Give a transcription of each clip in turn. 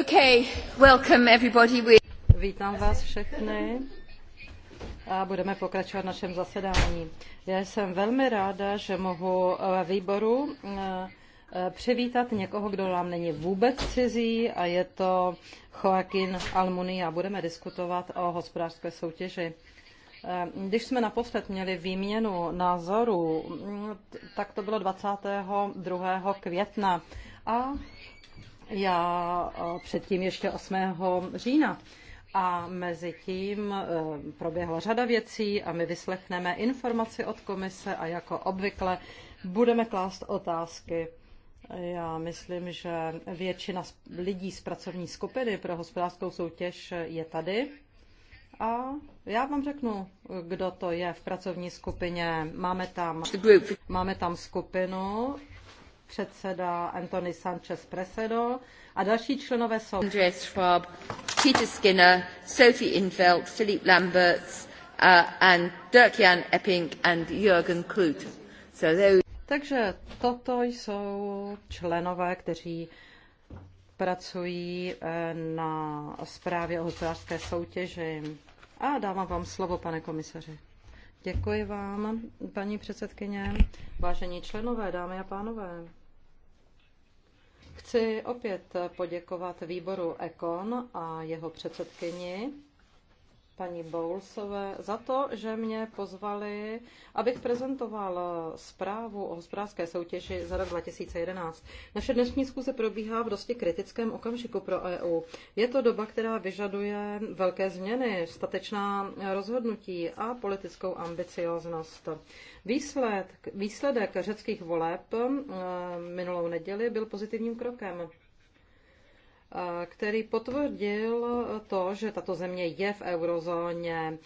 Okay, welcome everybody. We... Vítám vás všechny a budeme pokračovat našem zasedání. Já jsem velmi ráda, že mohu ve eh, výboru eh, eh, přivítat někoho, kdo nám není vůbec cizí a je to Joaquin a Budeme diskutovat o hospodářské soutěži. Když jsme naposled měli výměnu názorů, mm, tak to bylo 22. května a já eh, předtím ještě 8. října. A mezi tím eh, proběhla řada věcí a my vyslechneme informaci od komise a jako obvykle budeme klást otázky. Já myslím, že většina lidí z pracovní skupiny pro hospodářskou soutěž je tady. A já vám řeknu, kdo to je v pracovní skupině. Máme tam, máme tam skupinu předseda Antony Sanchez Presedo a další členové jsou Andreas Schwab, Peter Skinner, Sophie Infeld, Philippe Lamberts uh, and Dirk-Jan Epping and Jürgen Klute. So those... Takže toto jsou členové, kteří pracují eh, na zprávě o hospodářské soutěži. A dávám vám slovo, pane komisaři. Děkuji vám, paní předsedkyně, vážení členové, dámy a pánové. Chci opět poděkovat výboru EKON a jeho předsedkyni paní Bowlesové za to, že mě pozvali, abych prezentoval zprávu o hospodářské soutěži za rok 2011. Naše dnešní zkuze probíhá v dosti kritickém okamžiku pro EU. Je to doba, která vyžaduje velké změny, statečná rozhodnutí a politickou ambicioznost. Výsledek, výsledek řeckých voleb eh, minulou neděli byl pozitivním krokem který potvrdil to, že tato země je v eurozóně.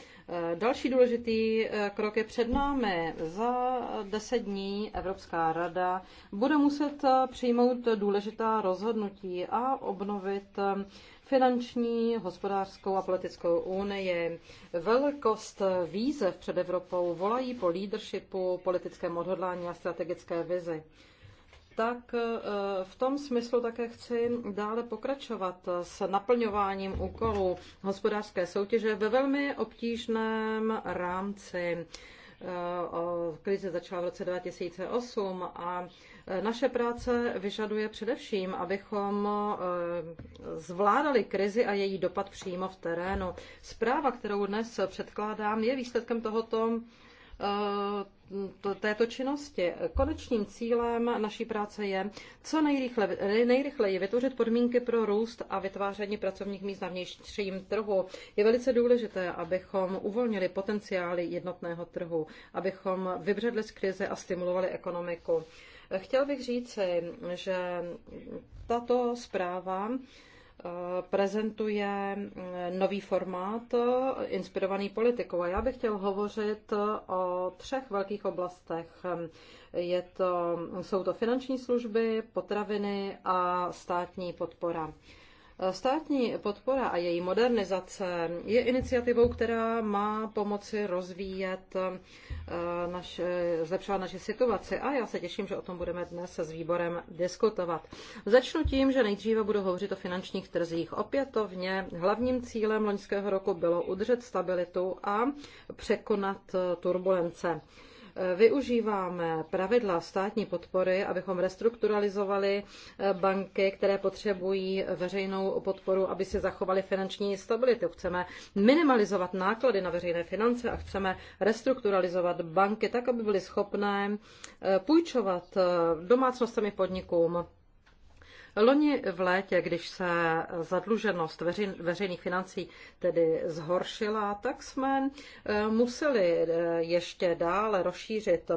Další důležitý eh, krok je před námi. Za deset dní Evropská rada bude muset eh, přijmout důležitá rozhodnutí a obnovit eh, finanční, hospodářskou a politickou unii. Velikost výzev před Evropou volají po leadershipu, politickém odhodlání a strategické vizi tak e, v tom smyslu také chci dále pokračovat s naplňováním úkolů hospodářské soutěže ve velmi obtížném rámci. E, krize začala v roce 2008 a e, naše práce vyžaduje především, abychom zvládali krizi a její dopad přímo v terénu. Zpráva, kterou dnes předkládám, je výsledkem tohoto této činnosti. Konečným cílem naší práce je co nejrychle, nejrychleji vytvořit podmínky pro růst a vytváření pracovních míst na vnějším trhu. Je velice důležité, abychom uvolnili potenciály jednotného trhu, abychom vybředli z krize a stimulovali ekonomiku. Chtěl bych říci, že tato zpráva Eh, prezentuje eh, nový formát eh, inspirovaný politikou. A já bych chtěl hovořit o třech velkých oblastech. Je to, jsou to finanční služby, potraviny a státní podpora. Státní podpora a její modernizace je iniciativou, která má pomoci rozvíjet eh, naše, eh, zlepšovat naši situaci a já se těším, že o tom budeme dnes s výborem diskutovat. Začnu tím, že nejdříve budu hovořit o finančních trzích. Opětovně hlavním cílem loňského roku bylo udržet stabilitu a překonat eh, turbulence. Využíváme pravidla státní podpory, abychom restrukturalizovali eh, banky, které potřebují veřejnou podporu, aby si zachovali finanční stabilitu. Chceme minimalizovat náklady na veřejné finance a chceme restrukturalizovat banky tak, aby byly schopné eh, půjčovat eh, domácnostem i podnikům Loni v létě, když se zadluženost veřejných financí tedy zhoršila, tak jsme eh, museli eh, ještě dále rozšířit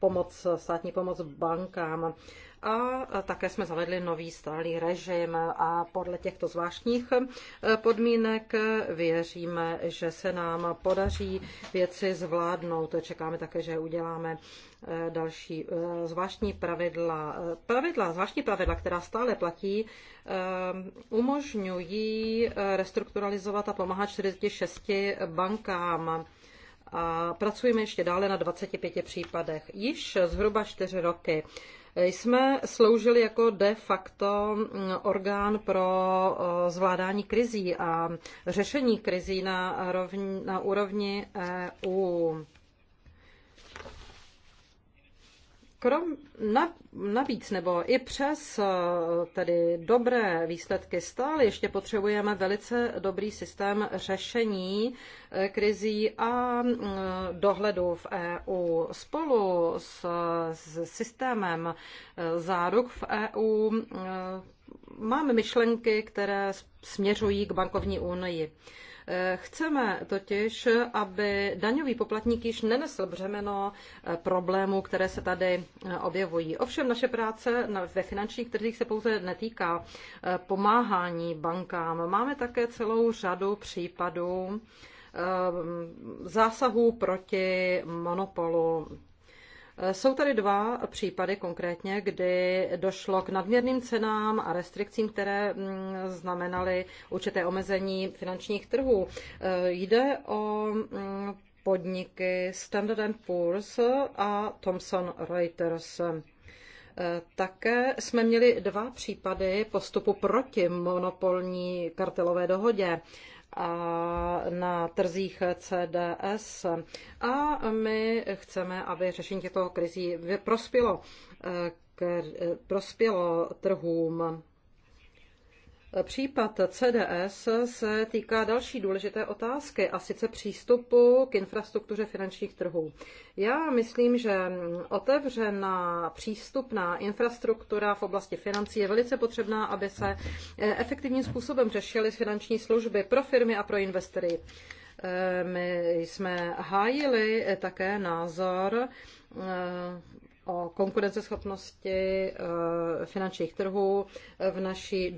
pomoc, státní pomoc bankám a také jsme zavedli nový stálý režim a podle těchto zvláštních e, podmínek věříme, že se nám podaří věci zvládnout. Čekáme také, že uděláme e, další e, zvláštní pravidla. Pravidla, zvláštní pravidla, která stále platí, umožňují restrukturalizovat a pomáhat 46 bankám a pracujeme ještě dále na 25 případech. Již zhruba 4 roky jsme sloužili jako de facto mm, orgán pro zvládání krizí a řešení krizí na, rovni, na úrovni EU. Krom, na, navíc nebo i přes eh, tedy dobré výsledky stále ještě potřebujeme velice dobrý systém řešení eh, krizí a eh, dohledu v EU. Spolu s, s systémem záruk v EU máme myšlenky, které směřují k bankovní unii. Eh, chceme totiž, aby daňový poplatník již nenesl břemeno eh, problémů, které se tady eh, objevují. Ovšem naše práce ve finančních trzích se pouze netýká pomáhání bankám. Máme také celou řadu případů zásahů proti monopolu jsou tady dva případy konkrétně, kdy došlo k nadměrným cenám a restrikcím, které mm, znamenaly určité omezení finančních trhů. Eh, jde o mm, podniky Standard Poor's a Thomson Reuters. Eh, také jsme měli dva případy postupu proti monopolní kartelové dohodě a na trzích CDS. A my chceme, aby řešení těchto krizí prospělo, eh, eh, prospělo trhům Případ CDS se týká další důležité otázky, a sice přístupu k infrastruktuře finančních trhů. Já myslím, že otevřená přístupná infrastruktura v oblasti financí je velice potřebná, aby se eh, efektivním způsobem řešily finanční služby pro firmy a pro investory. Eh, my jsme hájili eh, také názor o konkurenceschopnosti eh, finančních trhů v, naší,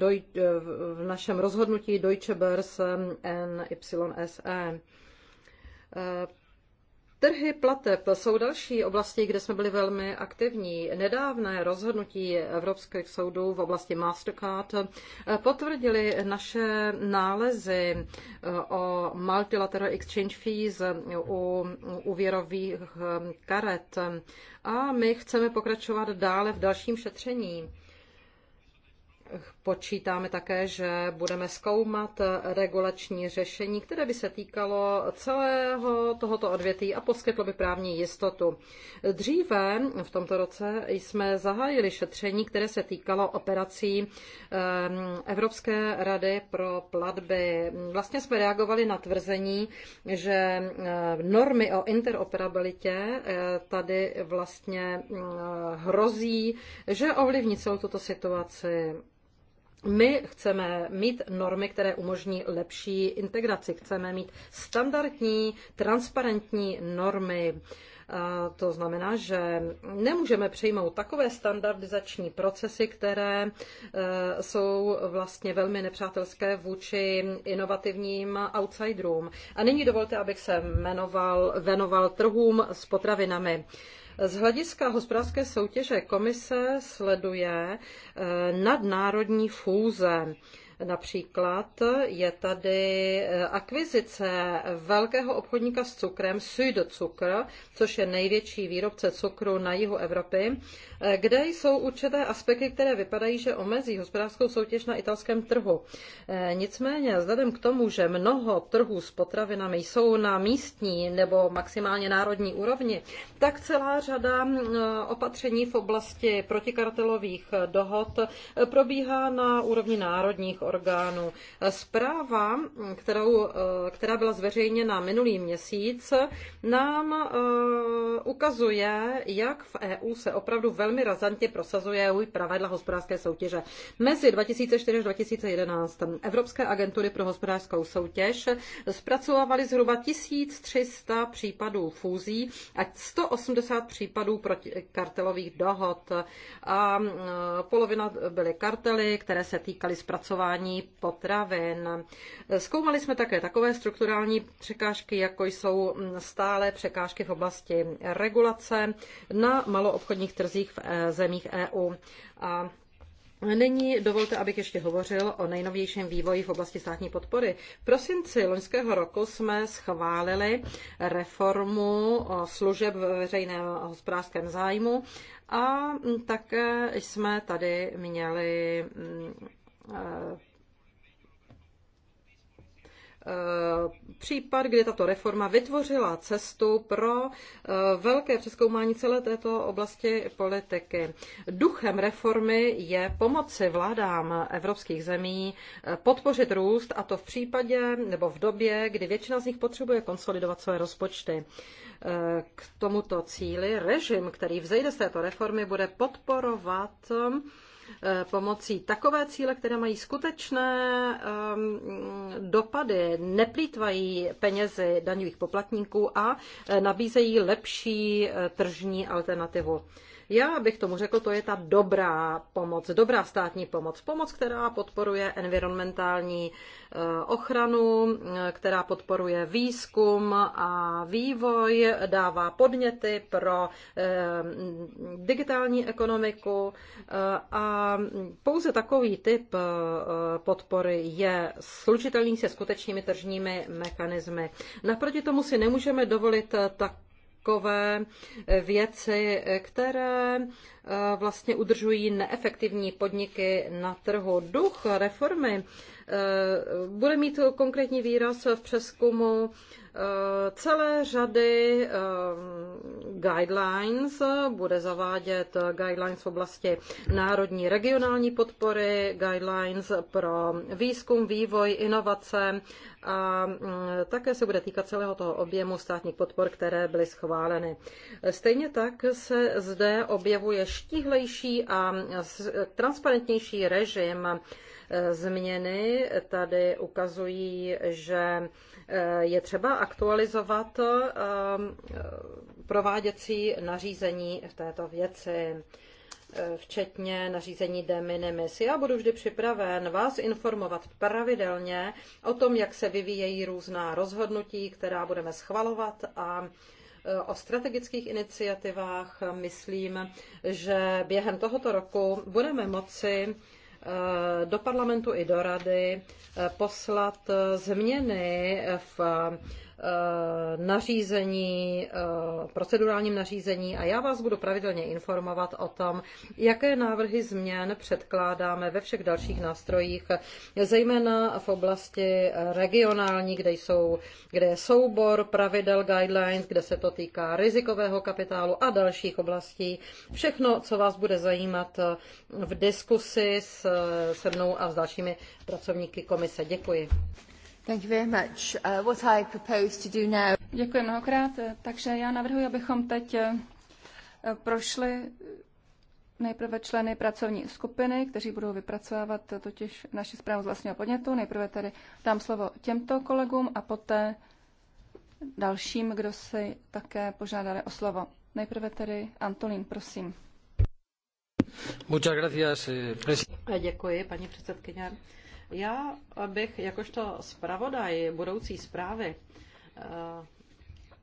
v našem rozhodnutí Deutsche Börse NYSE. Eh, Trhy plateb jsou další oblasti, kde jsme byli velmi aktivní. Nedávné rozhodnutí Evropských soudů v oblasti Mastercard eh, potvrdili naše nálezy eh, o multilateral exchange fees eh, u úvěrových karet. A my chceme pokračovat dále v dalším šetření Počítáme také, že budeme zkoumat regulační řešení, které by se týkalo celého tohoto odvětví a poskytlo by právní jistotu. Dříve v tomto roce jsme zahájili šetření, které se týkalo operací ehm, Evropské rady pro platby. Vlastně jsme reagovali na tvrzení, že ehm, normy o interoperabilitě eh, tady vlastně mm, hrozí, že ovlivní celou tuto situaci my chceme mít normy, které umožní lepší integraci. Chceme mít standardní, transparentní normy. To znamená, že nemůžeme přijmout takové standardizační procesy, které e, jsou vlastně velmi nepřátelské vůči inovativním outsiderům. A nyní dovolte, abych se jmenoval, venoval trhům s potravinami. Z hlediska hospodářské soutěže komise sleduje eh, nadnárodní fúze Například je tady eh, akvizice velkého obchodníka s cukrem Südzucker, což je největší výrobce cukru na jihu Evropy, eh, kde jsou určité aspekty, které vypadají, že omezí hospodářskou soutěž na italském trhu. Eh, nicméně, vzhledem k tomu, že mnoho trhů s potravinami jsou na místní nebo maximálně národní úrovni, tak celá řada mm, opatření v oblasti protikartelových dohod probíhá na úrovni národních orgánů. Zpráva, kterou, eh, která byla zveřejněna minulý měsíc, nám eh, ukazuje, jak v EU se opravdu velmi razantně prosazuje pravidla hospodářské soutěže. Mezi 2004 až 2011 Evropské agentury pro hospodářskou soutěž zpracovávaly zhruba 1300 případů fúzí a 180 případů proti kartelových dohod. A eh, polovina byly kartely, které se týkaly zpracování dodávání potravin. Zkoumali jsme také takové strukturální překážky, jako jsou stále překážky v oblasti regulace na maloobchodních trzích v eh, zemích EU. A Nyní dovolte, abych ještě hovořil o nejnovějším vývoji v oblasti státní podpory. V prosinci loňského roku jsme schválili reformu služeb ve veřejném hospodářském zájmu a také jsme tady měli mm, eh, Eh, případ, kdy tato reforma vytvořila cestu pro eh, velké přeskoumání celé této oblasti politiky. Duchem reformy je pomoci vládám evropských zemí eh, podpořit růst a to v případě nebo v době, kdy většina z nich potřebuje konsolidovat své rozpočty. K tomuto cíli režim, který vzejde z této reformy, bude podporovat Eh, pomocí takové cíle, které mají skutečné ehm, dopady, neplýtvají penězi daňových poplatníků a eh, nabízejí lepší eh, tržní alternativu. Já bych tomu řekl, to je ta dobrá pomoc, dobrá státní pomoc. Pomoc, která podporuje environmentální e, ochranu, e, která podporuje výzkum a vývoj, dává podněty pro e, digitální ekonomiku a pouze takový typ podpory je slučitelný se skutečnými tržními mechanismy. Naproti tomu si nemůžeme dovolit tak takové eh, věci, eh, které eh, vlastně udržují neefektivní podniky na trhu. Duch reformy Eh, bude mít konkrétní výraz v přeskumu eh, celé řady eh, guidelines, bude zavádět guidelines v oblasti národní regionální podpory, guidelines pro výzkum, vývoj, inovace a mm, také se bude týkat celého toho objemu státních podpor, které byly schváleny. Stejně tak se zde objevuje štíhlejší a transparentnější režim Změny tady ukazují, že eh, je třeba aktualizovat eh, prováděcí nařízení v této věci eh, včetně nařízení de minimis. Já budu vždy připraven vás informovat pravidelně o tom, jak se vyvíjejí různá rozhodnutí, která budeme schvalovat a o strategických iniciativách. Myslím, že během tohoto roku budeme moci Eh, do parlamentu i do rady eh, poslat eh, změny v Eh, nařízení, eh, procedurálním nařízení a já vás budu pravidelně informovat o tom, jaké návrhy změn předkládáme ve všech dalších nástrojích, zejména v oblasti regionální, kde, jsou, kde je soubor pravidel guidelines, kde se to týká rizikového kapitálu a dalších oblastí. Všechno, co vás bude zajímat v diskusi s, se mnou a s dalšími pracovníky komise. Děkuji. Thank you very much. Uh, what I propose to do now... Děkuji mnohokrát. Takže já navrhuji, abychom teď uh, prošli nejprve členy pracovní skupiny, kteří budou vypracovávat totiž naši zprávu z vlastního podnětu. Nejprve tedy dám slovo těmto kolegům a poté dalším, kdo si také požádali o slovo. Nejprve tedy Antolín, prosím. Eh, děkuji, paní předsedkyně. Já bych jakožto zpravodaj budoucí zprávy eh,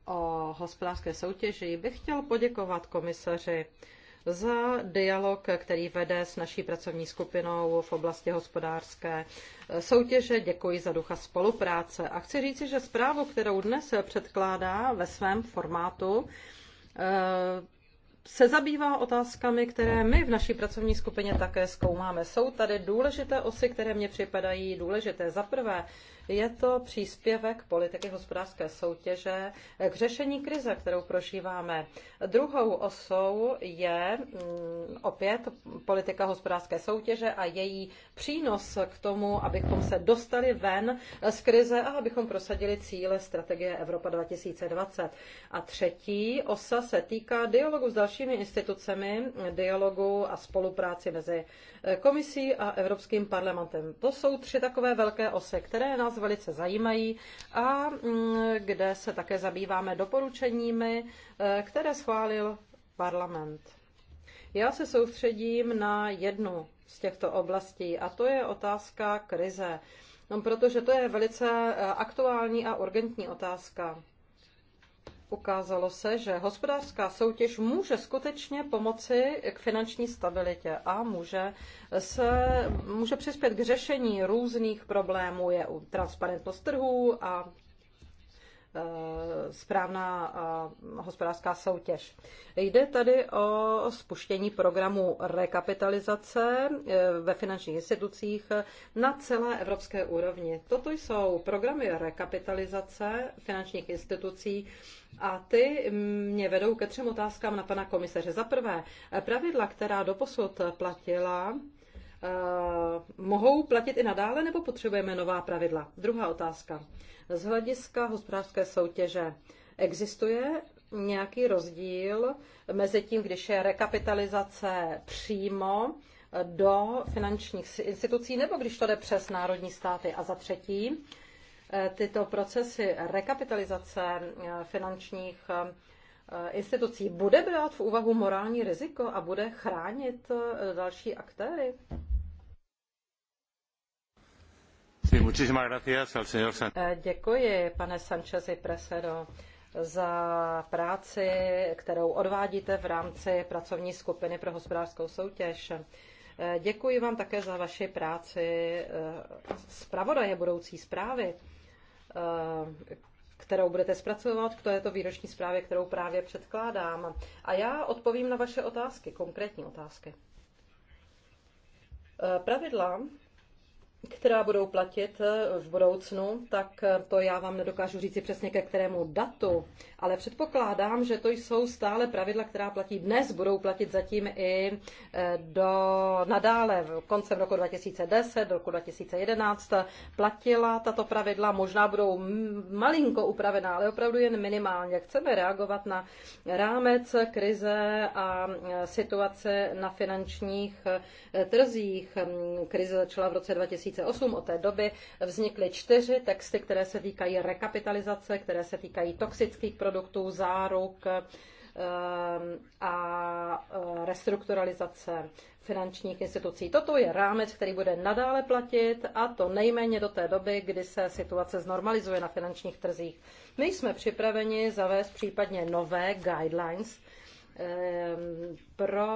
o hospodářské soutěži bych chtěl poděkovat komisaři za dialog, který vede s naší pracovní skupinou v oblasti hospodářské eh, soutěže. Děkuji za ducha spolupráce. A chci říci, že zprávu, kterou dnes předkládá ve svém formátu, eh, se zabývá otázkami, které my v naší pracovní skupině také zkoumáme. Jsou tady důležité osy, které mně připadají důležité. Za prvé, je to příspěvek politiky hospodářské soutěže k řešení krize, kterou prožíváme. Druhou osou je mm, opět politika hospodářské soutěže a její přínos k tomu, abychom se dostali ven z krize a abychom prosadili cíle strategie Evropa 2020. A třetí osa se týká dialogu s dalšími institucemi, dialogu a spolupráci mezi eh, komisí a Evropským parlamentem. To jsou tři takové velké osy, které nás velice zajímají a mm, kde se také zabýváme doporučeními, eh, které schválil parlament. Já se soustředím na jednu z těchto oblastí a to je otázka krize. No, protože to je velice eh, aktuální a urgentní otázka ukázalo se, že hospodářská soutěž může skutečně pomoci k finanční stabilitě a může, se, může přispět k řešení různých problémů, je transparentnost trhů a Eh, správná eh, hospodářská soutěž. Jde tady o spuštění programu rekapitalizace eh, ve finančních institucích na celé evropské úrovni. Toto jsou programy rekapitalizace finančních institucí a ty mě vedou ke třem otázkám na pana komisaře. Za prvé, pravidla, která doposud platila, Eh, mohou platit i nadále, nebo potřebujeme nová pravidla? Druhá otázka. Z hlediska hospodářské soutěže existuje nějaký rozdíl mezi tím, když je rekapitalizace přímo eh, do finančních institucí, nebo když to jde přes národní státy? A za třetí, eh, tyto procesy rekapitalizace finančních institucí bude brát v úvahu morální riziko a bude chránit další aktéry? Eh, děkuji, pane Sanchezi Presedo, za práci, kterou odvádíte v rámci pracovní skupiny pro hospodářskou soutěž. Eh, děkuji vám také za vaši práci eh, zpravodaje budoucí zprávy, kterou budete zpracovat k této výroční zprávě, kterou právě předkládám. A já odpovím na vaše otázky, konkrétní otázky. Pravidla která budou platit eh, v budoucnu, tak eh, to já vám nedokážu říci přesně ke kterému datu, ale předpokládám, že to jsou stále pravidla, která platí dnes, budou platit zatím i eh, do nadále, v koncem roku 2010, roku 2011 platila tato pravidla, možná budou malinko upravená, ale opravdu jen minimálně. Chceme reagovat na rámec krize a situace na finančních trzích. Hm, krize začala v roce 2000 2008. Od té doby vznikly čtyři texty, které se týkají rekapitalizace, které se týkají toxických produktů, záruk eh, a eh, restrukturalizace finančních institucí. Toto je rámec, který bude nadále platit a to nejméně do té doby, kdy se situace znormalizuje na finančních trzích. My jsme připraveni zavést případně nové guidelines, Ehm, pro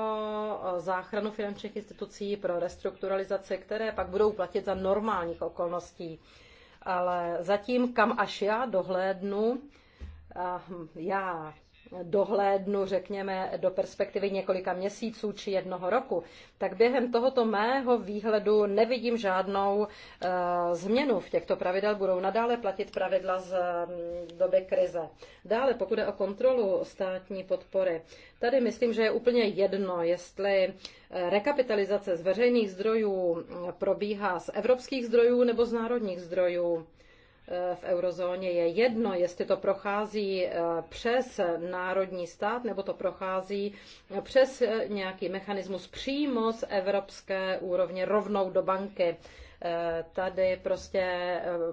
záchranu finančních institucí, pro restrukturalizace, které pak budou platit za normálních okolností. Ale zatím, kam až já dohlédnu, hm, já dohlédnu, řekněme, do perspektivy několika měsíců či jednoho roku, tak během tohoto mého výhledu nevidím žádnou uh, změnu v těchto pravidel. Budou nadále platit pravidla z um, doby krize. Dále, pokud je o kontrolu státní podpory, tady myslím, že je úplně jedno, jestli eh, rekapitalizace z veřejných zdrojů mm, probíhá z evropských zdrojů nebo z národních zdrojů. Eh, v eurozóně je jedno, jestli to prochází eh, přes národní stát nebo to prochází eh, přes nějaký mechanismus přímo z evropské úrovně rovnou do banky. Tady prostě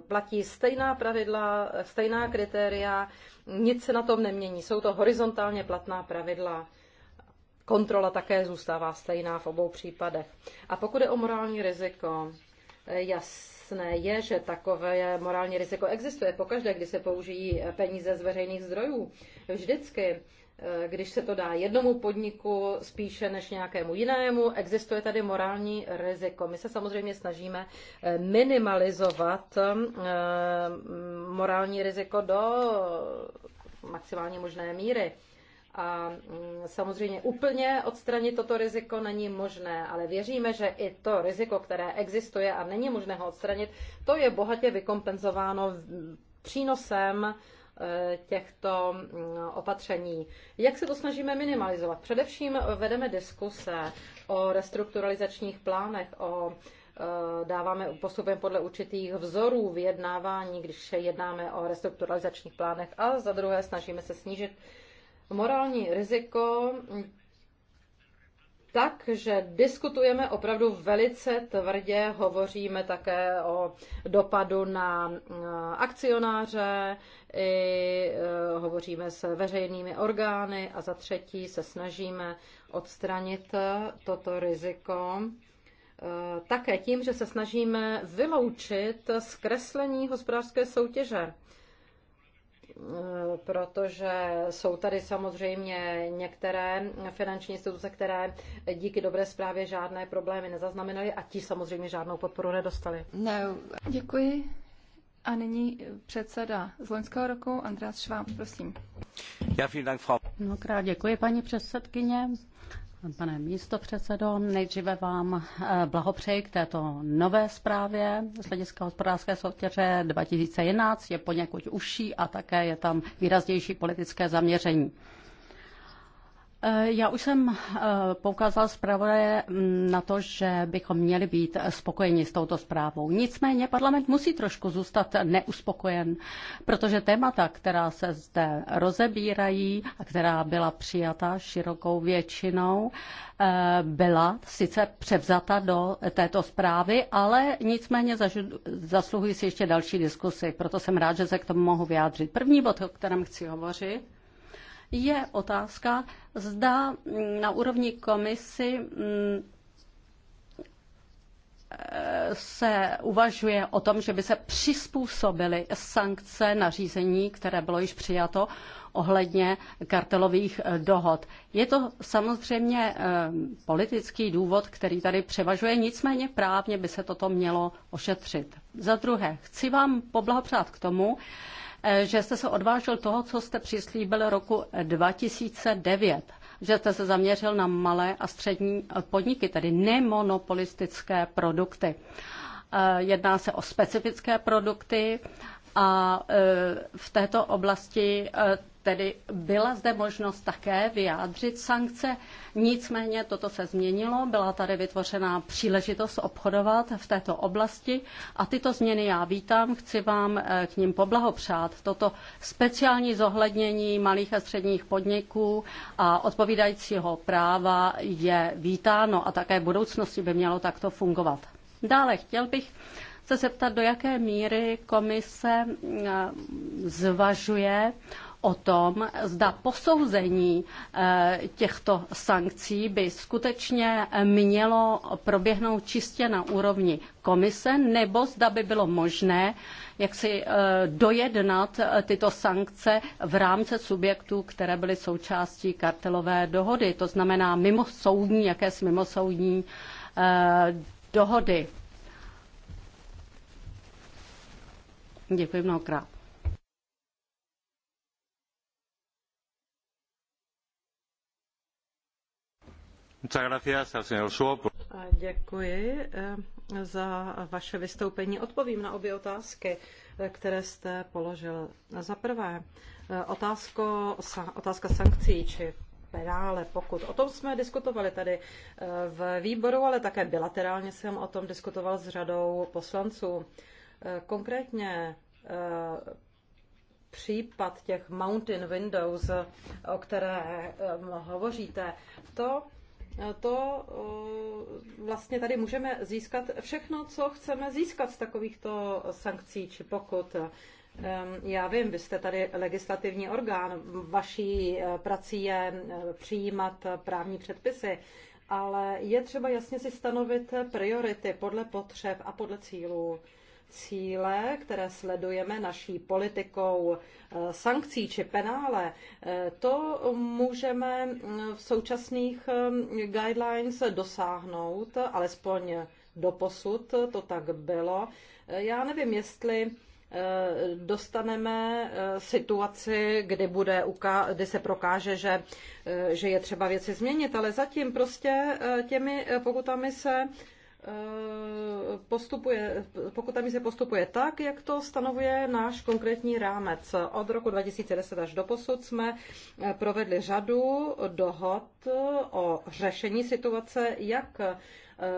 platí stejná pravidla, stejná kritéria, nic se na tom nemění. Jsou to horizontálně platná pravidla. Kontrola také zůstává stejná v obou případech. A pokud je o morální riziko, jas, jasné je, že takové morální riziko existuje pokaždé, když se použijí peníze z veřejných zdrojů. Vždycky, eh, když se to dá jednomu podniku spíše než nějakému jinému, existuje tady morální riziko. My se samozřejmě snažíme eh, minimalizovat eh, morální riziko do maximálně možné míry. A mm, samozřejmě úplně odstranit toto riziko není možné, ale věříme, že i to riziko, které existuje a není možné ho odstranit, to je bohatě vykompenzováno přínosem e, těchto mm, opatření. Jak se to snažíme minimalizovat? Především vedeme diskuse o restrukturalizačních plánech, o e, dáváme postupem podle určitých vzorů vyjednávání, když jednáme o restrukturalizačních plánech a za druhé snažíme se snížit morální riziko mm, tak, že diskutujeme opravdu velice tvrdě, hovoříme také o dopadu na mm, akcionáře, i eh, hovoříme s veřejnými orgány a za třetí se snažíme odstranit eh, toto riziko eh, také tím, že se snažíme vyloučit zkreslení hospodářské soutěže protože jsou tady samozřejmě některé finanční instituce, které díky dobré zprávě žádné problémy nezaznamenaly a ti samozřejmě žádnou podporu nedostali. No. děkuji. A nyní předseda z loňského roku András Šváb, prosím. Já Mnohokrát děkuji, paní předsedkyně. Pane místopředsedo, nejdříve vám eh, blahopřeji k této nové zprávě z hlediska hospodářské soutěže 2011. Je poněkud užší a také je tam výraznější politické zaměření. Eh, já už jsem eh, poukázal zpravodaje mm, na to, že bychom měli být spokojeni s touto zprávou. Nicméně parlament musí trošku zůstat neuspokojen, protože témata, která se zde rozebírají a která byla přijata širokou většinou, eh, byla sice převzata do této zprávy, ale nicméně zasluhují si ještě další diskusy. Proto jsem rád, že se k tomu mohu vyjádřit. První bod, o kterém chci hovořit, je otázka, zda na úrovni komisy mm, se uvažuje o tom, že by se přizpůsobily sankce nařízení, které bylo již přijato ohledně kartelových eh, dohod. Je to samozřejmě eh, politický důvod, který tady převažuje, nicméně právně by se toto mělo ošetřit. Za druhé, chci vám poblahopřát k tomu, Eh, že jste se odvážil toho, co jste přislíbil roku 2009 že jste se zaměřil na malé a střední eh, podniky, tedy nemonopolistické produkty. Eh, jedná se o specifické produkty a v této oblasti Tedy byla zde možnost také vyjádřit sankce, nicméně toto se změnilo, byla tady vytvořena příležitost obchodovat v této oblasti a tyto změny já vítám, chci vám eh, k ním poblahopřát. Toto speciální zohlednění malých a středních podniků a odpovídajícího práva je vítáno a také v budoucnosti by mělo takto fungovat. Dále chtěl bych se zeptat, do jaké míry komise eh, zvažuje o tom, zda posouzení eh, těchto sankcí by skutečně mělo proběhnout čistě na úrovni komise, nebo zda by bylo možné jak si eh, dojednat eh, tyto sankce v rámci subjektů, které byly součástí kartelové dohody, to znamená mimo soudní, jakési mimo soudní dohody. Děkuji mnohokrát. Děkuji eh, za vaše vystoupení. Odpovím na obě otázky, eh, které jste položil. Za prvé, eh, otázka sankcí či penále, pokud. O tom jsme diskutovali tady v výboru, ale také bilaterálně jsem o tom diskutoval s řadou poslanců. Konkrétně případ těch Mountain Windows, o které hovoříte, to to eh, vlastně tady můžeme získat všechno, co chceme získat z takovýchto sankcí či pokut. Ehm, já vím, vy jste tady legislativní orgán, vaší eh, prací je eh, přijímat právní předpisy, ale je třeba jasně si stanovit priority podle potřeb a podle cílů cíle, které sledujeme naší politikou eh, sankcí či penále, eh, to můžeme mm, v současných eh, guidelines dosáhnout, alespoň do posud to tak bylo. Já nevím, jestli dostaneme situaci, kdy, bude, kdy se prokáže, že, že je třeba věci změnit, ale zatím prostě těmi pokutami se Eh, postupuje, pokud tam se postupuje tak, jak to stanovuje náš konkrétní rámec. Od roku 2010 až do posud jsme eh, provedli řadu dohod eh, o řešení situace, jak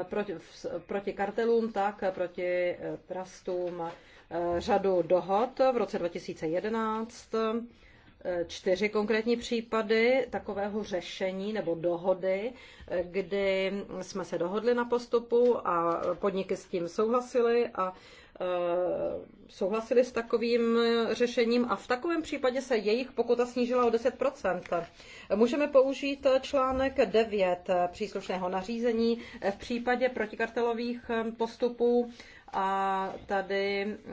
proti, proti kartelům, tak proti trastům řadu dohod v roce 2011 čtyři konkrétní případy takového řešení nebo dohody, kdy jsme se dohodli na postupu a podniky s tím souhlasili a eh, souhlasili s takovým řešením a v takovém případě se jejich pokuta snížila o 10 Můžeme použít článek 9 příslušného nařízení v případě protikartelových postupů a tady mm,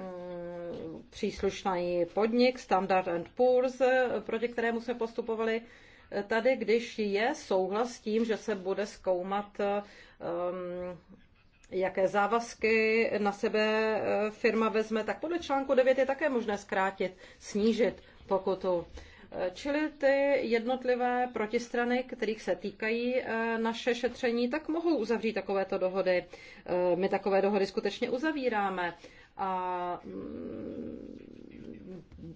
příslušný podnik Standard and Poor's, proti kterému jsme postupovali, tady, když je souhlas s tím, že se bude zkoumat, um, jaké závazky na sebe e, firma vezme, tak podle článku 9 je také možné zkrátit, snížit pokutu. Čili ty jednotlivé protistrany, kterých se týkají eh, naše šetření, tak mohou uzavřít takovéto dohody. Eh, my takové dohody skutečně uzavíráme. A mm,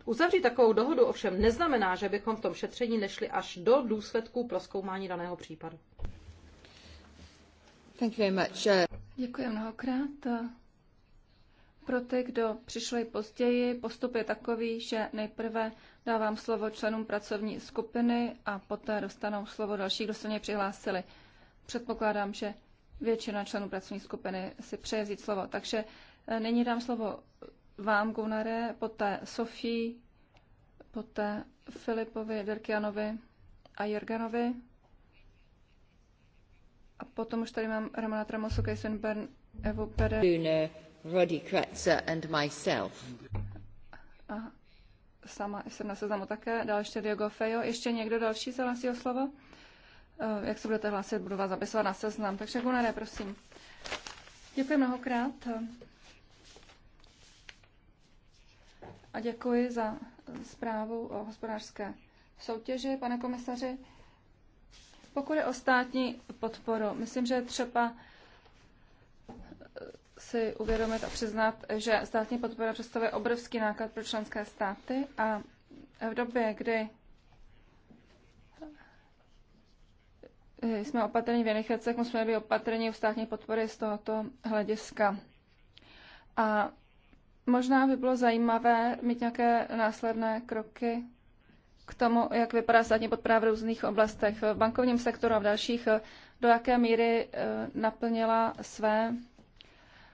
uzavřít takovou dohodu ovšem neznamená, že bychom v tom šetření nešli až do důsledků proskoumání daného případu. Thank you very much. Děkuji mnohokrát. Pro ty, kdo přišli později, postup je takový, že nejprve dávám slovo členům pracovní skupiny a poté dostanou slovo další, kdo se mě přihlásili. Předpokládám, že většina členů pracovní skupiny si přeje vzít slovo. Takže eh, nyní dám slovo vám, Gunare, poté Sofii, poté Filipovi, Dirkianovi a Jorganovi. A potom už tady mám Ramona Tramosu, Kejsen Bern, Evu Pere. Roddy Kretzer and myself. A sama jsem na seznamu také, dál ještě Diego Fejo. Ještě někdo další se hlásí o slovo? Eh, jak se budete hlásit, budu vás zapisovat na seznam. Takže Gunare, prosím. Děkuji mnohokrát. A děkuji za zprávu o hospodářské soutěži, pane komisaři. Pokud je o státní podporu, myslím, že je třeba si uvědomit a přiznat, že státní podpora představuje obrovský náklad pro členské státy a v době, kdy jsme opatrní v jiných věcech, musíme být opatrní v státní podpory z tohoto hlediska. A možná by bylo zajímavé mít nějaké následné kroky k tomu, jak vypadá státní podpora v různých oblastech, v bankovním sektoru a v dalších, do jaké míry eh, naplnila své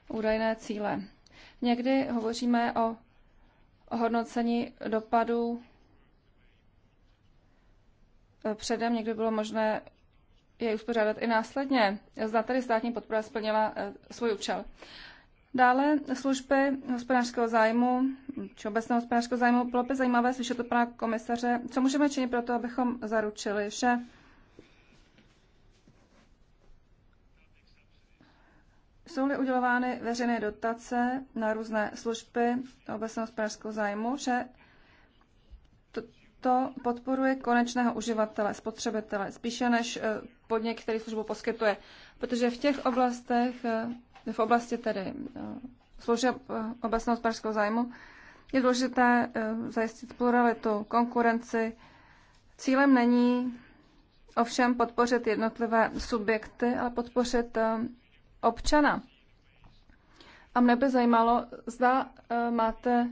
údajné cíle. Někdy hovoříme o hodnocení dopadů eh, předem, někdy bylo možné jej uspořádat i následně. Zda tady státní podpora splnila eh, svůj účel. Dále služby hospodářského zájmu, či obecného hospodářského zájmu, bylo by zajímavé slyšet od pana komisaře, co můžeme činit pro to, abychom zaručili, že Jsou-li udělovány veřejné dotace na různé služby obecného hospodářského zájmu, že to, to podporuje konečného uživatele, spotřebitele, spíše než eh, podnik, který službu poskytuje. Protože v těch oblastech, eh, v oblasti tedy eh, služeb obecného hospodářského zájmu, je důležité zajistit pluralitu, konkurenci. Cílem není ovšem podpořit jednotlivé subjekty, ale podpořit občana. A mne by zajímalo, zda e, máte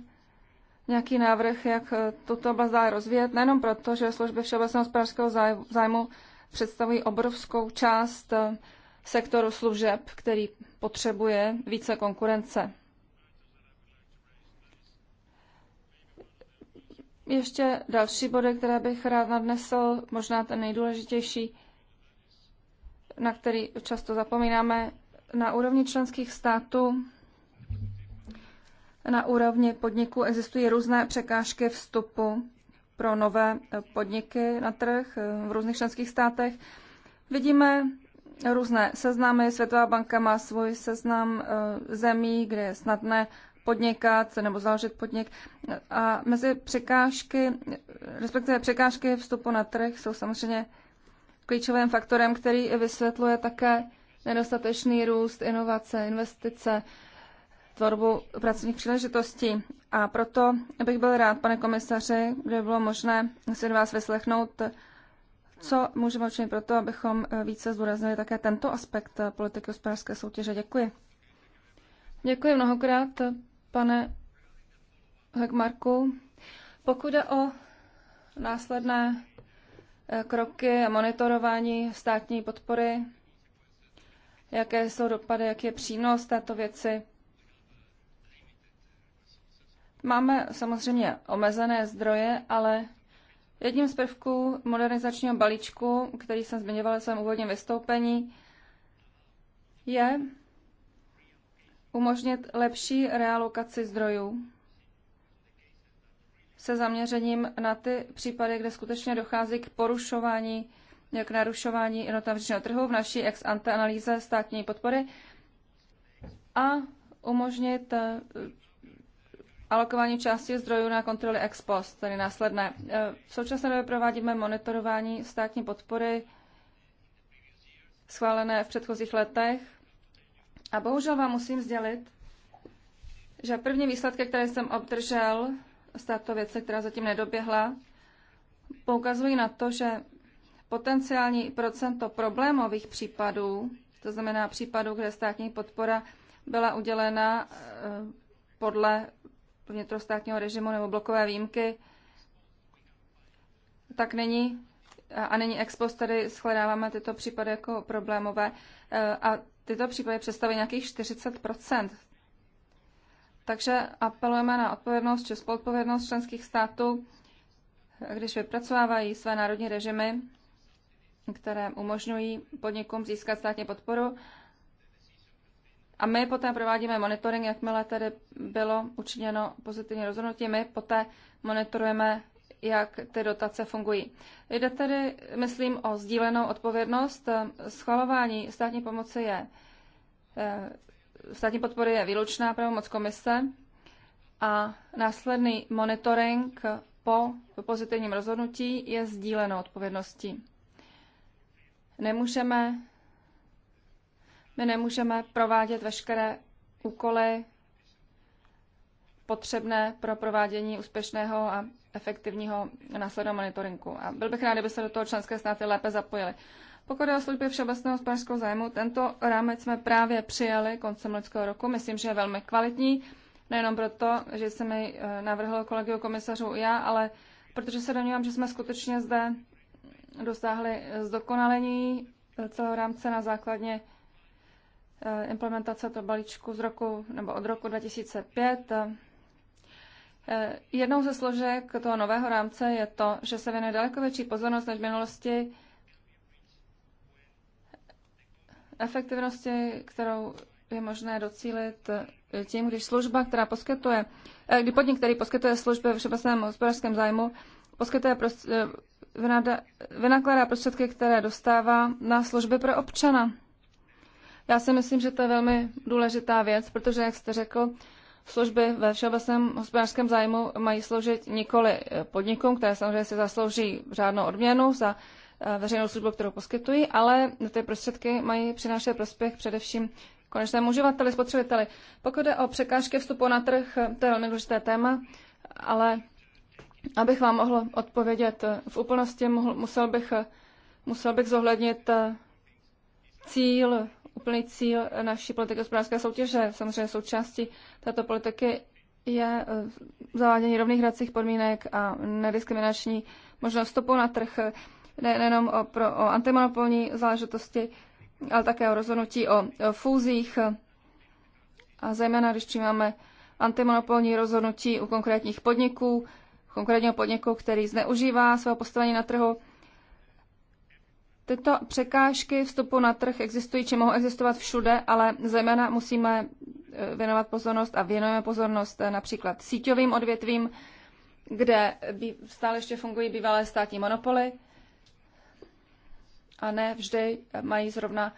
nějaký návrh, jak e, tuto oblast dále rozvíjet, nejenom proto, že služby všeobecného hospodářského zájmu představují obrovskou část e, sektoru služeb, který potřebuje více konkurence. Ještě další body, které bych rád nadnesl, možná ten nejdůležitější, na který často zapomínáme, na úrovni členských států, na úrovni podniků existují různé překážky vstupu pro nové podniky na trh eh, v různých členských státech. Vidíme různé seznamy. Světová banka má svůj seznam eh, zemí, kde je snadné podnikat nebo založit podnik. A mezi překážky, respektive překážky vstupu na trh jsou samozřejmě klíčovým faktorem, který vysvětluje také nedostatečný růst, inovace, investice, tvorbu pracovních příležitostí. A proto bych byl rád, pane komisaři, kdyby bylo možné si vás vyslechnout, co můžeme učinit pro to, abychom více zdůraznili také tento aspekt politiky hospodářské soutěže. Děkuji. Děkuji mnohokrát, pane Hegmarku. Pokud je o následné kroky a monitorování státní podpory jaké jsou dopady, jaký je přínos této věci. Máme samozřejmě omezené zdroje, ale jedním z prvků modernizačního balíčku, který jsem zmiňovala v svém úvodním vystoupení, je umožnit lepší realokaci zdrojů se zaměřením na ty případy, kde skutečně dochází k porušování k narušování jednotného trhu v naší ex ante analýze státní podpory a umožnit eh, alokování části zdrojů na kontroly ex post, tedy následné. Eh, v současné době provádíme monitorování státní podpory schválené v předchozích letech a bohužel vám musím sdělit, že první výsledky, které jsem obdržel z této věce, která zatím nedoběhla, poukazují na to, že potenciální procento problémových případů, to znamená případů, kde státní podpora byla udělena eh, podle vnitrostátního režimu nebo blokové výjimky, tak není a není ex post, tady shledáváme tyto případy jako problémové eh, a tyto případy představují nějakých 40 Takže apelujeme na odpovědnost či spolupovědnost členských států, eh, když vypracovávají své národní režimy které umožňují podnikům získat státní podporu. A my poté provádíme monitoring, jakmile tedy bylo učiněno pozitivní rozhodnutí, my poté monitorujeme, jak ty dotace fungují. Jde tedy, myslím, o sdílenou odpovědnost. Schvalování státní pomoci je, eh, státní podpory je výlučná pravomoc komise a následný monitoring po pozitivním rozhodnutí je sdílenou odpovědností nemůžeme, my nemůžeme provádět veškeré úkoly potřebné pro provádění úspěšného a efektivního následného monitoringu. A byl bych rád, kdyby se do toho členské státy lépe zapojily. Pokud je o služby všeobecného hospodářského zájmu, tento rámec jsme právě přijali koncem lidského roku. Myslím, že je velmi kvalitní, nejenom proto, že jsem mi eh, navrhl kolegiu komisařů já, ale protože se domnívám, že jsme skutečně zde dosáhli zdokonalení celého rámce na základě eh, implementace toho balíčku z roku, nebo od roku 2005. Eh, jednou ze složek toho nového rámce je to, že se věnuje daleko větší pozornost než v minulosti efektivnosti, kterou je možné docílit tím, když služba, která poskytuje, eh, kdy podnik, který poskytuje služby v všeobecném hospodářském zájmu, poskytuje vynakládá prostředky, které dostává na služby pro občana. Já si myslím, že to je velmi důležitá věc, protože, jak jste řekl, služby ve všeobecném hospodářském zájmu mají sloužit nikoli podnikům, které samozřejmě si zaslouží řádnou odměnu za eh, veřejnou službu, kterou poskytují, ale ty prostředky mají přinášet prospěch především konečnému uživateli, spotřebiteli. Pokud jde o překážky vstupu na trh, to je velmi důležité téma, ale Abych vám mohl odpovědět eh, v úplnosti, mohl, musel, bych, eh, musel bych zohlednit eh, cíl, úplný cíl naší politiky hospodářské soutěže. Samozřejmě součástí této politiky je zavádění rovných hracích podmínek a nediskriminační možnost vstupu na trh ne, nejenom o, pro, o antimonopolní záležitosti, ale také o rozhodnutí o, o fúzích a zejména, když přijímáme antimonopolní rozhodnutí u konkrétních podniků, konkrétního podniku, který zneužívá svého postavení na trhu. Tyto překážky vstupu na trh existují, či mohou existovat všude, ale zejména musíme e, věnovat pozornost a věnujeme pozornost e, například síťovým odvětvím, kde stále ještě fungují bývalé státní monopoly a ne vždy mají zrovna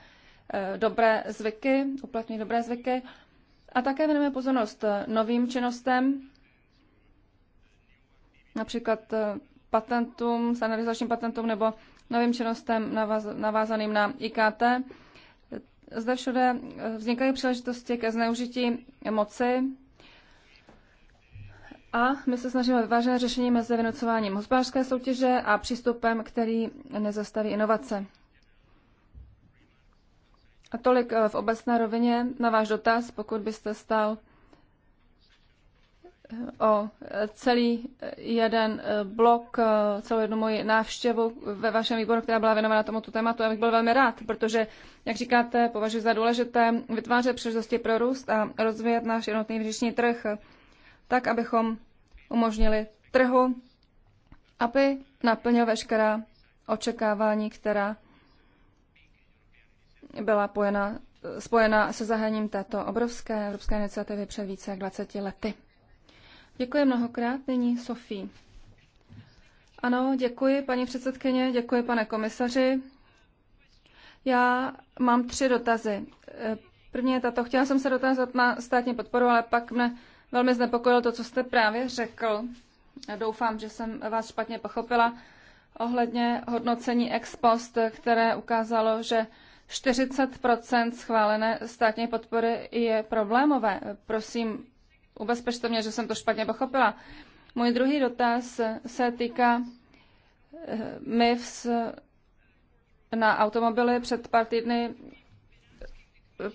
e, dobré zvyky, uplatňují dobré zvyky. A také věnujeme pozornost novým činnostem, například eh, patentům, standardizačním patentům nebo novým činnostem navaz, navázaným na IKT. Zde všude eh, vznikají příležitosti ke zneužití moci a my se snažíme vyvážené řešení mezi vynucováním hospodářské soutěže a přístupem, který nezastaví inovace. A tolik eh, v obecné rovině na váš dotaz, pokud byste stál o celý jeden eh, blok, eh, celou jednu moji návštěvu ve vašem výboru, která byla věnována tomuto tématu. Já bych byl velmi rád, protože, jak říkáte, považuji za důležité vytvářet příležitosti pro růst a rozvíjet náš jednotný vnitřní trh tak, abychom umožnili trhu, aby naplnil veškerá očekávání, která byla pojena, spojena se zahájením této obrovské evropské iniciativy před více jak 20 lety. Děkuji mnohokrát. Nyní Sofie. Ano, děkuji, paní předsedkyně, děkuji, pane komisaři. Já mám tři dotazy. Eh, první je tato. Chtěla jsem se dotázat na státní podporu, ale pak mne velmi znepokojilo to, co jste právě řekl. Doufám, že jsem vás špatně pochopila ohledně hodnocení ex post, které ukázalo, že 40 schválené státní podpory je problémové. Prosím, ubezpečte mě, že jsem to špatně pochopila. Můj druhý dotaz se týká eh, MIFS na automobily před pár týdny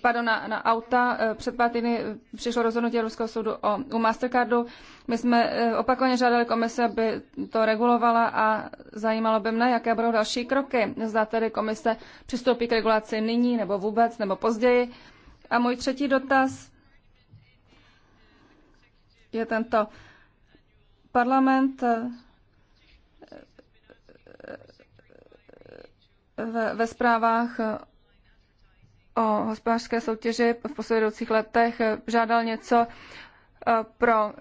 pardon, na, na auta. Eh, před pár týdny přišlo rozhodnutí Ruského soudu o, u Mastercardu. My jsme eh, opakovaně žádali komise, aby to regulovala a zajímalo by mne, jaké budou další kroky. Zda tedy komise přistoupí k regulaci nyní nebo vůbec nebo později. A můj třetí dotaz je tento parlament eh, eh, ve, ve zprávách eh, o hospodářské soutěži v posledních letech žádal něco pro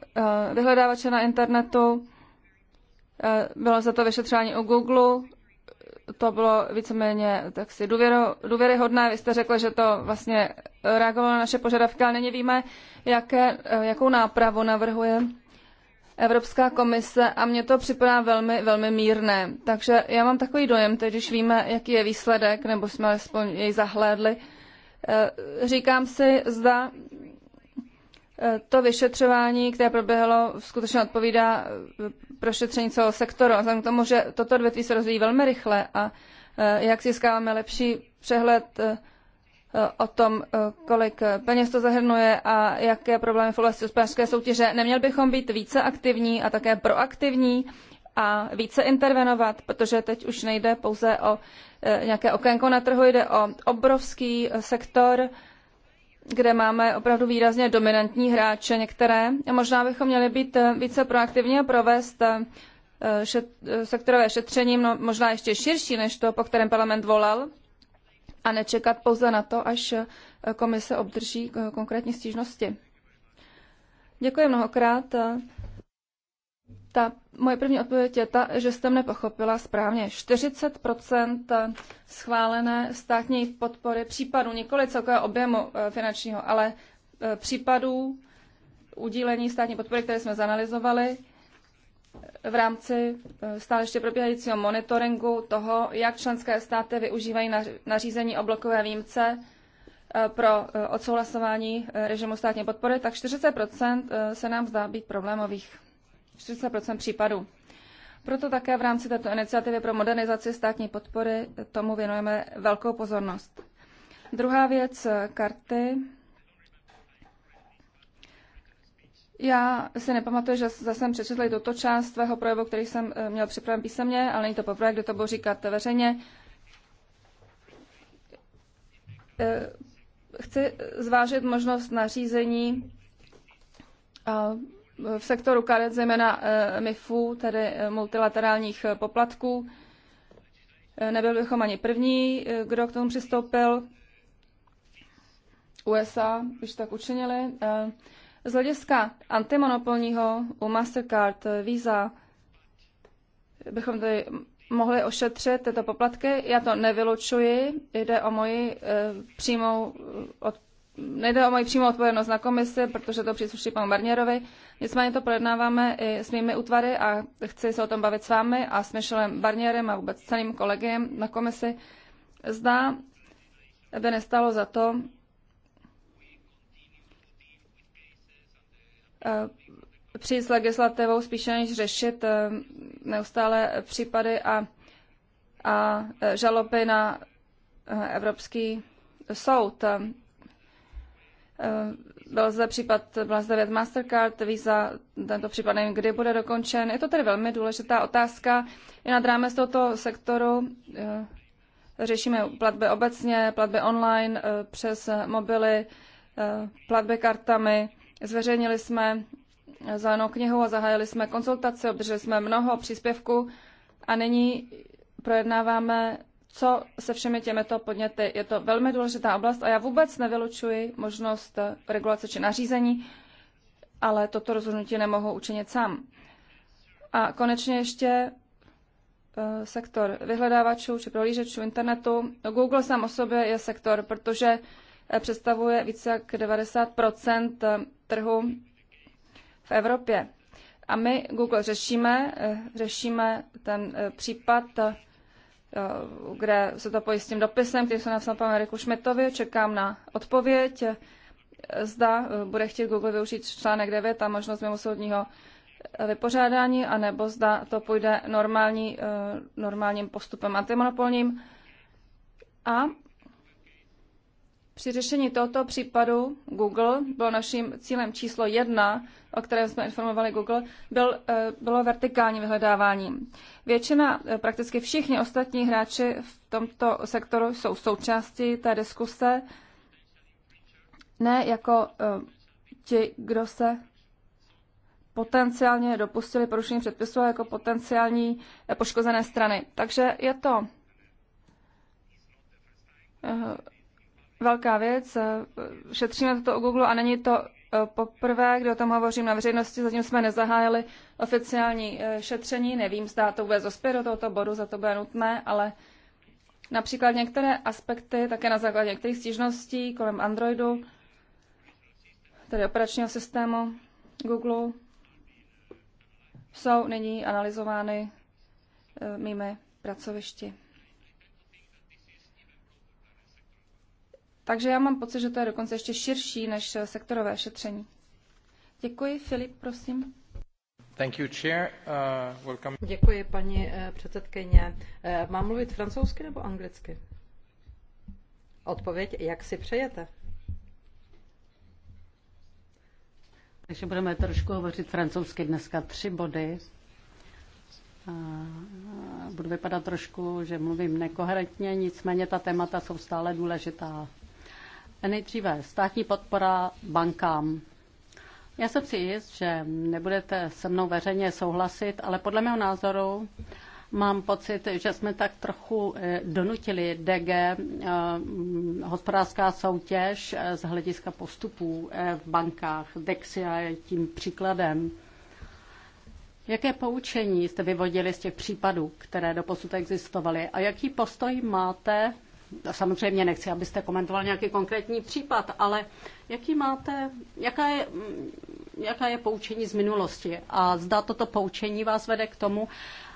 vyhledávače na internetu. Bylo za to vyšetřování u Google to bylo víceméně tak si důvěro, důvěryhodné. Vy jste řekl, že to vlastně reagovalo na naše požadavky, ale nyní víme, jaké, jakou nápravu navrhuje Evropská komise a mně to připadá velmi, velmi mírné. Takže já mám takový dojem, teď když víme, jaký je výsledek, nebo jsme alespoň jej zahlédli, eh, říkám si, zda to vyšetřování, které proběhlo, skutečně odpovídá eh, prošetření celého sektoru. A k tomu, že toto odvětví se rozvíjí velmi rychle a eh, jak získáváme lepší přehled eh, o tom, kolik peněz to zahrnuje a jaké problémy v oblasti hospodářské soutěže. Neměl bychom být více aktivní a také proaktivní a více intervenovat, protože teď už nejde pouze o nějaké okénko na trhu, jde o obrovský sektor, kde máme opravdu výrazně dominantní hráče některé. A možná bychom měli být eh, více proaktivní a provést eh, eh, šet, sektorové šetření, no, možná ještě širší než to, po kterém parlament volal, a nečekat pouze na to, až komise obdrží konkrétní stížnosti. Děkuji mnohokrát. Ta moje první odpověď je ta, že jste mne pochopila správně. 40 schválené státní podpory případů, nikoli celkového objemu eh, finančního, ale eh, případů udílení státní podpory, které jsme zanalizovali eh, v rámci stále ještě probíhajícího monitoringu toho, jak členské státy využívají nařízení o blokové výjimce pro odsouhlasování režimu státní podpory, tak 40 se nám zdá být problémových. 40 případů. Proto také v rámci této iniciativy pro modernizaci státní podpory tomu věnujeme velkou pozornost. Druhá věc, karty. Já si nepamatuju, že zase jsem přečetla tuto část svého projevu, který jsem eh, měl připraven písemně, ale není to poprvé, kdy to budu říkat veřejně. Eh, chci zvážit možnost nařízení eh, v sektoru karet, zejména eh, MIFu, tedy eh, multilaterálních eh, poplatků. Nebyl bychom ani první, kdo k tomu přistoupil. USA už tak učinili. Z hlediska antimonopolního u Mastercard, Visa, bychom tady mohli ošetřit tyto poplatky. Já to nevylučuji, jde o moji přímou od, nejde o moji přímou odpovědnost na komisi, protože to přísluší panu Barnierovi. Nicméně to projednáváme i s mými útvary a chci se o tom bavit s vámi a s Michelem Barnierem a vůbec celým kolegiem na komisi. Zda by nestalo za to eh, přijít s legislativou spíše než řešit eh, neustále případy a, a eh, žaloby na Evropský soud byl zde případ, byla zde věc Mastercard, víza. tento případ nevím, kdy bude dokončen. Je to tedy velmi důležitá otázka. I nad rámec tohoto sektoru eh, řešíme platby obecně, platby online, eh, přes mobily, eh, platby kartami. Zveřejnili jsme zelenou knihu a zahájili jsme konzultace, obdrželi jsme mnoho příspěvků a nyní projednáváme co se všemi těmito podněty. Je to velmi důležitá oblast a já vůbec nevylučuji možnost regulace či nařízení, ale toto rozhodnutí nemohu učinit sám. A konečně ještě eh, sektor vyhledávačů či prohlížečů internetu. Google sám o sobě je sektor, protože eh, představuje více jak 90 eh, trhu v Evropě. A my Google řešíme, řešíme ten případ Eh, kde se to pojistím s tím dopisem, který jsem napsal panu Eriku Šmitovi. Čekám na odpověď. Eh, zda eh, bude chtít Google využít článek 9 a možnost mimo soudního vypořádání, anebo zda to půjde normální, normálním postupem antimonopolním. A při řešení tohoto případu Google, bylo naším cílem číslo jedna, o kterém jsme informovali Google, byl, eh, bylo vertikální vyhledávání. Většina, eh, prakticky všichni ostatní hráči v tomto sektoru jsou součástí té diskuse, ne jako eh, ti, kdo se potenciálně dopustili porušení předpisu jako potenciální poškozené strany. Takže je to velká věc. Eh, šetříme to o Google a není to eh, poprvé, kdy o tom hovořím na veřejnosti. Zatím jsme nezahájili oficiální eh, šetření. Nevím, zda to vůbec dospět do tohoto bodu, za to bude nutné, ale například některé aspekty, také na základě některých stížností kolem Androidu, tedy operačního systému Google, jsou nyní analyzovány mými pracovišti. Takže já mám pocit, že to je dokonce ještě širší než eh, sektorové šetření. Děkuji. Filip, prosím. Thank you, chair. Uh, welcome. Děkuji, paní eh, předsedkyně. Eh, mám mluvit francouzsky nebo anglicky? Odpověď, jak si přejete. Takže budeme trošku hovořit francouzsky dneska. Tři body. A budu vypadat trošku, že mluvím nekoherentně, nicméně ta témata jsou stále důležitá. Nejdříve státní podpora bankám. Já jsem si jist, že nebudete se mnou veřejně souhlasit, ale podle mého názoru mám pocit, že jsme tak trochu eh, donutili DG eh, hospodářská soutěž eh, z hlediska postupů v bankách. Dexia je tím příkladem. Jaké poučení jste vyvodili z těch případů, které doposud existovaly a jaký postoj máte samozřejmě nechci, abyste komentoval nějaký konkrétní případ, ale jaký máte, jaká je, jaká je poučení z minulosti a zda toto poučení vás vede k tomu,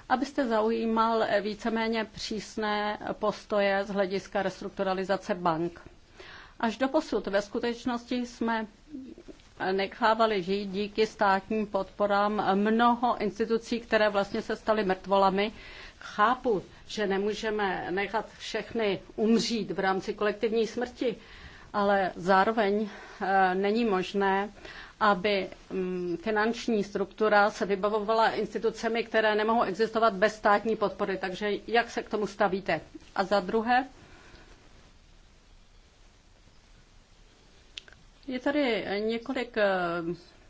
abyste zaujímal víceméně přísné postoje z hlediska restrukturalizace bank. Až do posud ve skutečnosti jsme nechávali žít díky státním podporám mnoho institucí, které vlastně se staly mrtvolami. Chápu že nemůžeme nechat všechny umřít v rámci kolektivní smrti, ale zároveň eh, není možné, aby mm, finanční struktura se vybavovala institucemi, které nemohou existovat bez státní podpory. Takže jak se k tomu stavíte? A za druhé, je tady několik eh,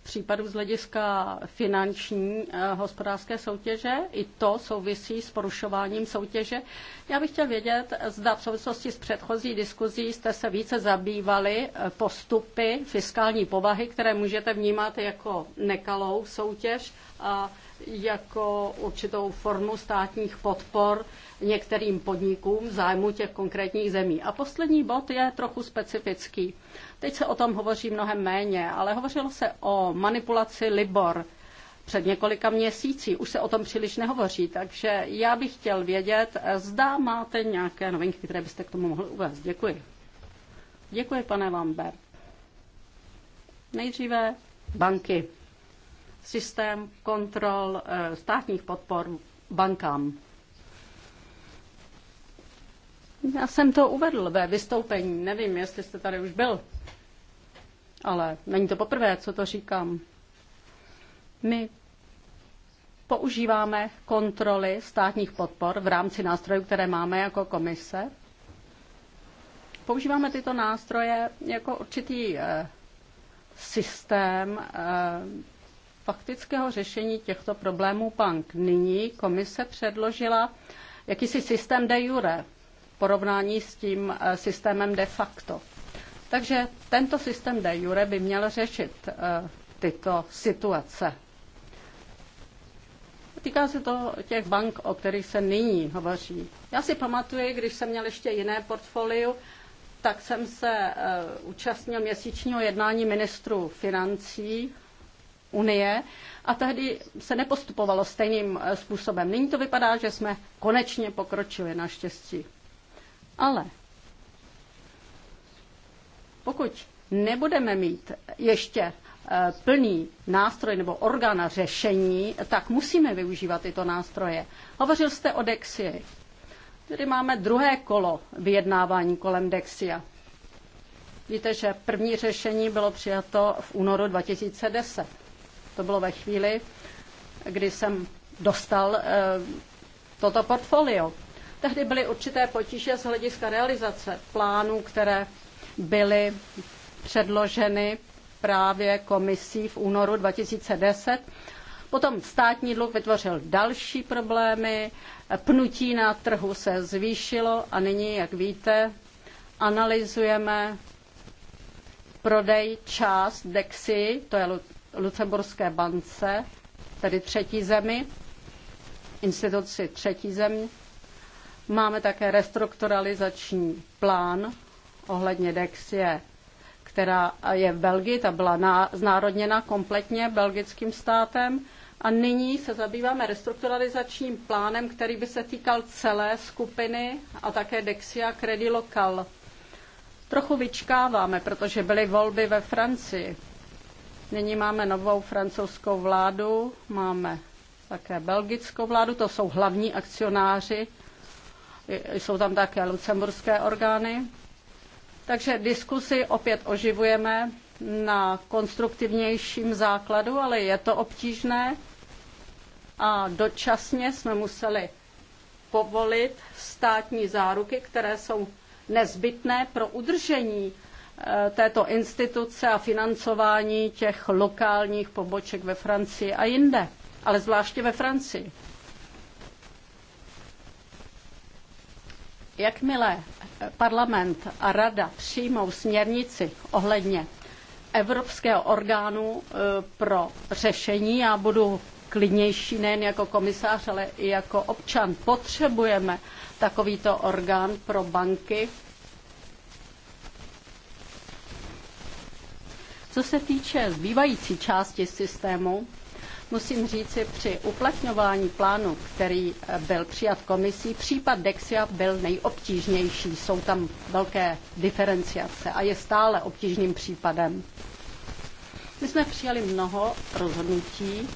případů z hlediska finanční eh, hospodářské soutěže. I to souvisí s porušováním soutěže. Já bych chtěl vědět, zda v souvislosti s předchozí diskuzí jste se více zabývali eh, postupy fiskální povahy, které můžete vnímat jako nekalou soutěž a jako určitou formu státních podpor některým podnikům v zájmu těch konkrétních zemí. A poslední bod je trochu specifický. Teď se o tom hovoří mnohem méně, ale hovořilo se o manipulaci Libor před několika měsící. Už se o tom příliš nehovoří, takže já bych chtěl vědět, zda máte nějaké novinky, které byste k tomu mohli uvést. Děkuji. Děkuji, pane Lambert. Nejdříve banky. Systém kontrol eh, státních podpor bankám. Já jsem to uvedl ve vystoupení, nevím, jestli jste tady už byl ale není to poprvé, co to říkám. My používáme kontroly státních podpor v rámci nástrojů, které máme jako komise. Používáme tyto nástroje jako určitý eh, systém eh, faktického řešení těchto problémů bank. Nyní komise předložila jakýsi systém de jure porovnání s tím eh, systémem de facto. Takže tento systém de jure by měl řešit eh, tyto situace. Týká se to těch bank, o kterých se nyní hovoří. Já si pamatuju, když jsem měl ještě jiné portfolio, tak jsem se eh, účastnil měsíčního jednání ministrů financí Unie a tehdy se nepostupovalo stejným eh, způsobem. Nyní to vypadá, že jsme konečně pokročili naštěstí. Ale pokud nebudeme mít ještě eh, plný nástroj nebo orgán řešení, tak musíme využívat tyto nástroje. Hovořil jste o Dexii. Tady máme druhé kolo vyjednávání kolem Dexia. Víte, že první řešení bylo přijato v únoru 2010. To bylo ve chvíli, kdy jsem dostal eh, toto portfolio. Tehdy byly určité potíže z hlediska realizace plánů, které byly předloženy právě komisí v únoru 2010. Potom státní dluh vytvořil další problémy, pnutí na trhu se zvýšilo a nyní, jak víte, analyzujeme prodej část Dexi, to je Lucemburské bance, tedy třetí zemi, instituci třetí země. Máme také restrukturalizační plán ohledně Dexie, která je v Belgii, ta byla na, znárodněna kompletně belgickým státem. A nyní se zabýváme restrukturalizačním plánem, který by se týkal celé skupiny a také Dexia Credit Local. Trochu vyčkáváme, protože byly volby ve Francii. Nyní máme novou francouzskou vládu, máme také belgickou vládu, to jsou hlavní akcionáři, jsou tam také lucemburské orgány takže diskusi opět oživujeme na konstruktivnějším základu, ale je to obtížné. A dočasně jsme museli povolit státní záruky, které jsou nezbytné pro udržení eh, této instituce a financování těch lokálních poboček ve Francii a jinde, ale zvláště ve Francii. Jakmile parlament a rada přijmou směrnici ohledně Evropského orgánu e, pro řešení, já budu klidnější nejen jako komisář, ale i jako občan. Potřebujeme takovýto orgán pro banky. Co se týče zbývající části systému, Musím říci, při uplatňování plánu, který eh, byl přijat komisí, případ Dexia byl nejobtížnější. Jsou tam velké diferenciace a je stále obtížným případem. My jsme přijali mnoho rozhodnutí.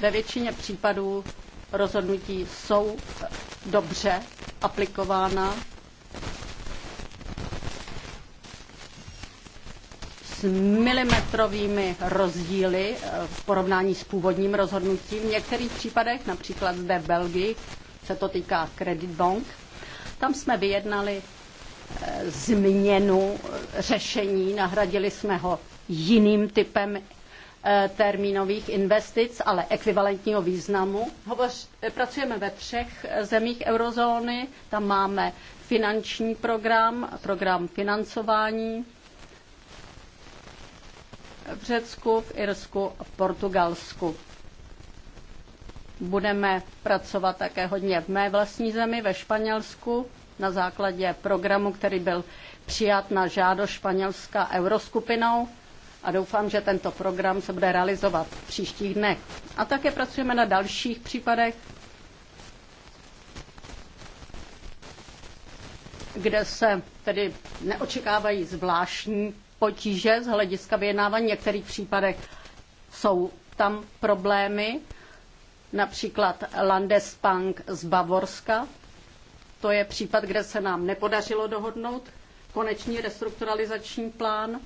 Ve většině případů rozhodnutí jsou eh, dobře aplikována s milimetrovými rozdíly eh, v porovnání s původním rozhodnutím. V některých případech, například zde v Belgii, se to týká Credit Bank, tam jsme vyjednali eh, změnu eh, řešení, nahradili jsme ho jiným typem termínových investic, ale ekvivalentního významu. Hovoř, pracujeme ve třech zemích eurozóny, tam máme finanční program, program financování v Řecku, v Irsku a v Portugalsku. Budeme pracovat také hodně v mé vlastní zemi, ve Španělsku, na základě programu, který byl přijat na žádost Španělska euroskupinou a doufám, že tento program se bude realizovat v příštích dnech. A také pracujeme na dalších případech, kde se tedy neočekávají zvláštní potíže z hlediska vyjednávání. V některých případech jsou tam problémy, například Landesbank z Bavorska. To je případ, kde se nám nepodařilo dohodnout konečný restrukturalizační plán,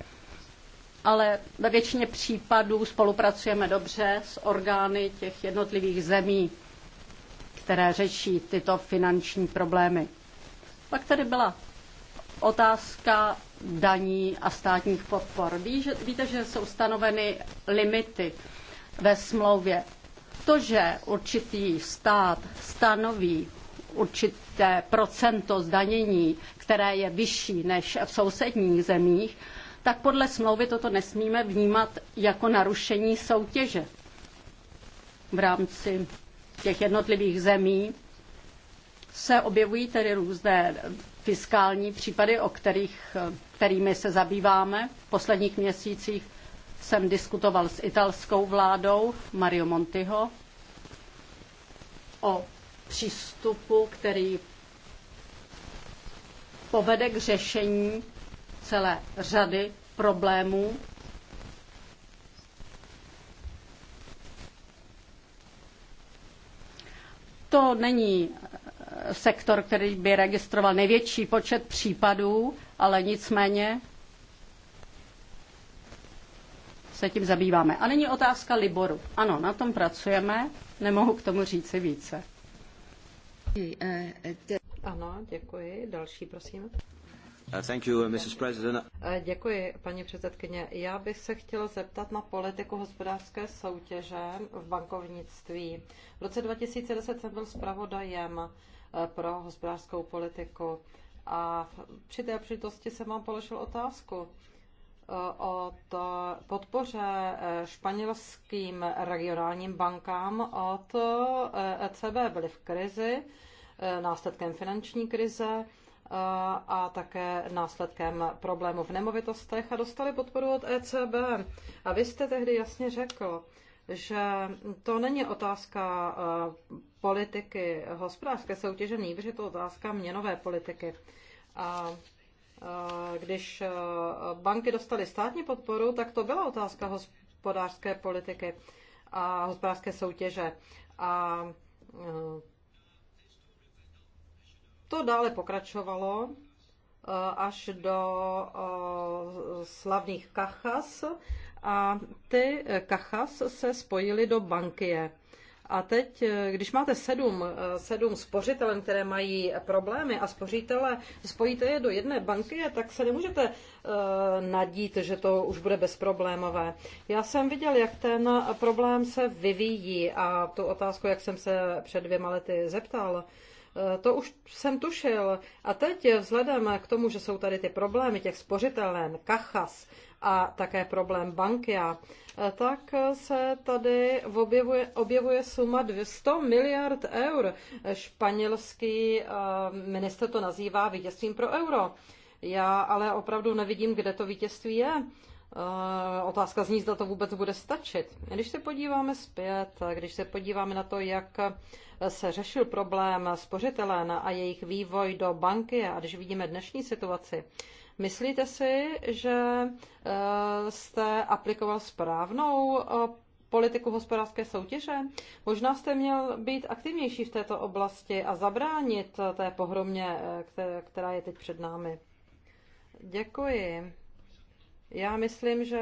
ale ve většině případů spolupracujeme dobře s orgány těch jednotlivých zemí, které řeší tyto finanční problémy. Pak tady byla otázka daní a státních podpor. Ví, že, víte, že jsou stanoveny limity ve smlouvě. To, že určitý stát stanoví určité procento zdanění, které je vyšší než v sousedních zemích, tak podle smlouvy toto nesmíme vnímat jako narušení soutěže v rámci těch jednotlivých zemí se objevují tedy různé fiskální případy, o kterých kterými se zabýváme. V posledních měsících jsem diskutoval s italskou vládou Mario Montiho o přístupu, který povede k řešení celé řady problémů. To není sektor, který by registroval největší počet případů, ale nicméně se tím zabýváme. A není otázka Liboru. Ano, na tom pracujeme, nemohu k tomu říci více. Ano, děkuji. Další, prosím. Uh, thank you, uh, Mrs. President. Uh, děkuji, paní předsedkyně. Já bych se chtěla zeptat na politiku hospodářské soutěže v bankovnictví. V roce 2010 jsem byl zpravodajem pro hospodářskou politiku. A při té příležitosti jsem vám položil otázku e, o to podpoře e, španělským regionálním bankám od ECB. E Byly v krizi, následkem finanční krize a také následkem problémů v nemovitostech a dostali podporu od ECB. A vy jste tehdy jasně řekl, že to není otázka eh, politiky hospodářské soutěže, nejbrž je to otázka měnové politiky. A eh, když eh, banky dostaly státní podporu, tak to byla otázka hospodářské politiky a hospodářské soutěže. A to dále pokračovalo až do slavných Kachas a ty Kachas eh, se spojily do Bankie. A teď, eh, když máte sedm, eh, sedm spořitelen, které mají problémy a spořitele spojíte je do jedné banky, tak se nemůžete uh, nadít, že to už bude bezproblémové. Já jsem viděl, jak ten problém se vyvíjí a tu otázku, jak jsem se před dvěma lety zeptal, uh, Eh, to už jsem tušil. A teď vzhledem k tomu, že jsou tady ty problémy těch spořitelen, kachas a také problém bankia, eh, tak se tady objevuje, objevuje suma 200 miliard eur. Španělský eh, minister to nazývá vítězstvím pro euro. Já ale opravdu nevidím, kde to vítězství je. Eh, otázka zní, zda to vůbec bude stačit. Když se podíváme zpět, když se podíváme na to, jak se řešil problém spořitelen a jejich vývoj do banky a když vidíme dnešní situaci, myslíte si, že eh, jste aplikoval správnou eh, politiku hospodářské soutěže? Možná jste měl být aktivnější v této oblasti a zabránit té pohromě, která je teď před námi. Děkuji. Já myslím, že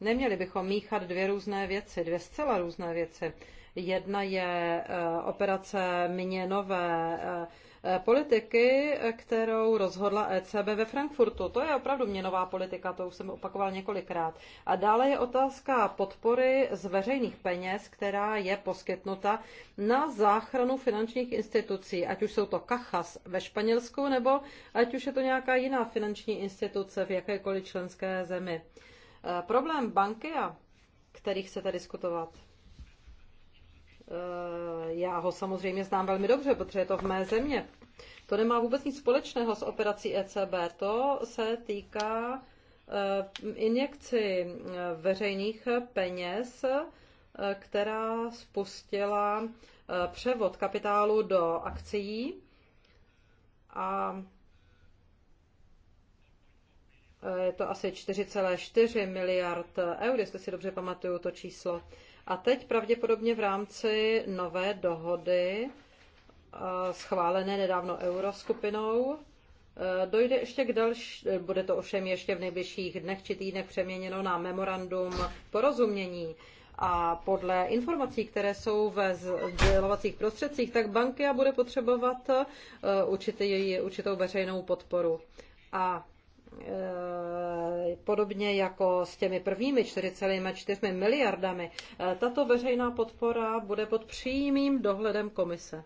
neměli bychom míchat dvě různé věci, dvě zcela různé věci. Jedna je eh, operace měnové eh, Eh, politiky, eh, kterou rozhodla ECB ve Frankfurtu. To je opravdu měnová politika, to už jsem opakoval několikrát. A dále je otázka podpory z veřejných peněz, která je poskytnuta na záchranu finančních institucí, ať už jsou to kachas ve Španělsku, nebo ať už je to nějaká jiná finanční instituce v jakékoliv členské zemi. Eh, problém banky, a se chcete diskutovat? Eh, já ho samozřejmě znám velmi dobře, protože je to v mé země. To nemá vůbec nic společného s operací ECB. To se týká eh, injekci eh, veřejných peněz, která spustila převod kapitálu do akcií a je to asi 4,4 miliard eur, jestli si dobře pamatuju to číslo. A teď pravděpodobně v rámci nové dohody, eh, schválené nedávno euroskupinou, eh, Dojde ještě k další, bude to ovšem ještě v nejbližších dnech či týdnech přeměněno na memorandum porozumění. A podle informací, které jsou ve sdělovacích prostředcích, tak banky bude potřebovat eh, určitý, určitou veřejnou podporu. A Eh, podobně jako s těmi prvními 4,4 miliardami, eh, tato veřejná podpora bude pod přímým dohledem komise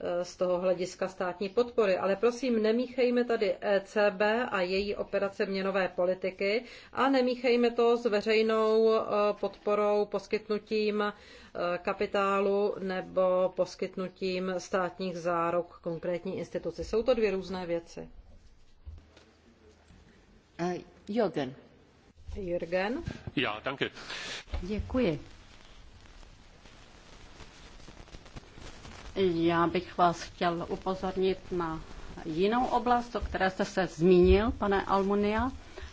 eh, z toho hlediska státní podpory. Ale prosím, nemíchejme tady ECB a její operace měnové politiky a nemíchejme to s veřejnou podporou, poskytnutím kapitálu nebo poskytnutím státních záruk konkrétní instituci. Jsou to dvě různé věci. Eh, Děkuji. Já bych vás chtěl upozornit na jinou oblast, o které jste se zmínil, pane Almunia.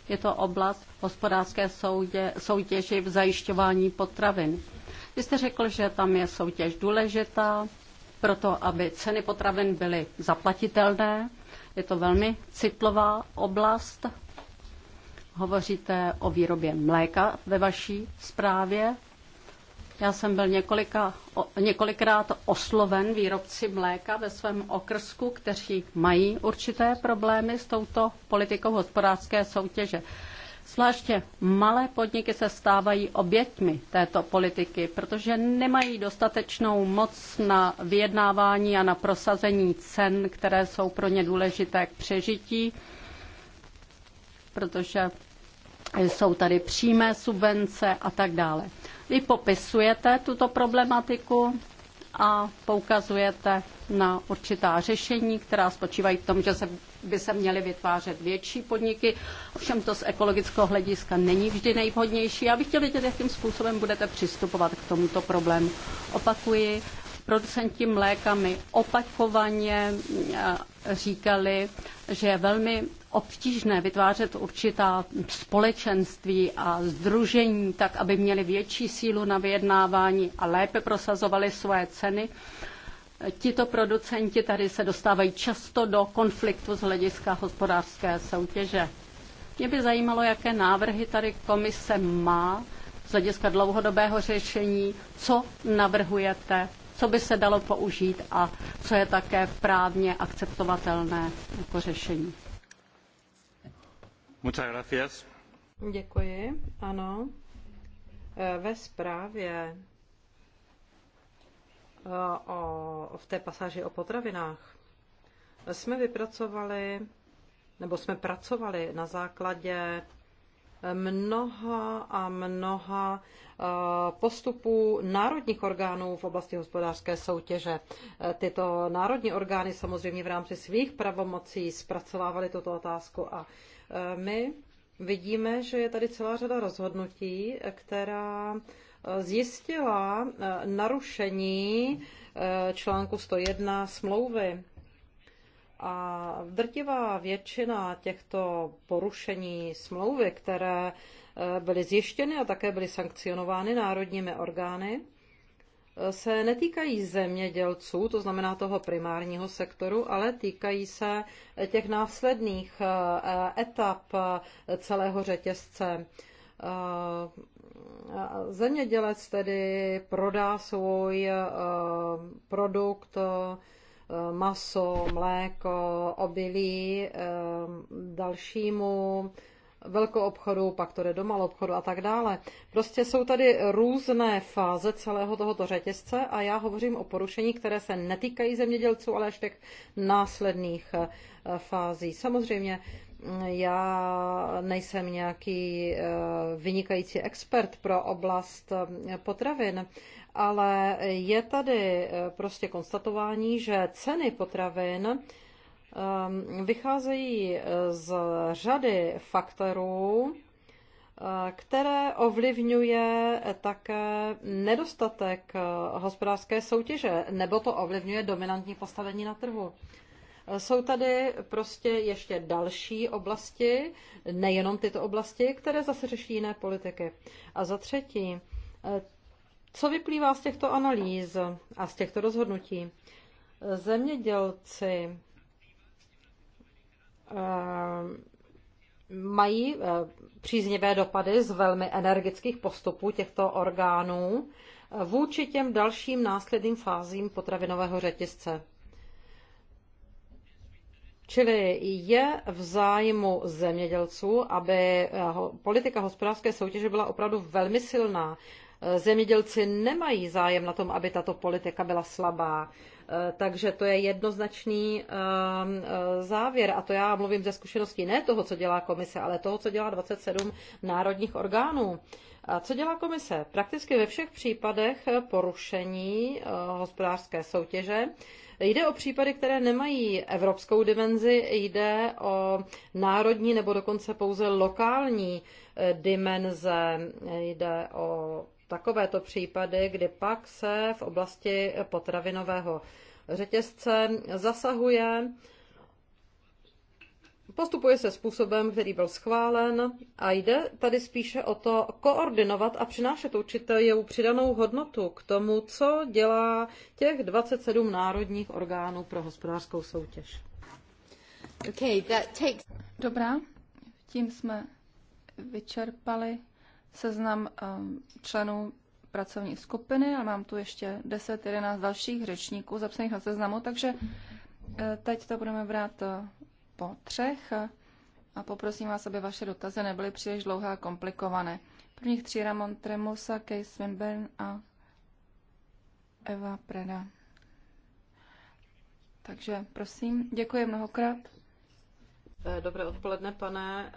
Je to oblast hospodářské soudě, soutěži v zajišťování potravin. Vy jste řekl, že tam je soutěž důležitá, proto aby ceny potravin byly zaplatitelné. Je to velmi citlivá oblast Hovoříte o výrobě mléka ve vaší zprávě. Já jsem byl několika, několikrát osloven výrobci mléka ve svém okrsku, kteří mají určité problémy s touto politikou hospodářské soutěže. Zvláště malé podniky se stávají oběťmi této politiky, protože nemají dostatečnou moc na vyjednávání a na prosazení cen, které jsou pro ně důležité k přežití protože jsou tady přímé subvence a tak dále. Vy popisujete tuto problematiku a poukazujete na určitá řešení, která spočívají v tom, že se, by se měly vytvářet větší podniky. Ovšem to z ekologického hlediska není vždy nejvhodnější. Já bych chtěl vědět, jakým způsobem budete přistupovat k tomuto problému. Opakuji, producenti mléka mi opakovaně eh, říkali, že je velmi obtížné vytvářet určitá společenství a združení, tak aby měli větší sílu na vyjednávání a lépe prosazovali své ceny. Tito producenti tady se dostávají často do konfliktu z hlediska hospodářské soutěže. Mě by zajímalo, jaké návrhy tady komise má z hlediska dlouhodobého řešení, co navrhujete, co by se dalo použít a co je také právně akceptovatelné jako řešení. Děkuji, ano. E, ve zprávě e, o, v té pasáži o potravinách jsme vypracovali, nebo jsme pracovali na základě mnoha a mnoha e, postupů národních orgánů v oblasti hospodářské soutěže. Tyto národní orgány samozřejmě v rámci svých pravomocí zpracovávaly tuto otázku a my vidíme, že je tady celá řada rozhodnutí, která eh, zjistila eh, narušení eh, článku 101 smlouvy. A drtivá většina těchto porušení smlouvy, které byly zjištěny a také byly sankcionovány národními orgány, se netýkají zemědělců, to znamená toho primárního sektoru, ale týkají se těch následných eh, etap eh, celého řetězce. Eh, zemědělec tedy prodá svůj produkt, maso, mléko, obilí dalšímu velkou obchodu, pak to jde do malou obchodu a tak dále. Prostě jsou tady různé fáze celého tohoto řetězce a já hovořím o porušení, které se netýkají zemědělců, ale až těch následných eh, fází. Samozřejmě eh, já nejsem nějaký eh, vynikající expert pro oblast potravin, ale je tady prostě konstatování, že ceny potravin Ehm, vycházejí eh, z řady faktorů, eh, které ovlivňuje také nedostatek eh, hospodářské soutěže, nebo to ovlivňuje dominantní postavení na trhu. Jsou tady prostě ještě další oblasti, nejenom tyto oblasti, které zase řeší jiné politiky. A za třetí, co vyplývá z těchto analýz a z těchto rozhodnutí? Zemědělci Eh, mají eh, příznivé dopady z velmi energických postupů těchto orgánů eh, vůči těm dalším následným fázím potravinového řetězce. Čili je v zájmu zemědělců, aby politika hospodářské soutěže byla opravdu velmi silná. Zemědělci nemají zájem na tom, aby tato politika byla slabá. Eh, takže to je jednoznačný eh, eh, závěr. A to já mluvím ze zkušeností ne toho, co dělá komise, ale toho, co dělá 27 národních orgánů. A co dělá komise? Prakticky ve všech případech porušení hospodářské soutěže Jde o případy, které nemají evropskou dimenzi, jde o národní nebo dokonce pouze lokální dimenze, jde o takovéto případy, kdy pak se v oblasti potravinového řetězce zasahuje, postupuje se způsobem, který byl schválen a jde tady spíše o to koordinovat a přinášet určitou přidanou hodnotu k tomu, co dělá těch 27 národních orgánů pro hospodářskou soutěž. Okay, that takes... Dobrá, tím jsme vyčerpali seznam ehm, členů pracovní skupiny, ale mám tu ještě 10-11 dalších řečníků zapsaných na seznamu, takže eh, teď to budeme brát eh, po třech a poprosím vás, aby vaše dotazy nebyly příliš dlouhé a komplikované. Prvních tří Ramon Tremosa, Kay Swinburne a Eva Preda. Takže prosím, děkuji mnohokrát. Eh, dobré odpoledne, pane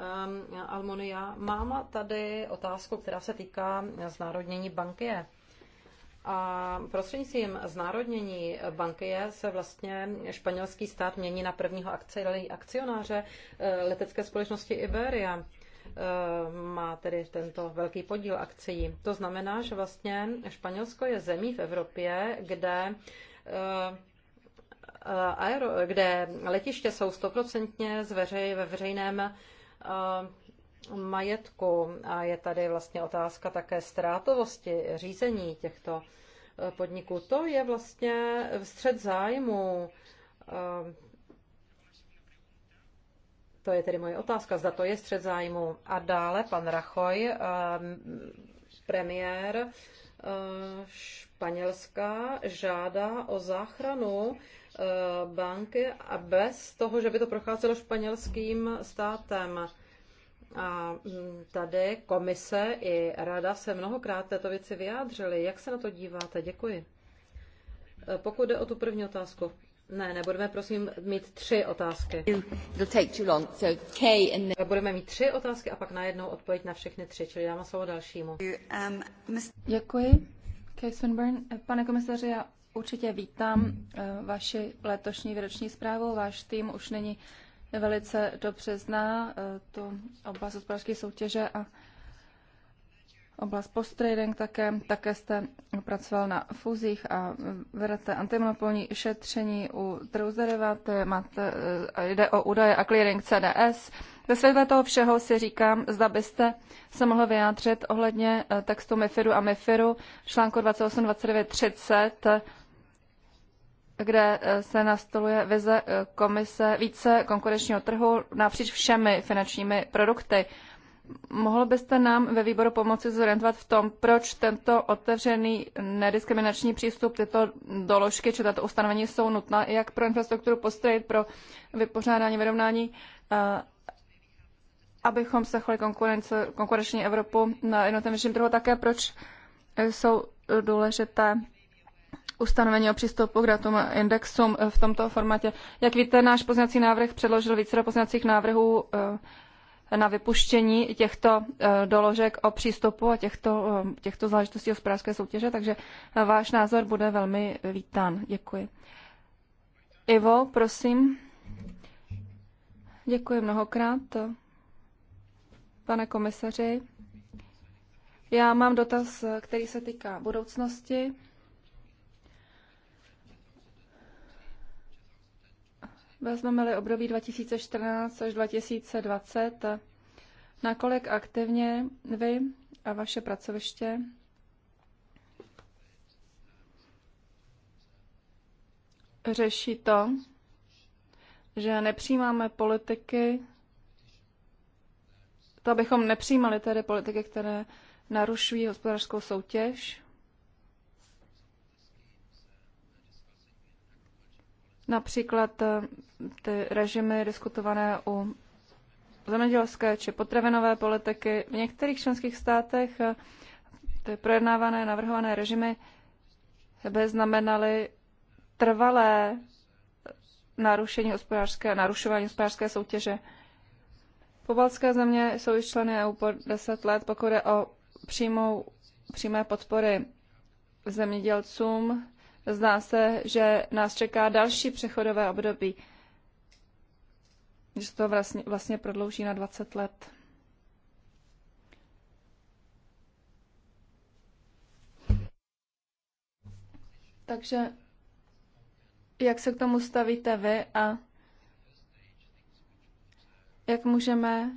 Almonia. mám tady otázku, která se týká znárodnění banky. A prostřednictvím znárodnění banky se vlastně španělský stát mění na prvního akcionáře eh, letecké společnosti Iberia eh, má tedy tento velký podíl akcií. To znamená, že vlastně Španělsko je zemí v Evropě, kde aero, kde letiště jsou stoprocentně veřej, ve veřejném eh, majetku a je tady vlastně otázka také ztrátovosti řízení těchto eh, podniků. To je vlastně střed zájmu. Eh, to je tedy moje otázka, zda to je střed zájmu. A dále pan Rachoj, premiér Španělska, žádá o záchranu Eh, banky a bez toho, že by to procházelo španělským státem. A mm, tady komise i rada se mnohokrát této věci vyjádřily. Jak se na to díváte? Děkuji. Eh, pokud jde o tu první otázku. Ne, nebudeme prosím mít tři otázky. Eh, budeme mít tři otázky a pak najednou odpověď na všechny tři, čili dáme slovo dalšímu. Um, Děkuji. Kay Swinburne. Pane komisaři, já Určitě vítám eh, vaši letošní výroční zprávu. Váš tým už není velice dobře zná eh, tu oblast hospodářské soutěže a oblast post-trading také. Také jste pracoval na fuzích a vedete antimonopolní šetření u trhu máte, eh, jde o údaje a clearing CDS. Ve světle toho všeho si říkám, zda byste se mohl vyjádřit ohledně textu MIFIDu a MIFIRu článku 28, 29, 30 kde eh, se nastoluje vize eh, komise více konkurenčního trhu napříč všemi finančními produkty. Mohl byste nám ve výboru pomoci zorientovat v tom, proč tento otevřený nediskriminační přístup, tyto doložky či tato ustanovení jsou nutná, jak pro infrastrukturu postrojit, pro vypořádání vyrovnání, eh, abychom se chvali konkurenční Evropu na jednotném trhu, také proč jsou důležité ustanovení o přístupu k datům indexům eh, v tomto formátě. Jak víte, náš poznací návrh předložil více poznacích návrhů eh, na vypuštění těchto eh, doložek o přístupu a těchto, těchto záležitostí hospodářské soutěže, takže váš názor bude velmi vítán. Děkuji. Ivo, prosím. Děkuji mnohokrát, pane komisaři. Já mám dotaz, který se týká budoucnosti. jsme měli období 2014 až 2020, nakolik aktivně vy a vaše pracoviště řeší to, že nepřijímáme politiky, to abychom nepřijímali tedy politiky, které narušují hospodářskou soutěž, Například eh, ty režimy diskutované u zemědělské či potravinové politiky. V některých členských státech eh, ty projednávané navrhované režimy by znamenaly trvalé narušení hospodářské, narušování hospodářské soutěže. Pobaltské země jsou již členy EU po 10 let, pokud je o přímou, přímé podpory zemědělcům Zdá se, že nás čeká další přechodové období, že se to vlastně, vlastně prodlouží na 20 let. Takže jak se k tomu stavíte vy a jak můžeme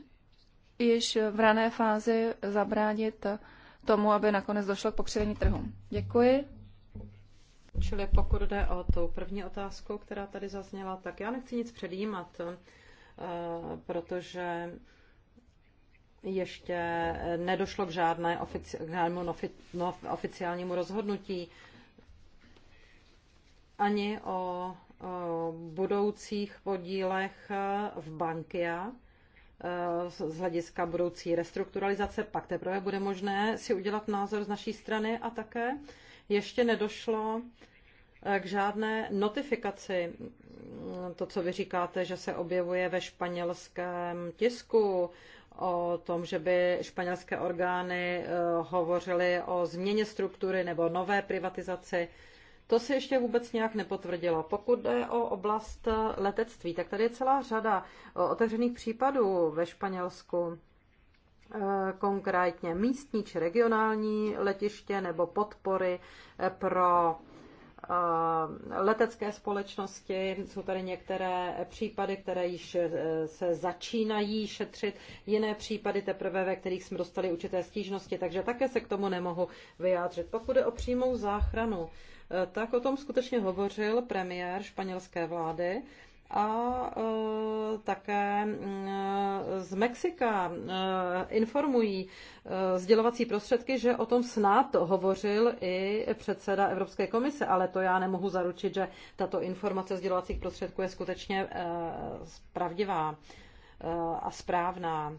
již v rané fázi zabránit tomu, aby nakonec došlo k pokřivení trhu? Děkuji. Čili pokud jde o tu první otázku, která tady zazněla, tak já nechci nic předjímat, eh, protože ještě nedošlo k, žádné oficiálnímu, žádnému nofi- no, oficiálnímu rozhodnutí ani o, o budoucích podílech eh, v Bankia eh, z hlediska budoucí restrukturalizace. Pak teprve bude možné si udělat názor z naší strany a také ještě nedošlo eh, k žádné notifikaci. To, co vy říkáte, že se objevuje ve španělském tisku, o tom, že by španělské orgány eh, hovořily o změně struktury nebo nové privatizaci. To se ještě vůbec nějak nepotvrdilo. Pokud jde o oblast eh, letectví, tak tady je celá řada otevřených případů ve Španělsku. Eh, konkrétně místní či regionální letiště nebo podpory eh, pro eh, letecké společnosti. Jsou tady některé případy, které již se začínají šetřit, jiné případy teprve, ve kterých jsme dostali určité stížnosti, takže také se k tomu nemohu vyjádřit. Pokud je o přímou záchranu, tak o tom skutečně hovořil premiér španělské vlády a e, také e, z Mexika e, informují sdělovací prostředky, že o tom snad hovořil i předseda Evropské komise, ale to já nemohu zaručit, že tato informace sdělovacích prostředků je skutečně pravdivá a správná.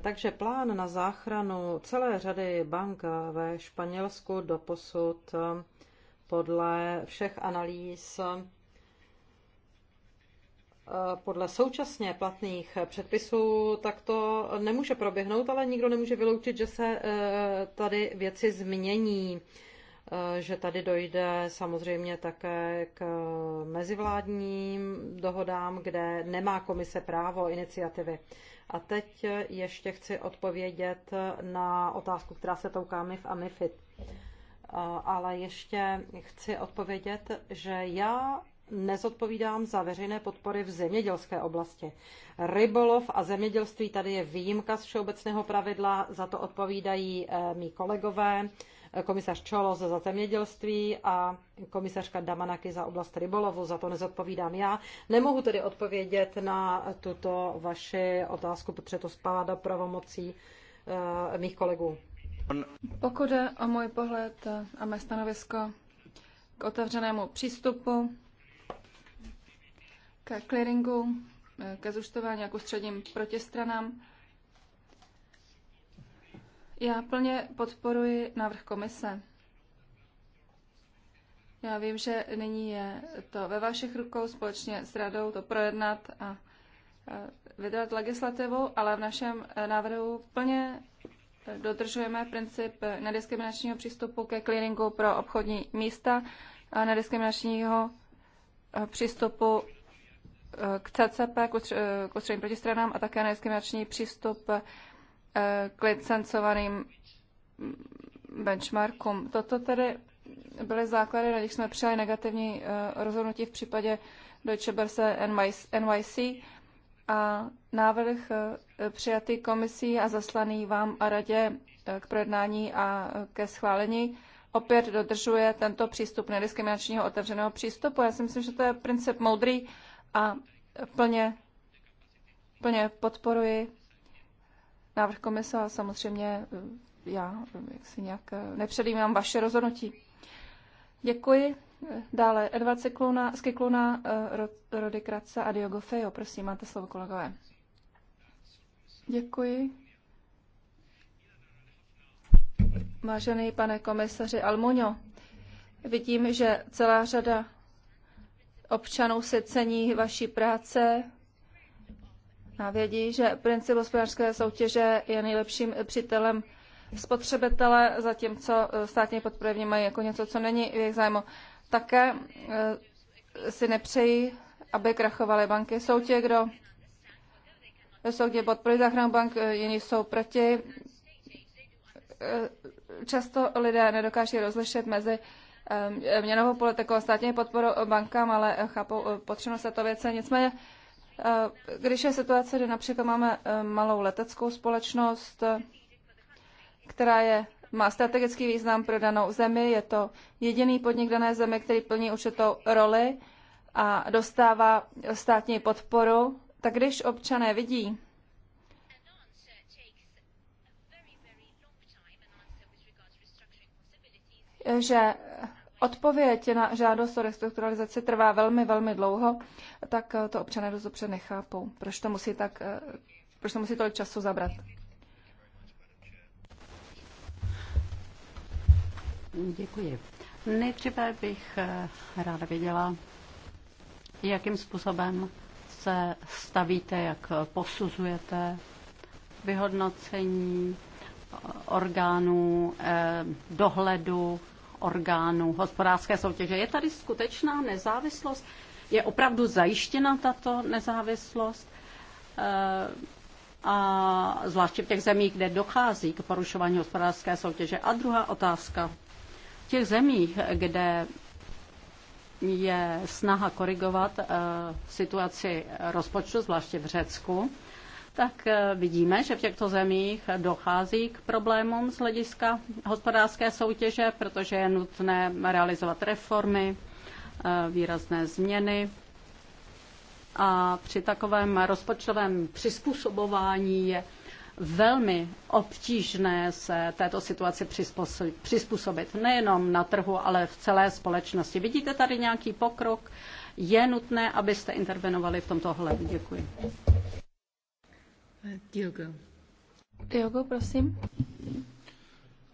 Takže plán na záchranu celé řady bank ve Španělsku doposud podle všech analýz Eh, podle současně platných předpisů tak to nemůže proběhnout, ale nikdo nemůže vyloučit, že se eh, tady věci změní, eh, že tady dojde samozřejmě také k mezivládním dohodám, kde nemá komise právo iniciativy. A teď ještě chci odpovědět na otázku, která se touká MIF a MIFID. Ale ještě chci odpovědět, že já nezodpovídám za veřejné podpory v zemědělské oblasti. Rybolov a zemědělství tady je výjimka z všeobecného pravidla, za to odpovídají eh, mý kolegové, eh, komisař Čolos za zemědělství a komisařka Damanaky za oblast rybolovu, za to nezodpovídám já. Nemohu tedy odpovědět na tuto vaši otázku, protože to spadá do pravomocí eh, mých kolegů. Pokud je o můj pohled a mé stanovisko k otevřenému přístupu, k clearingu, eh, ke zuštování jako středním protistranám. Já plně podporuji návrh komise. Já vím, že nyní je to ve vašich rukou společně s radou to projednat a eh, vydat legislativu, ale v našem eh, návrhu plně dodržujeme princip nediskriminačního přístupu ke clearingu pro obchodní místa a nediskriminačního přístupu k CCP, k ústředním protistranám a také nediskriminační přístup eh, k licencovaným benchmarkům. Toto tedy byly základy, na nich jsme přijali negativní eh, rozhodnutí v případě Deutsche Börse NYC a návrh eh, přijatý komisí a zaslaný vám a radě k projednání a ke schválení opět dodržuje tento přístup nediskriminačního otevřeného přístupu. Já si myslím, že to je princip moudrý, a plně, plně podporuji návrh komise a samozřejmě eh, já eh, jak si nějak eh, nepředjímám vaše rozhodnutí. Děkuji. Dále Edvard Cikluna, Skikluna, Rody Kratce a Diogo Fejo. Prosím, máte slovo, kolegové. Děkuji. Vážený pane komisaři Almuňo, vidím, že celá řada občanů si cení vaší práce a vědí, že princip hospodářské soutěže je nejlepším přítelem spotřebitele, zatímco státní podpory vnímají jako něco, co není v jejich zájmu. Také eh, si nepřejí, aby krachovaly banky. Jsou tě, kdo jsou tě podpory záchranu bank, eh, jiní jsou proti. Eh, často lidé nedokáží rozlišit mezi Eh, měnovou politikou a státní podporu bankám, ale eh, chápou eh, se to věce. Nicméně, když je situace, kdy například máme malou leteckou společnost, která je, má strategický význam pro danou zemi, je to jediný podnik dané zemi, který plní určitou roli a dostává státní podporu, tak když občané vidí, že odpověď na žádost o restrukturalizaci trvá velmi, velmi dlouho, tak eh, to občané dost dobře nechápou. Proč to musí, tak, eh, proč to musí tolik času zabrat? Děkuji. Nejdříve bych eh, ráda věděla, jakým způsobem se stavíte, jak posuzujete vyhodnocení orgánů dohledu orgánů hospodářské soutěže. Je tady skutečná nezávislost? Je opravdu zajištěna tato nezávislost? Eh, a zvláště v těch zemích, kde dochází k porušování hospodářské soutěže. A druhá otázka. V těch zemích, kde je snaha korigovat eh, situaci rozpočtu, zvláště v Řecku, tak eh, vidíme, že v těchto zemích dochází k problémům z hlediska hospodářské soutěže, protože je nutné realizovat reformy, eh, výrazné změny. A při takovém rozpočtovém přizpůsobování je velmi obtížné se této situaci přizpůsobit. Nejenom na trhu, ale v celé společnosti. Vidíte tady nějaký pokrok? Je nutné, abyste intervenovali v tomto hledu. Děkuji. Diogo. Diogo, prosím.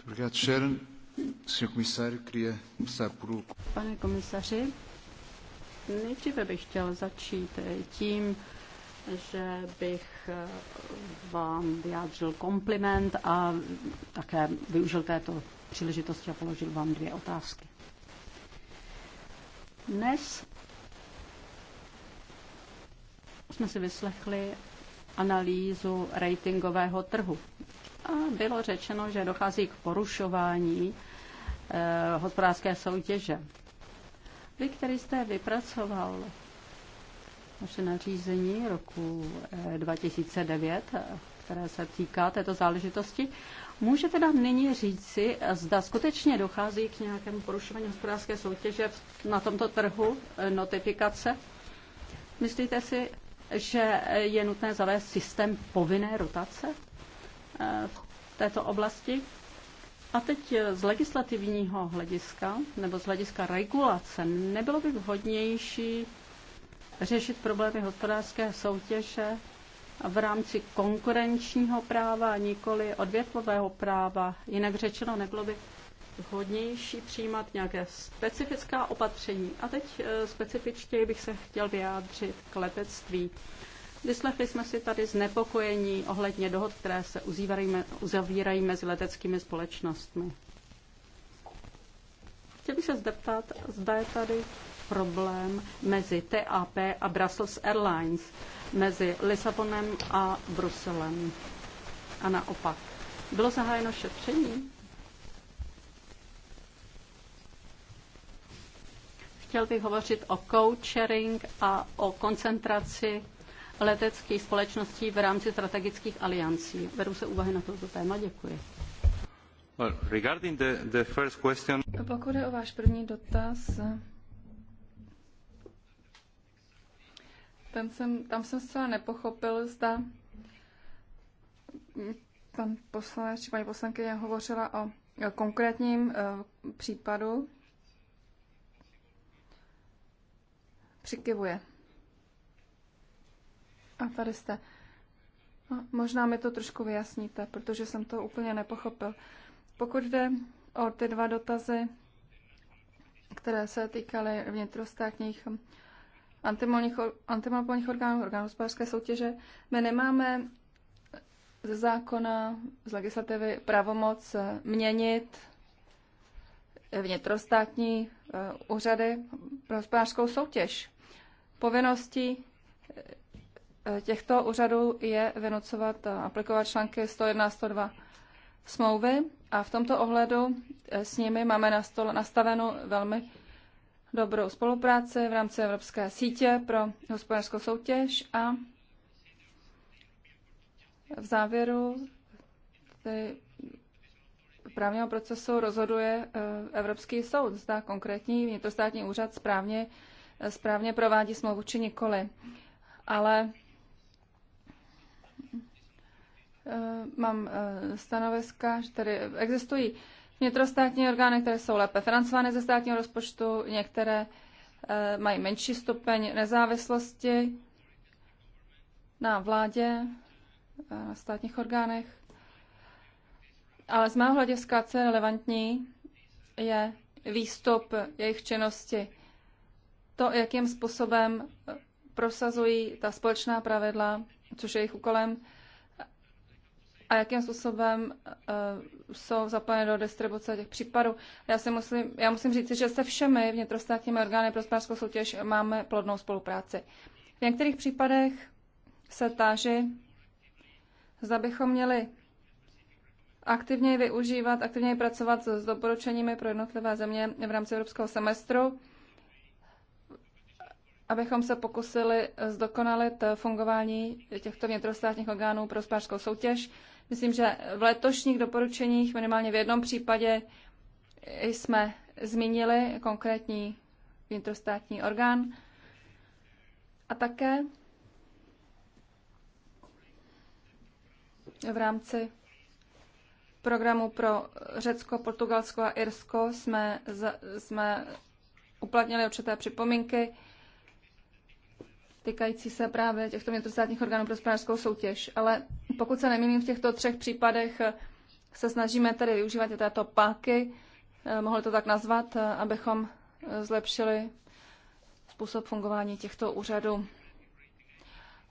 Obrigado, Sharon. Senhor Comissário, queria começar por... Pane komisaři, nejdříve bych chtěl začít eh, tím, že bych eh, vám vyjádřil kompliment a také využil této příležitosti a položil vám dvě otázky. Dnes jsme si vyslechli analýzu ratingového trhu. A bylo řečeno, že dochází k porušování eh, hospodářské soutěže. Vy, který jste vypracoval naše nařízení roku 2009, eh, které se týká této záležitosti, můžete nám nyní říci, zda skutečně dochází k nějakému porušování hospodářské soutěže na tomto trhu eh, notifikace? Myslíte si, že je nutné zavést systém povinné rotace eh, v této oblasti. A teď eh, z legislativního hlediska nebo z hlediska regulace nebylo by vhodnější řešit problémy hospodářské soutěže v rámci konkurenčního práva, nikoli odvětvového práva. Jinak řečeno, nebylo by vhodnější přijímat nějaké specifická opatření. A teď eh, specifičtěji bych se chtěl vyjádřit k letectví. Vyslechli jsme si tady znepokojení ohledně dohod, které se uzavírají, mezi leteckými společnostmi. Chtěl bych se zeptat, zda je tady problém mezi TAP a Brussels Airlines, mezi Lisabonem a Bruselem. A naopak. Bylo zahájeno šetření? Chtěl bych hovořit o co-sharing a o koncentraci leteckých společností v rámci strategických aliancí. Beru se úvahy na toto téma. Děkuji. Well, regarding the, the first question... Pokud je o váš první dotaz, ten jsem, tam jsem zcela nepochopil, zda pan poslanec či paní poslankyně hovořila o konkrétním eh, případu přikivuje. A tady jste. No, možná mi to trošku vyjasníte, protože jsem to úplně nepochopil. Pokud jde o ty dva dotazy, které se týkaly vnitrostátních antimonopolních orgánů, orgánů hospodářské soutěže, my nemáme ze zákona, z legislativy pravomoc měnit vnitrostátní eh, úřady pro hospodářskou soutěž. Povinností eh, těchto úřadů je vynucovat a aplikovat články 101 a 102 smlouvy a v tomto ohledu eh, s nimi máme na stole nastavenou velmi dobrou spolupráci v rámci Evropské sítě pro hospodářskou soutěž a v závěru právního procesu rozhoduje eh, Evropský soud, zda konkrétní vnitrostátní úřad správně správně provádí smlouvu či nikoli. Ale eh, mám eh, stanoviska, že tady existují vnitrostátní orgány, které jsou lépe financovány ze státního rozpočtu, některé eh, mají menší stupeň nezávislosti na vládě, na státních orgánech. Ale z mého hlediska, co je relevantní, je výstup jejich činnosti to, jakým způsobem eh, prosazují ta společná pravidla, což je jejich úkolem, a jakým způsobem uh, jsou zapojeny do distribuce těch případů. Já, si musím, já musím říct, že se všemi vnitrostátními orgány pro spářskou soutěž máme plodnou spolupráci. V některých případech se táži, zda bychom měli aktivněji využívat, aktivněji pracovat s, s doporučeními pro jednotlivé země v rámci evropského semestru abychom se pokusili zdokonalit fungování těchto vnitrostátních orgánů pro spářskou soutěž. Myslím, že v letošních doporučeních, minimálně v jednom případě, jsme zmínili konkrétní vnitrostátní orgán a také v rámci programu pro Řecko, Portugalsko a Irsko jsme, jsme uplatnili určité připomínky týkající se právě těchto vnitrostátních orgánů pro hospodářskou soutěž. Ale pokud se nemýlím, v těchto třech případech eh, se snažíme tedy využívat této páky, eh, mohli to tak nazvat, eh, abychom zlepšili způsob fungování těchto úřadů.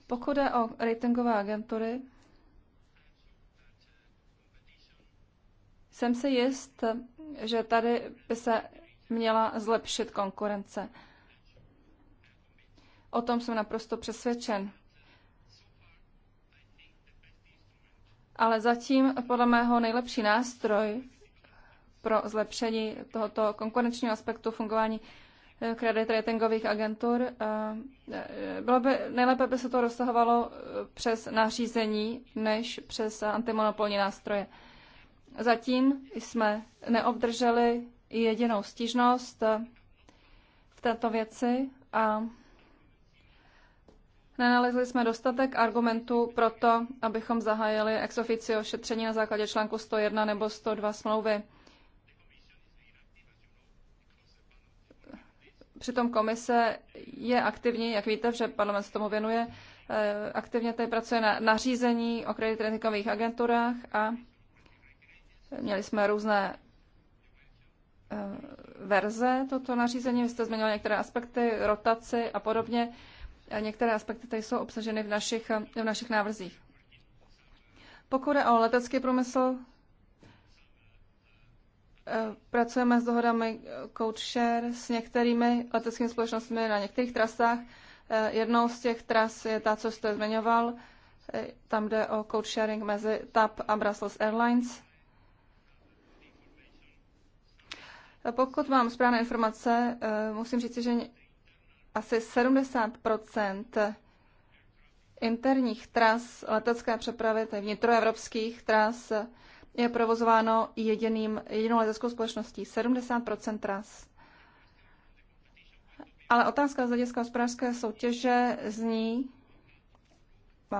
Pokud jde o ratingové agentury, jsem si jist, že tady by se měla zlepšit konkurence. O tom jsem naprosto přesvědčen. Ale zatím podle mého nejlepší nástroj pro zlepšení tohoto konkurenčního aspektu fungování kredit eh, ratingových agentur. Eh, eh, bylo by, nejlépe by se to rozsahovalo přes nařízení než přes antimonopolní nástroje. Zatím jsme neobdrželi jedinou stížnost v této věci a Nenalezli jsme dostatek argumentů pro to, abychom zahájili ex officio šetření na základě článku 101 nebo 102 smlouvy. Přitom komise je aktivní, jak víte, že parlament se tomu věnuje, eh, aktivně tady pracuje na nařízení o kreditrinkových agenturách a měli jsme různé eh, verze toto nařízení. Vy jste zmiňovali některé aspekty, rotaci a podobně některé aspekty tady jsou obsaženy v našich, v našich návrzích. Pokud je o letecký průmysl, eh, pracujeme s dohodami CoachShare s některými leteckými společnostmi na některých trasách. Eh, jednou z těch tras je ta, co jste zmiňoval. Eh, tam jde o sharing mezi TAP a Brussels Airlines. Pokud mám správné informace, musím říct, že asi 70 interních tras letecké přepravy, tedy vnitroevropských tras, je provozováno jediným, jedinou leteckou společností. 70 tras. Ale otázka z hlediska hospodářské soutěže zní,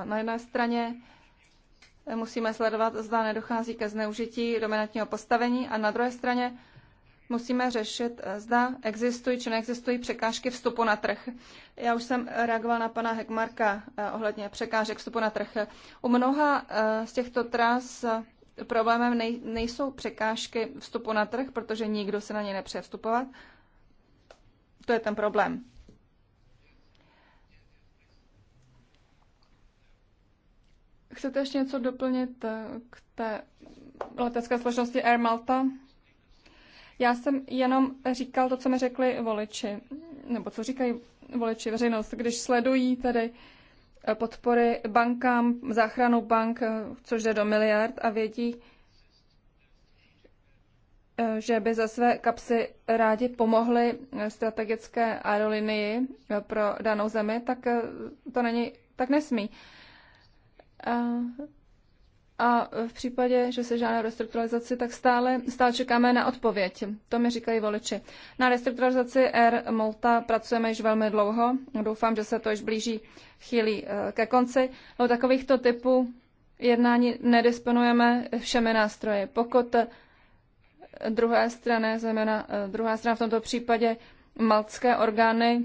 na jedné straně musíme sledovat, zda nedochází ke zneužití dominantního postavení a na druhé straně musíme řešit, eh, zda existují či neexistují překážky vstupu na trh. Já už jsem reagovala na pana Hekmarka eh, ohledně překážek vstupu na trh. U mnoha eh, z těchto tras problémem nejsou překážky vstupu na trh, protože nikdo se na ně nepřeje vstupovat. To je ten problém. Chcete ještě něco doplnit k té letecké společnosti Air Malta? Já jsem jenom říkal to, co mi řekli voliči, nebo co říkají voliči veřejnost, když sledují tedy eh, podpory bankám, záchranu bank, eh, což jde do miliard a vědí, eh, že by za své kapsy rádi pomohli strategické aerolinii pro danou zemi, tak to není, tak nesmí. A v případě, že se žádá restrukturalizaci, tak stále, stále čekáme na odpověď. To mi říkají voliči. Na restrukturalizaci R Molta pracujeme již velmi dlouho. Doufám, že se to již blíží chvíli eh, ke konci. O no, takovýchto typů jednání nedisponujeme všemi nástroji. Pokud eh, druhé strany, zejména eh, druhá strana v tomto případě malcké orgány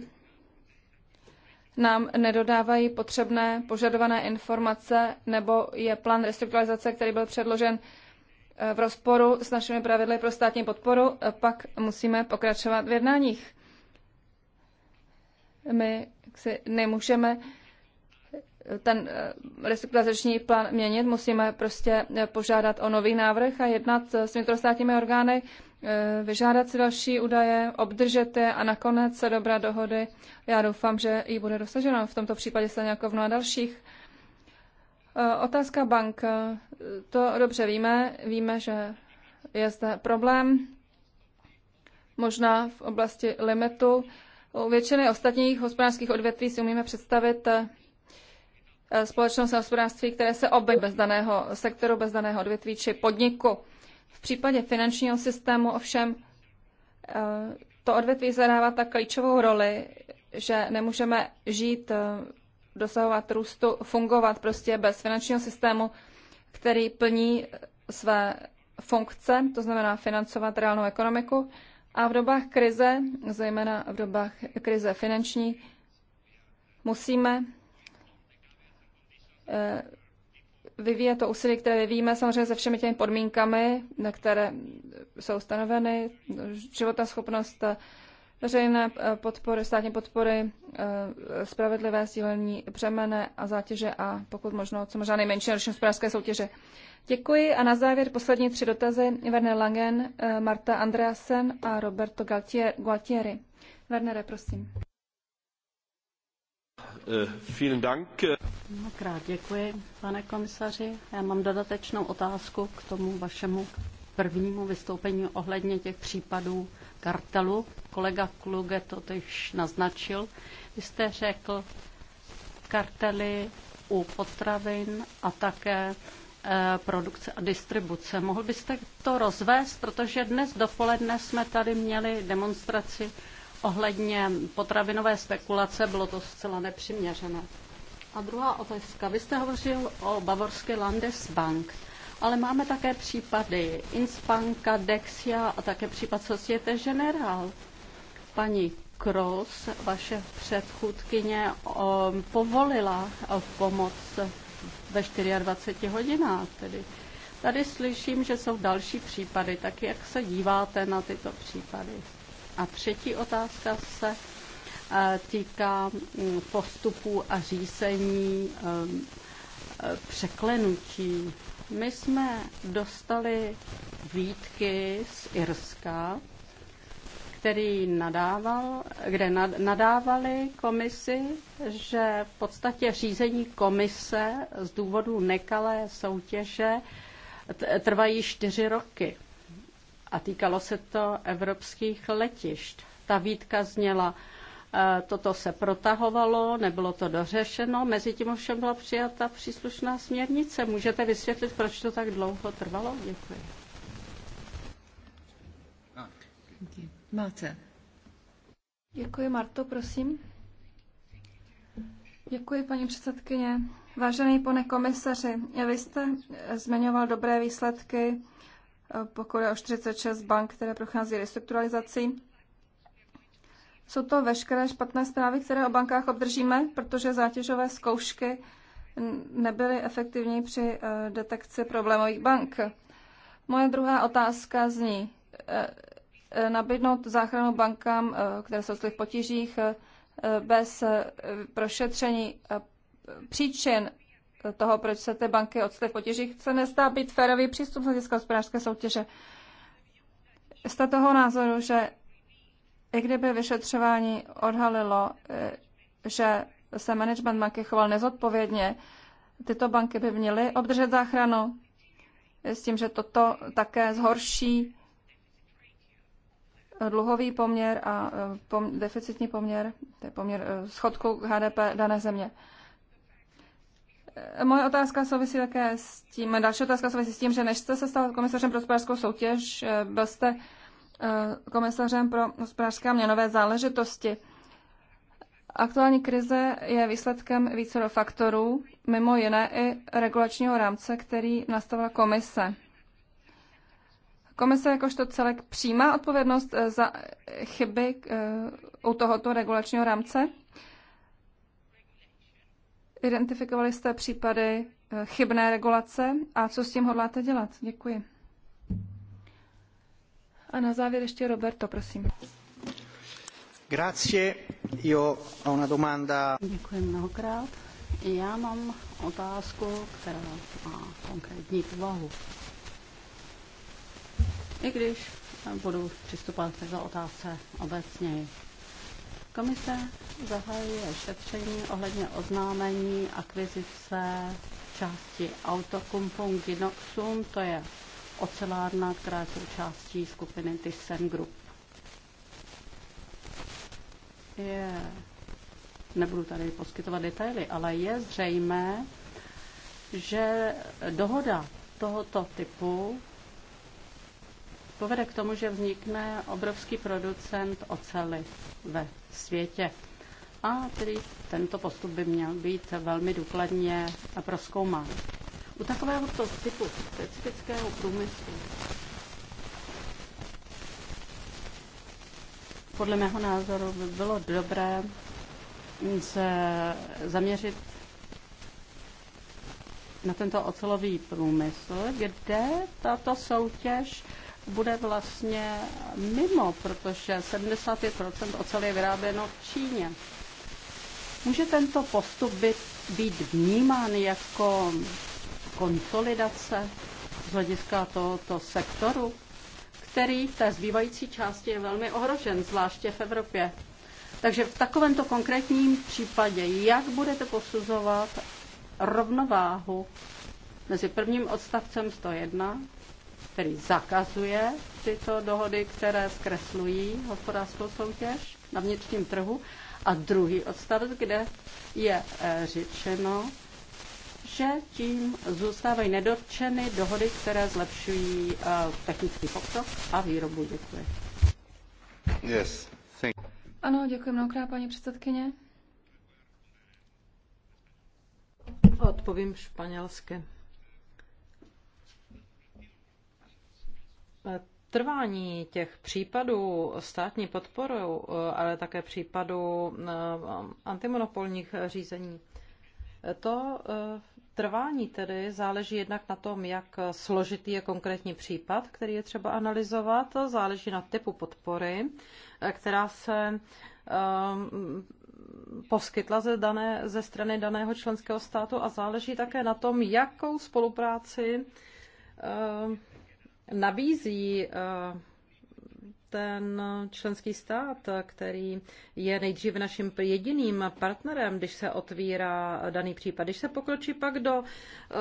nám nedodávají potřebné požadované informace nebo je plán restrukturalizace, který byl předložen eh, v rozporu s našimi pravidly pro státní podporu, eh, pak musíme pokračovat v jednáních. My si nemůžeme ten eh, restrukturalizační plán měnit, musíme prostě eh, požádat o nový návrh a jednat eh, s vnitrostátními orgány, vyžádat si další údaje, obdržet je a nakonec se dobrá dohody. Já doufám, že ji bude dosaženo. V tomto případě se jako v mnoha dalších. Otázka bank. To dobře víme. Víme, že je zde problém. Možná v oblasti limitu. U většiny ostatních hospodářských odvětví si umíme představit Eh, společnost a hospodářství, které se objeví bez daného sektoru, bez daného odvětví či podniku. V případě finančního systému ovšem eh, to odvětví zadává tak klíčovou roli, že nemůžeme žít, eh, dosahovat růstu, fungovat prostě bez finančního systému, který plní své funkce, to znamená financovat reálnou ekonomiku. A v dobách krize, zejména v dobách krize finanční, musíme Eh, vyvíjet to úsilí, které vyvíjíme, samozřejmě se všemi těmi podmínkami, na které jsou stanoveny, životná schopnost veřejné eh, podpory, státní podpory, eh, spravedlivé sdílení břemene a zátěže a pokud možno co možná nejmenší roční hospodářské soutěže. Děkuji a na závěr poslední tři dotazy Werner Langen, Marta Andreasen a Roberto Galtieri. Wernere, prosím. Eh, Mnohokrát děkuji, pane komisaři. Já mám dodatečnou otázku k tomu vašemu prvnímu vystoupení ohledně těch případů kartelu. Kolega Kluge to již naznačil. Vy jste řekl kartely u potravin a také eh, produkce a distribuce. Mohl byste to rozvést, protože dnes dopoledne jsme tady měli demonstraci ohledně potravinové spekulace bylo to zcela nepřiměřené. A druhá otázka. Vy jste hovořil o bavorské Landesbank, ale máme také případy Inspanka, Dexia a také případ Societe General. Paní Kroos, vaše předchůdkyně, povolila pomoc ve 24 hodinách. Tedy. Tady slyším, že jsou další případy, tak jak se díváte na tyto případy? A třetí otázka se eh, týká mm, postupů a řízení eh, eh, překlenutí. My jsme dostali výtky z Irska, který nadával, kde nadávali komisi, že v podstatě řízení komise z důvodu nekalé soutěže trvají čtyři roky a týkalo se to evropských letišť. Ta výtka zněla, e, toto se protahovalo, nebylo to dořešeno, mezi tím ovšem byla přijata příslušná směrnice. Můžete vysvětlit, proč to tak dlouho trvalo? Děkuji. Máte. Děkuji, Marto, prosím. Děkuji, paní předsedkyně. Vážený pane komisaři, vy jste zmiňoval dobré výsledky Eh, pokud je o 46 bank, které prochází restrukturalizací. Jsou to veškeré špatné zprávy, které o bankách obdržíme, protože zátěžové zkoušky nebyly efektivní při eh, detekci problémových bank. Moje druhá otázka zní, eh, nabídnout záchranu bankám, které jsou v potížích, bez prošetření příčin toho, proč se ty banky odstaví v potěžích, se nezdá být férový přístup z hlediska hospodářské soutěže. Jste toho názoru, že i kdyby vyšetřování odhalilo, eh, že se management banky choval nezodpovědně, tyto banky by měly obdržet záchranu s tím, že toto také zhorší dluhový poměr a eh, pom- deficitní poměr, to je poměr eh, schodku HDP dané země. Moje otázka souvisí také s tím, další otázka souvisí s tím, že než jste se stal komisařem pro hospodářskou soutěž, byl jste eh, komisařem pro hospodářské a měnové záležitosti. Aktuální krize je výsledkem více faktorů, mimo jiné i regulačního rámce, který nastavila komise. Komise jakožto celek přijímá odpovědnost eh, za chyby eh, u tohoto regulačního rámce? Identifikovali jste případy eh, chybné regulace a co s tím hodláte dělat? Děkuji. A na závěr ještě Roberto, prosím. Grazie. Io ho una domanda. Děkuji mnohokrát. Já mám otázku, která má konkrétní povahu. I když budu přistupovat k této otázce obecněji. Komise zahajuje šetření ohledně oznámení akvizice části Autokumpung Ginoxum, to je ocelárna, která je součástí skupiny Thyssen Group. Je, nebudu tady poskytovat detaily, ale je zřejmé, že dohoda tohoto typu povede k tomu, že vznikne obrovský producent ocely ve světě. A tedy tento postup by měl být velmi důkladně proskoumán. U takového typu specifického průmyslu podle mého názoru by bylo dobré se zaměřit na tento ocelový průmysl, kde tato soutěž bude vlastně mimo, protože 75 oceli je vyráběno v Číně. Může tento postup být, být vnímán jako konsolidace z hlediska tohoto sektoru, který v té zbývající části je velmi ohrožen, zvláště v Evropě. Takže v takovémto konkrétním případě, jak budete posuzovat rovnováhu mezi prvním odstavcem 101 který zakazuje tyto dohody, které zkreslují hospodářskou soutěž na vnitřním trhu. A druhý odstavec, kde je eh, řečeno, že tím zůstávají nedotčeny dohody, které zlepšují eh, technický pokrok a výrobu. Děkuji. Yes, thank Ano, děkuji mnohokrát, paní předsedkyně. Odpovím španělsky. trvání těch případů státní podporou, eh, ale také případů eh, antimonopolních řízení, to eh, trvání tedy záleží jednak na tom, jak složitý je konkrétní případ, který je třeba analyzovat, záleží na typu podpory, která se poskytla ze, dané, ze strany daného členského státu a záleží také na tom, jakou spolupráci nabízí eh, ten členský stát, který je nejdříve naším jediným partnerem, když se otvírá daný případ. Když se pokročí pak do eh,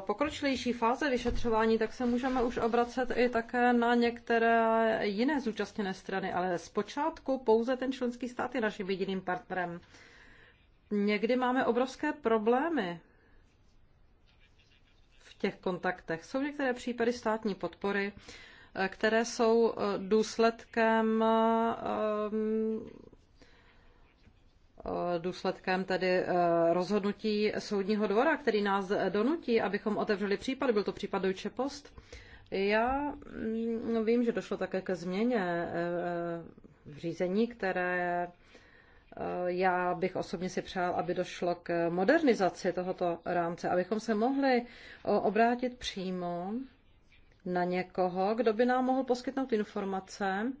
pokročilejší fáze vyšetřování, tak se můžeme už obracet i také na některé jiné zúčastněné strany, ale zpočátku pouze ten členský stát je naším jediným partnerem. Někdy máme obrovské problémy těch kontaktech. Jsou některé případy státní podpory, eh, které jsou eh, důsledkem eh, důsledkem tedy rozhodnutí soudního dvora, který nás donutí, abychom otevřeli případ. Byl to případ Deutsche Post. Já mm, vím, že došlo také ke změně v řízení, které já bych osobně si přál, aby došlo k modernizaci tohoto rámce, abychom se mohli obrátit přímo na někoho, kdo by nám mohl poskytnout informace,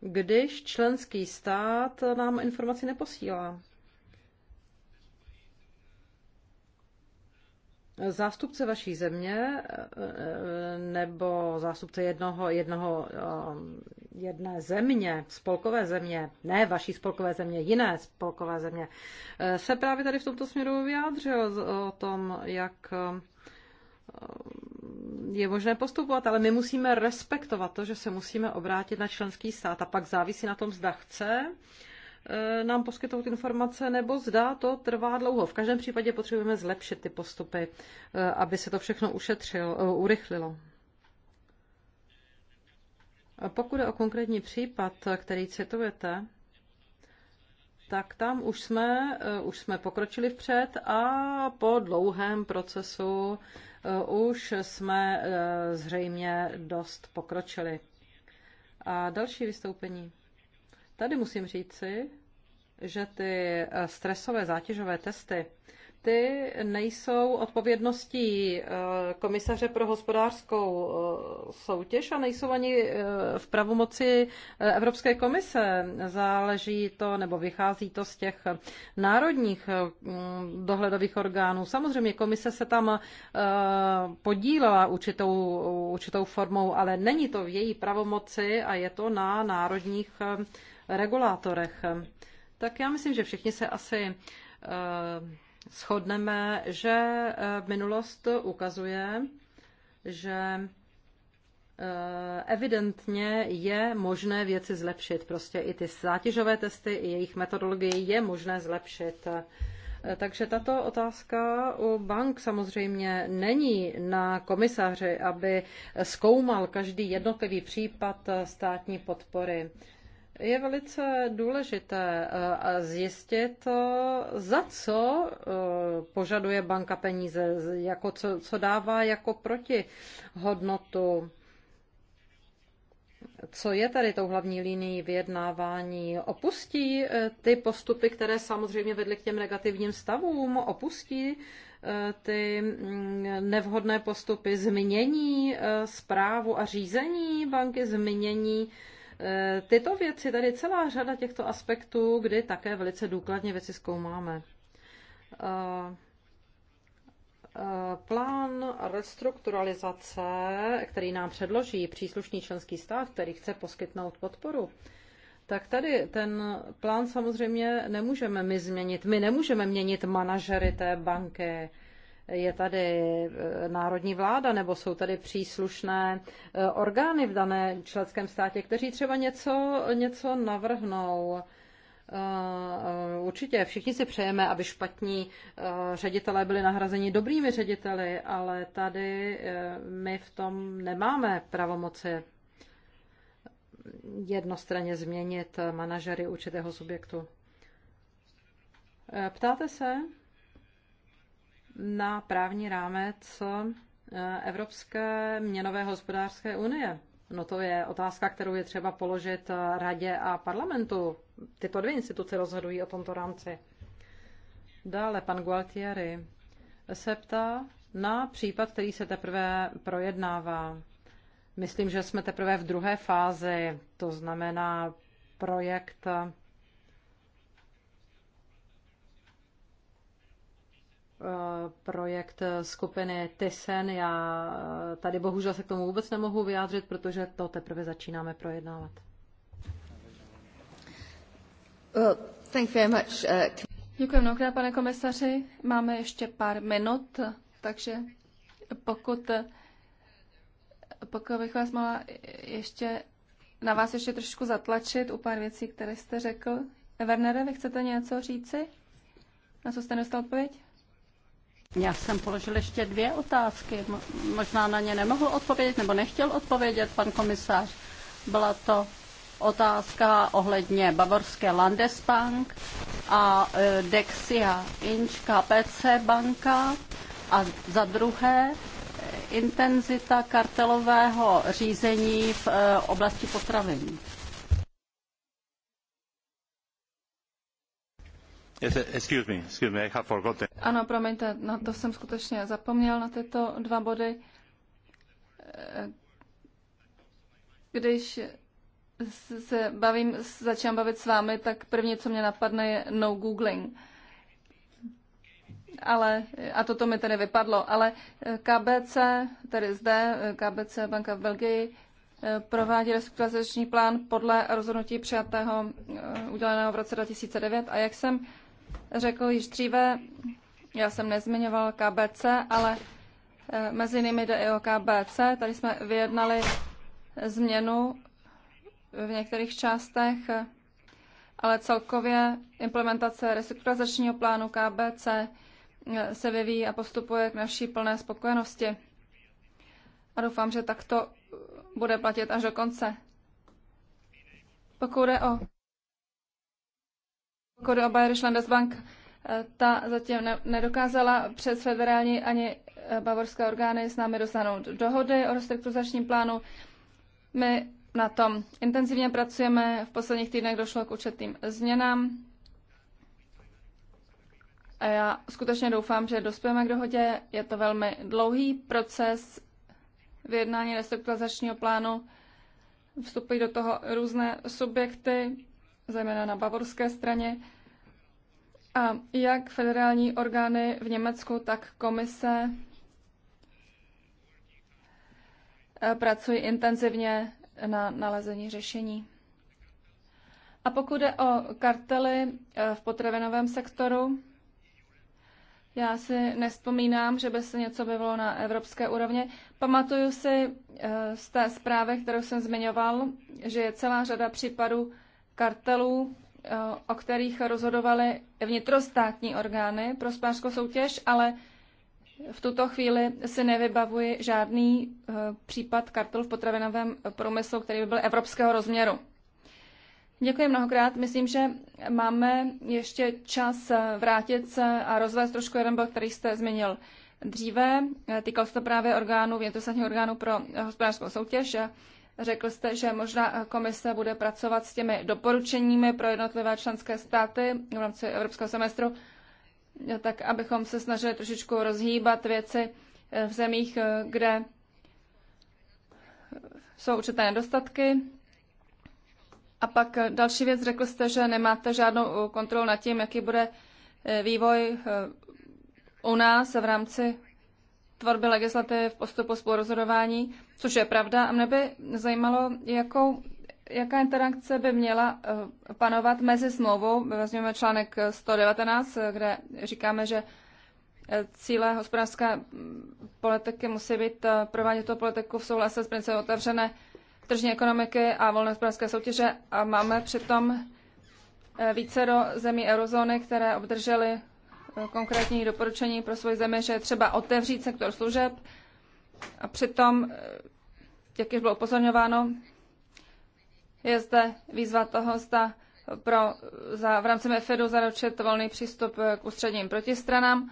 když členský stát nám informaci neposílá. Zástupce vaší země eh, eh, nebo zástupce jednoho, jednoho, eh, jedné země, spolkové země, ne vaší spolkové země, jiné spolkové země, se právě tady v tomto směru vyjádřil o tom, jak je možné postupovat, ale my musíme respektovat to, že se musíme obrátit na členský stát a pak závisí na tom, zda chce Eh, nám poskytnout informace, nebo zda to trvá dlouho. V každém případě potřebujeme zlepšit ty postupy, eh, aby se to všechno ušetřilo, eh, urychlilo. Pokud je o konkrétní případ, který citujete, tak tam už jsme, už jsme pokročili vpřed a po dlouhém procesu už jsme zřejmě dost pokročili. A další vystoupení. Tady musím říci, že ty eh, stresové zátěžové testy, ty nejsou odpovědností eh, komisaře pro hospodářskou eh, soutěž a nejsou ani v pravomoci Evropské komise. Záleží to nebo vychází to z těch národních mm, dohledových orgánů. Samozřejmě komise se tam podílela určitou, určitou formou, ale není to v její pravomoci a je to na národních regulátorech. Tak já myslím, že všichni se asi eh, shodneme, že eh, minulost ukazuje, že eh, evidentně je možné věci zlepšit. Prostě i ty zátěžové testy, i jejich metodologii je možné zlepšit. Takže tato otázka u bank samozřejmě není na komisaři, aby zkoumal každý jednotlivý případ státní podpory je velice důležité eh, zjistit, za co eh, požaduje banka peníze, jako co, co dává jako proti hodnotu, Co je tady tou hlavní linií vyjednávání? Opustí eh, ty postupy, které samozřejmě vedly k těm negativním stavům, opustí ty mm, nevhodné postupy, změní zprávu a řízení banky, změní Eh, tyto věci, tady celá řada těchto aspektů, kdy také velice důkladně věci zkoumáme. Eh, eh, plán restrukturalizace, který nám předloží příslušný členský stát, který chce poskytnout podporu, tak tady ten plán samozřejmě nemůžeme my změnit. My nemůžeme měnit manažery té banky, je tady e, národní vláda nebo jsou tady příslušné e, orgány v dané členském státě, kteří třeba něco, něco navrhnou. E, určitě všichni si přejeme, aby špatní ředitelé byli nahrazeni dobrými řediteli, ale tady my v tom nemáme pravomoci jednostranně změnit manažery určitého subjektu. Ptáte se? na právní rámec eh, Evropské měnové hospodářské unie. No to je otázka, kterou je třeba položit eh, radě a parlamentu. Tyto dvě instituce rozhodují o tomto rámci. Dále pan Gualtieri se ptá na případ, který se teprve projednává. Myslím, že jsme teprve v druhé fázi, to znamená projekt eh, Eh, projekt skupiny Tysen. Já eh, tady bohužel se k tomu vůbec nemohu vyjádřit, protože to teprve začínáme projednávat. Well, thank you very much. Eh, Děkuji mnohokrát, pane komisaři. Máme ještě pár minut, takže pokud, pokud bych vás mohla ještě na vás ještě trošku zatlačit u pár věcí, které jste řekl. Wernere, vy chcete něco říci? Na co jste dostal odpověď? Já jsem položil ještě dvě otázky. Možná na ně nemohl odpovědět nebo nechtěl odpovědět pan komisář. Byla to otázka ohledně bavorské Landesbank a e, Dexia Inč KPC banka a za druhé e, intenzita kartelového řízení v e, oblasti potravin. Eh, ano, promiňte, na to jsem skutečně zapomněl, na tyto dva body. Eh, když se bavím, začínám bavit s vámi, tak první, co mě napadne, je no googling. Ale, a toto mi tedy vypadlo, ale eh, KBC, tedy zde, KBC banka v Belgii, provádí restrukturalizační plán podle rozhodnutí přijatého uděleného v roce 2009 a jak jsem řekl již dříve, já jsem nezmiňoval KBC, ale eh, mezi nimi jde i o KBC. Tady jsme vyjednali změnu v některých částech, ale celkově implementace restrukturalizačního plánu KBC eh, se vyvíjí a postupuje k naší plné spokojenosti. A doufám, že takto bude platit až do konce. Pokud je o Kodo Bayerische Landesbank, eh, ta zatím ne- nedokázala přes federální ani eh, bavorské orgány s námi dosáhnout dohody o restrukturizačním plánu. My na tom intenzivně pracujeme. V posledních týdnech došlo k určitým změnám. A já skutečně doufám, že dospějeme k dohodě. Je to velmi dlouhý proces vyjednání restrukturalizačního plánu. Vstupují do toho různé subjekty, zejména na bavorské straně. A jak federální orgány v Německu, tak komise eh, pracují intenzivně na nalezení řešení. A pokud jde o kartely eh, v potravinovém sektoru, já si nespomínám, že by se něco bylo na evropské úrovni. Pamatuju si eh, z té zprávy, kterou jsem zmiňoval, že je celá řada případů kartelů Eh, o kterých rozhodovaly vnitrostátní orgány pro spářskou soutěž, ale v tuto chvíli si nevybavuji žádný eh, případ kartelu v potravinovém průmyslu, který by byl evropského rozměru. Děkuji mnohokrát. Myslím, že máme ještě čas vrátit se a rozvést trošku jeden bod, který jste zmínil dříve. Eh, týkal se to právě orgánů, vnitrostátních orgánu pro hospodářskou soutěž. Řekl jste, že možná komise bude pracovat s těmi doporučeními pro jednotlivé členské státy v rámci evropského semestru, tak abychom se snažili trošičku rozhýbat věci eh, v zemích, eh, kde jsou určité nedostatky. A pak eh, další věc, řekl jste, že nemáte žádnou kontrolu nad tím, jaký bude vývoj u nás v rámci tvorby v postupu spolurozhodování, což je pravda. A mne by zajímalo, jakou, jaká interakce by měla eh, panovat mezi smlouvou, vezměme článek 119, eh, kde říkáme, že eh, cíle hospodářské mm, politiky musí být provádět tu politiku v souhlasu s principem otevřené tržní ekonomiky a volné hospodářské soutěže a máme přitom více do zemí eurozóny, které obdržely konkrétní doporučení pro svoji zemi, že je třeba otevřít sektor služeb a přitom, eh, jak již bylo upozorňováno, je zde výzva toho, zda pro, za, v rámci MEFEDu zaručit volný přístup eh, k ústředním protistranám.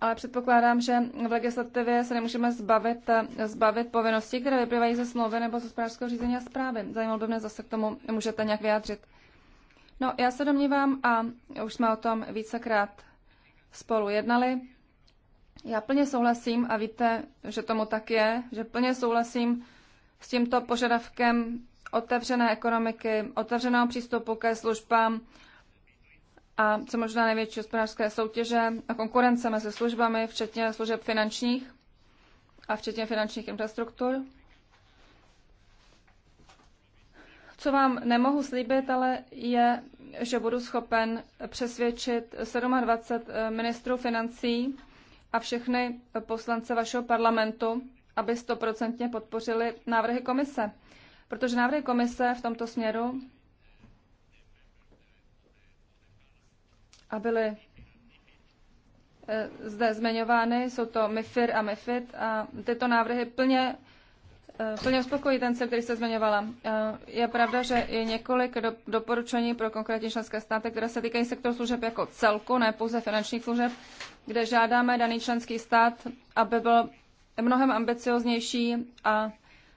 Ale předpokládám, že v legislativě se nemůžeme zbavit, eh, zbavit povinností, které vyplývají ze smlouvy nebo z hospodářského řízení a zprávy. Zajímalo by mě, zase k tomu můžete nějak vyjádřit. No, já se domnívám, a už jsme o tom vícekrát spolu jednali, já plně souhlasím a víte, že tomu tak je, že plně souhlasím s tímto požadavkem otevřené ekonomiky, otevřeného přístupu ke službám a co možná největší hospodářské soutěže a konkurence mezi službami, včetně služeb finančních a včetně finančních infrastruktur. Co vám nemohu slíbit, ale je, že budu schopen přesvědčit 27 eh, ministrů financí a všechny poslance vašeho parlamentu, aby stoprocentně podpořili návrhy komise. Protože návrhy komise v tomto směru a byly eh, zde zmiňovány, jsou to MIFIR a MIFID a tyto návrhy plně Eh, plně uspokojí ten cíl, který se zmiňovala. Eh, je pravda, že je několik do, doporučení pro konkrétní členské státy, které se týkají sektoru služeb jako celku, ne pouze finančních služeb, kde žádáme daný členský stát, aby byl mnohem ambicioznější a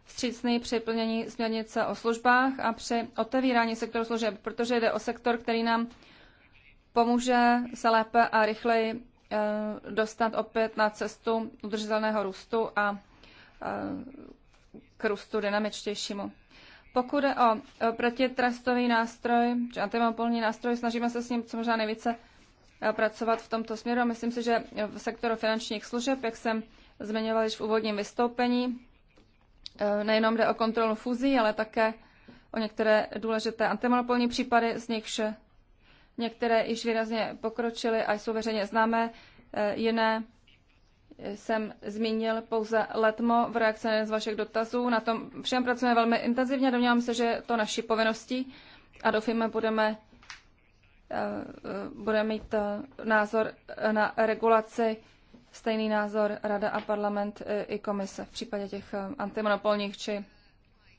vstřícný při plnění směrnice o službách a při otevírání sektoru služeb, protože jde o sektor, který nám pomůže se lépe a rychleji eh, dostat opět na cestu udržitelného růstu a k růstu dynamičtějšímu. Pokud je o protitrastový nástroj, či antimonopolní nástroj, snažíme se s ním co možná nejvíce eh, pracovat v tomto směru. Myslím si, že v sektoru finančních služeb, jak jsem zmiňovala již v úvodním vystoupení, eh, nejenom jde o kontrolu fuzí, ale také o některé důležité antimonopolní případy, z nichž některé již výrazně pokročily a jsou veřejně známé, eh, jiné jsem zmínil pouze letmo v reakci na jeden z vašich dotazů. Na tom všem pracujeme velmi intenzivně, domnívám se, že je to naší povinností a doufíme, budeme, eh, budeme mít eh, názor na regulaci, stejný názor Rada a parlament eh, i komise v případě těch antimonopolních či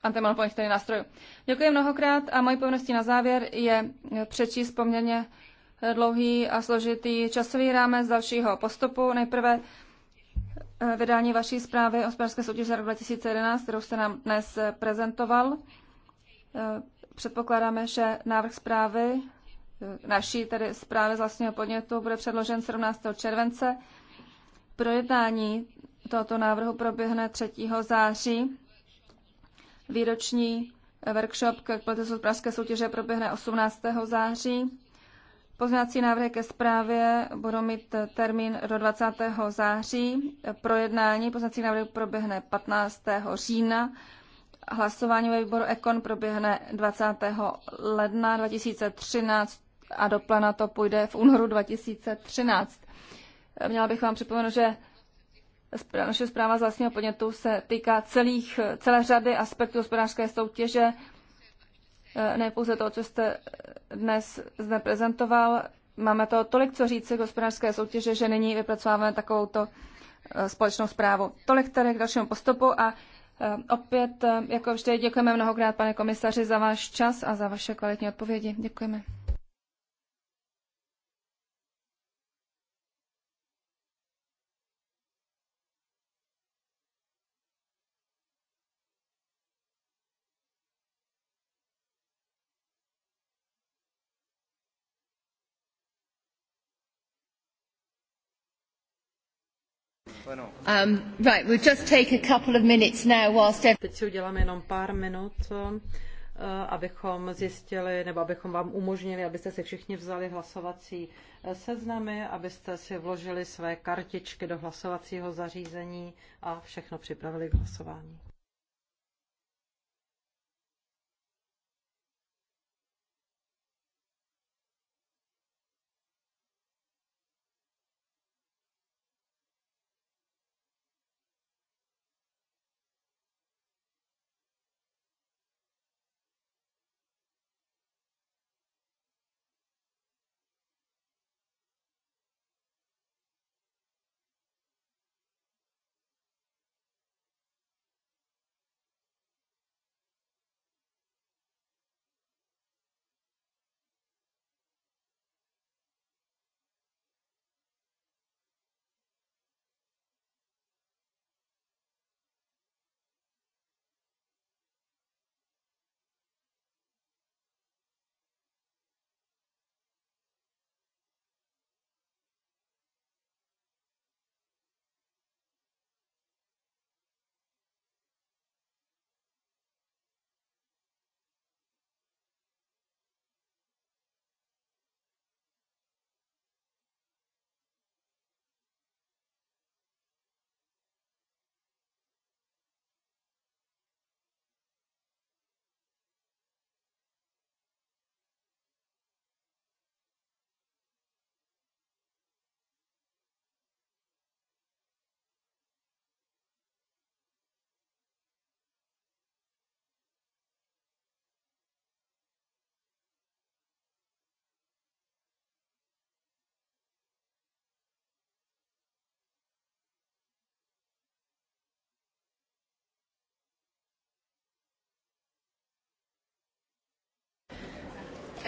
antimonopolních tedy nástrojů. Děkuji mnohokrát a mojí povinností na závěr je přečíst poměrně dlouhý a složitý časový rámec dalšího postupu. Nejprve Eh, vydání vaší zprávy o hospodářské soutěži za rok 2011, kterou jste nám dnes eh, prezentoval. Eh, předpokládáme, že návrh zprávy, naší tedy zprávy z vlastního podnětu, bude předložen 17. července. Projednání tohoto návrhu proběhne 3. září. Výroční workshop k politice hospodářské soutěže proběhne 18. září Pozměňovací návrhy ke zprávě budou mít termín do 20. září. Projednání pozměňovací návrhy proběhne 15. října. Hlasování ve výboru Ekon proběhne 20. ledna 2013 a do plana to půjde v únoru 2013. Měla bych vám připomenout, že naše zpráva z vlastního podnětu se týká celých, celé řady aspektů hospodářské soutěže, Eh, ne pouze to, co jste dnes zde prezentoval. Máme to tolik, co říci k hospodářské soutěže, že nyní vypracováváme takovouto eh, společnou zprávu. Tolik tady k dalšímu postupu a eh, opět, jako vždy, děkujeme mnohokrát, pane komisaři, za váš čas a za vaše kvalitní odpovědi. Děkujeme. Um, right, we'll just take a couple of minutes now whilst... Teď si uděláme jenom pár minut, uh, abychom zjistili, nebo abychom vám umožnili, abyste si všichni vzali hlasovací eh, seznamy, abyste si vložili své kartičky do hlasovacího zařízení a všechno připravili k hlasování.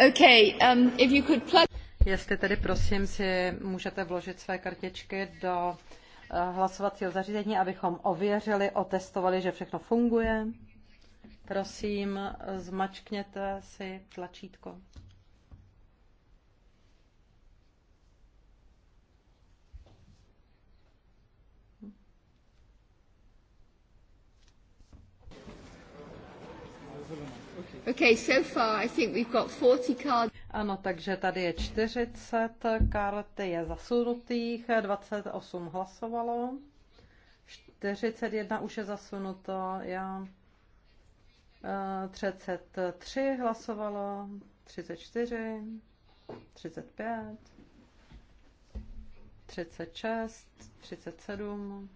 Okay, um, if you could plug... Jestli tedy prosím si můžete vložit své kartičky do eh, hlasovacího zařízení, abychom ověřili, otestovali, že všechno funguje. Prosím, zmačkněte si tlačítko. Okay, so far I think we've got 40 cards. Ano, takže tady je 40 karet je zasunutých, 28 hlasovalo, 41 už je zasunuto, já 33 eh, hlasovalo, 34, 35, 36, 37,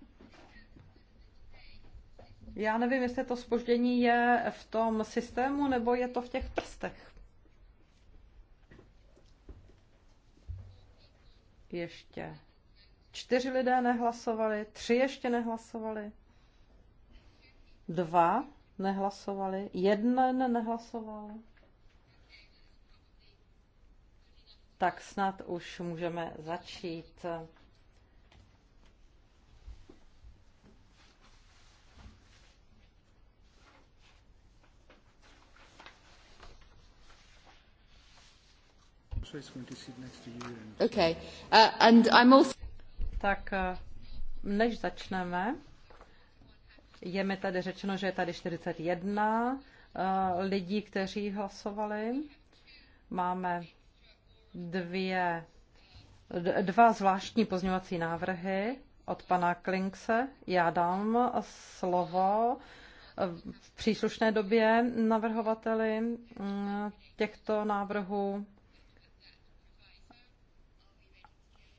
já nevím, jestli to spoždění je v tom systému, nebo je to v těch prstech. Ještě čtyři lidé nehlasovali, tři ještě nehlasovali, dva nehlasovali, jeden nehlasoval. Tak snad už můžeme začít. Okay. Uh, and I'm also... Tak uh, než začneme, je mi tady řečeno, že je tady 41 uh, lidí, kteří hlasovali. Máme dvě, dva zvláštní pozňovací návrhy od pana Klinkse. Já dám slovo uh, v příslušné době navrhovateli mm, těchto návrhů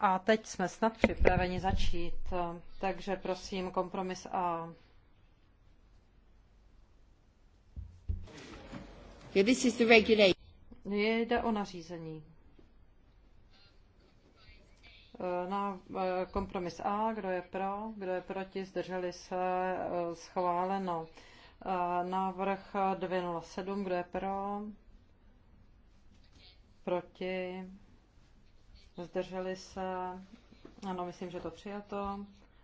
A teď jsme snad připraveni začít, takže prosím kompromis A. Yeah, this is the regulation. Jde o nařízení. E, na e, kompromis A, kdo je pro, kdo je proti, zdrželi se, e, schváleno. Návrh 207, kdo je pro, proti, zdrželi se, ano, myslím, že to přijato,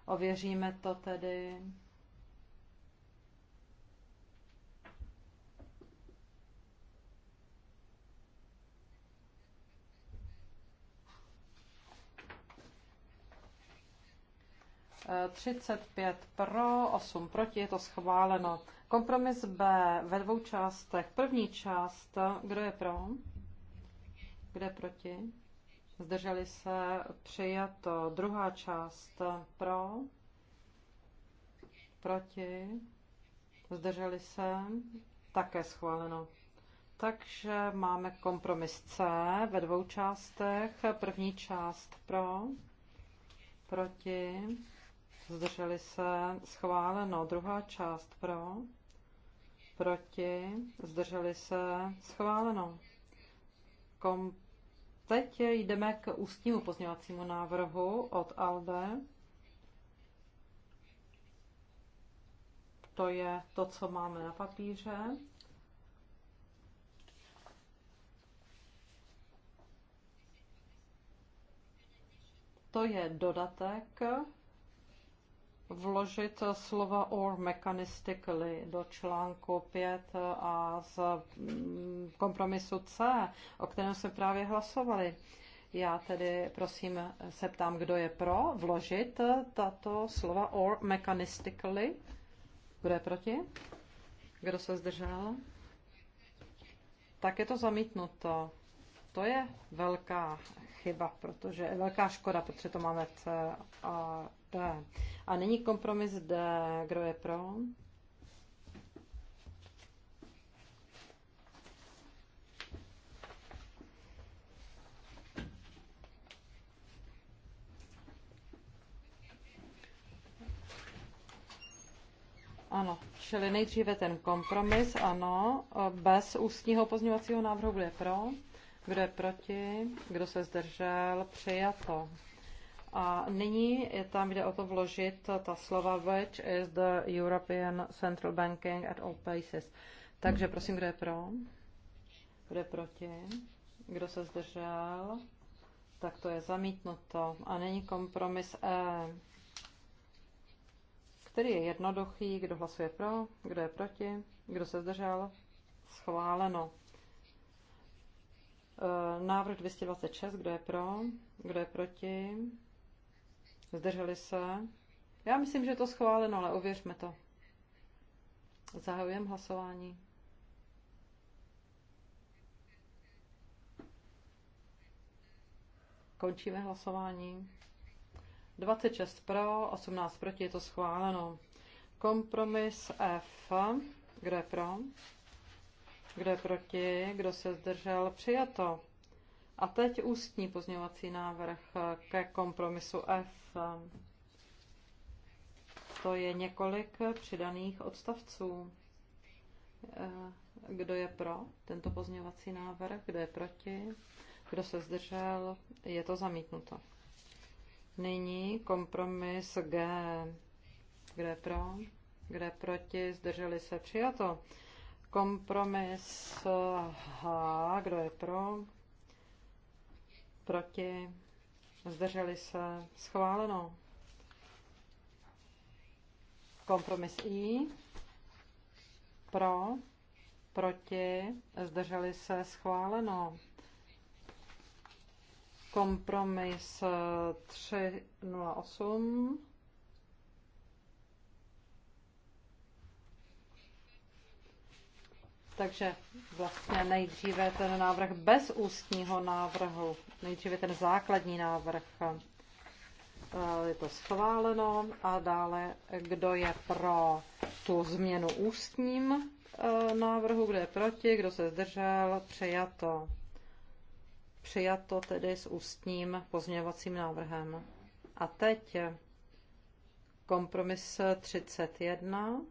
ověříme to tedy. Třicet pět pro, osm proti, je to schváleno. Kompromis B ve dvou částech. První část, kdo je pro? Kdo je proti? zdrželi se, přijato. Druhá část pro, proti, zdrželi se, také schváleno. Takže máme kompromis C ve dvou částech. První část pro, proti, zdrželi se, schváleno. Druhá část pro, proti, zdrželi se, schváleno. Kompromis Teď jdeme k ústnímu pozměňovacímu návrhu od Alde. To je to, co máme na papíře. To je dodatek vložit slova or mechanistically do článku 5 a z mm, kompromisu C, o kterém jsme právě hlasovali. Já tedy prosím se ptám, kdo je pro vložit tato slova or mechanistically. Kdo je proti? Kdo se zdržel? Tak je to zamítnuto. To je velká chyba, protože velká škoda, protože to máme C a D. A nyní kompromis D. Kdo je pro? Ano, čili nejdříve ten kompromis, ano, bez ústního pozměňovacího návrhu, bude pro. Kdo je proti? Kdo se zdržel? Přijato. A nyní je tam kde o to vložit ta slova which is the European Central Banking at all places. Takže prosím, kdo je pro? Kdo je proti? Kdo se zdržel? Tak to je zamítnuto. A není kompromis E, který je jednoduchý. Kdo hlasuje pro? Kdo je proti? Kdo se zdržel? Schváleno. Eh, návrh 226, kdo je pro? Kdo je proti? Zdrželi se? Já myslím, že je to schváleno, ale ověřme to. Zahajujeme hlasování. Končíme hlasování. 26 pro, 18 proti, je to schváleno. Kompromis F. Kdo je pro? Kdo je proti? Kdo se zdržel? Přijato. A teď ústní pozměňovací návrh ke kompromisu F. To je několik přidaných odstavců. Eh, kdo je pro tento pozměňovací návrh? Kdo je proti? Kdo se zdržel? Je to zamítnuto. Nyní kompromis G. Kdo je pro? Kdo je proti? Zdrželi se? Přijato. Kompromis H, kdo je pro? Proti? Zdrželi se? Schváleno. Kompromis I. Pro? Proti? Zdrželi se? Schváleno. Kompromis 308. Takže vlastně nejdříve ten návrh bez ústního návrhu, nejdříve ten základní návrh. Eh, je to schváleno a dále, kdo je pro tu změnu ústním eh, návrhu, kdo je proti, kdo se zdržel, přijato. Přijato tedy s ústním pozměňovacím návrhem. A teď kompromis 31,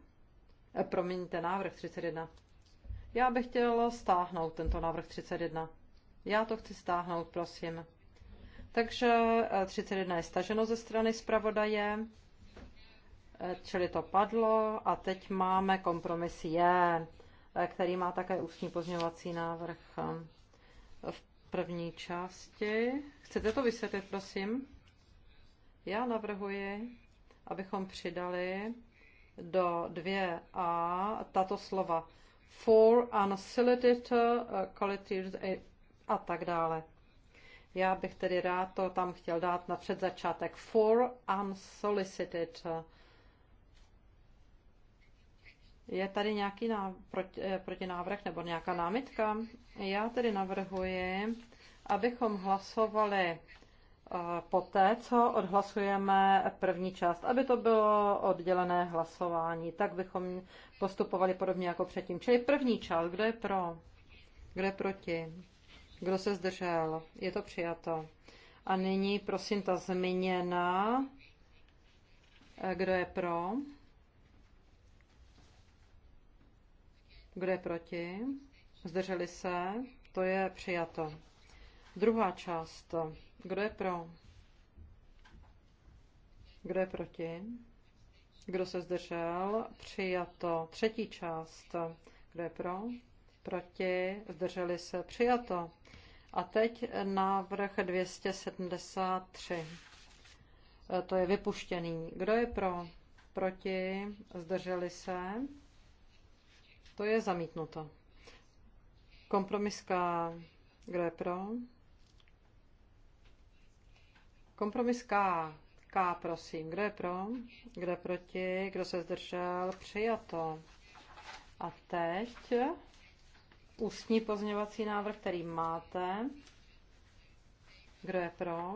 eh, promiňte, návrh 31. Já bych chtěl stáhnout tento návrh 31. Já to chci stáhnout, prosím. Takže 31 eh, je staženo ze strany zpravodaje, eh, čili to padlo a teď máme kompromis J, eh, který má také ústní pozměňovací návrh v první části. Chcete to vysvětlit, prosím? Já navrhuji, abychom přidali do 2a tato slova for unsolicited eh, qualities a tak dále. Já bych tedy rád to tam chtěl dát na předzačátek for unsolicited. Je tady nějaký náv- proti, eh, protinávrh nebo nějaká námitka? Já tedy navrhuji, abychom hlasovali poté, co odhlasujeme první část, aby to bylo oddělené hlasování. Tak bychom postupovali podobně jako předtím. Čili první část, kdo je pro, kdo je proti, kdo se zdržel, je to přijato. A nyní, prosím, ta změněna, eh, kdo je pro, kdo je proti, zdrželi se, to je přijato. Druhá část. Kdo je pro? Kdo je proti? Kdo se zdržel? Přijato. Třetí část. Kdo je pro? Proti? Zdrželi se? Přijato. A teď návrh 273. E, to je vypuštěný. Kdo je pro? Proti? Zdrželi se? To je zamítnuto. Kompromiska. Kdo je pro? Kompromis K. K, prosím. Kdo je pro? Kdo je proti? Kdo se zdržel? Přijato. A teď ústní pozměňovací návrh, který máte. Kdo je pro?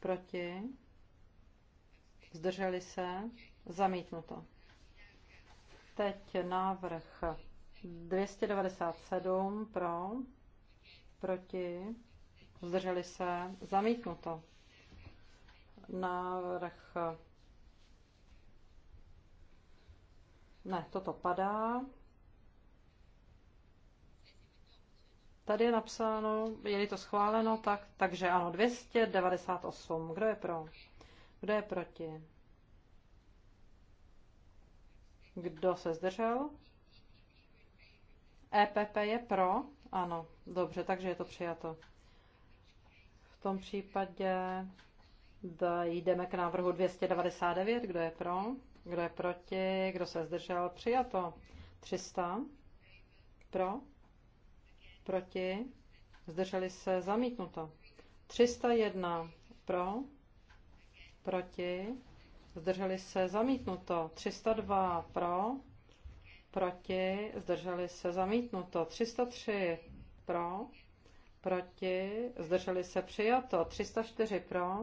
Proti? Zdrželi se? Zamítnuto. Teď návrh 297 pro, proti, zdrželi se, zamítnuto. Návrh Ne, toto padá. Tady je napsáno, je-li to schváleno, tak, takže ano, 298. Kdo je pro? Kdo je proti? Kdo se zdržel? EPP je pro? Ano, dobře, takže je to přijato tom případě jdeme k návrhu 299. Kdo je pro? Kdo je proti? Kdo se zdržel? Přijato. 300. Pro? Proti? Zdrželi se? Zamítnuto. 301. Pro? Proti? Zdrželi se? Zamítnuto. 302. Pro? Proti? Zdrželi se? Zamítnuto. 303. Pro? proti, zdrželi se přijato, 304 pro,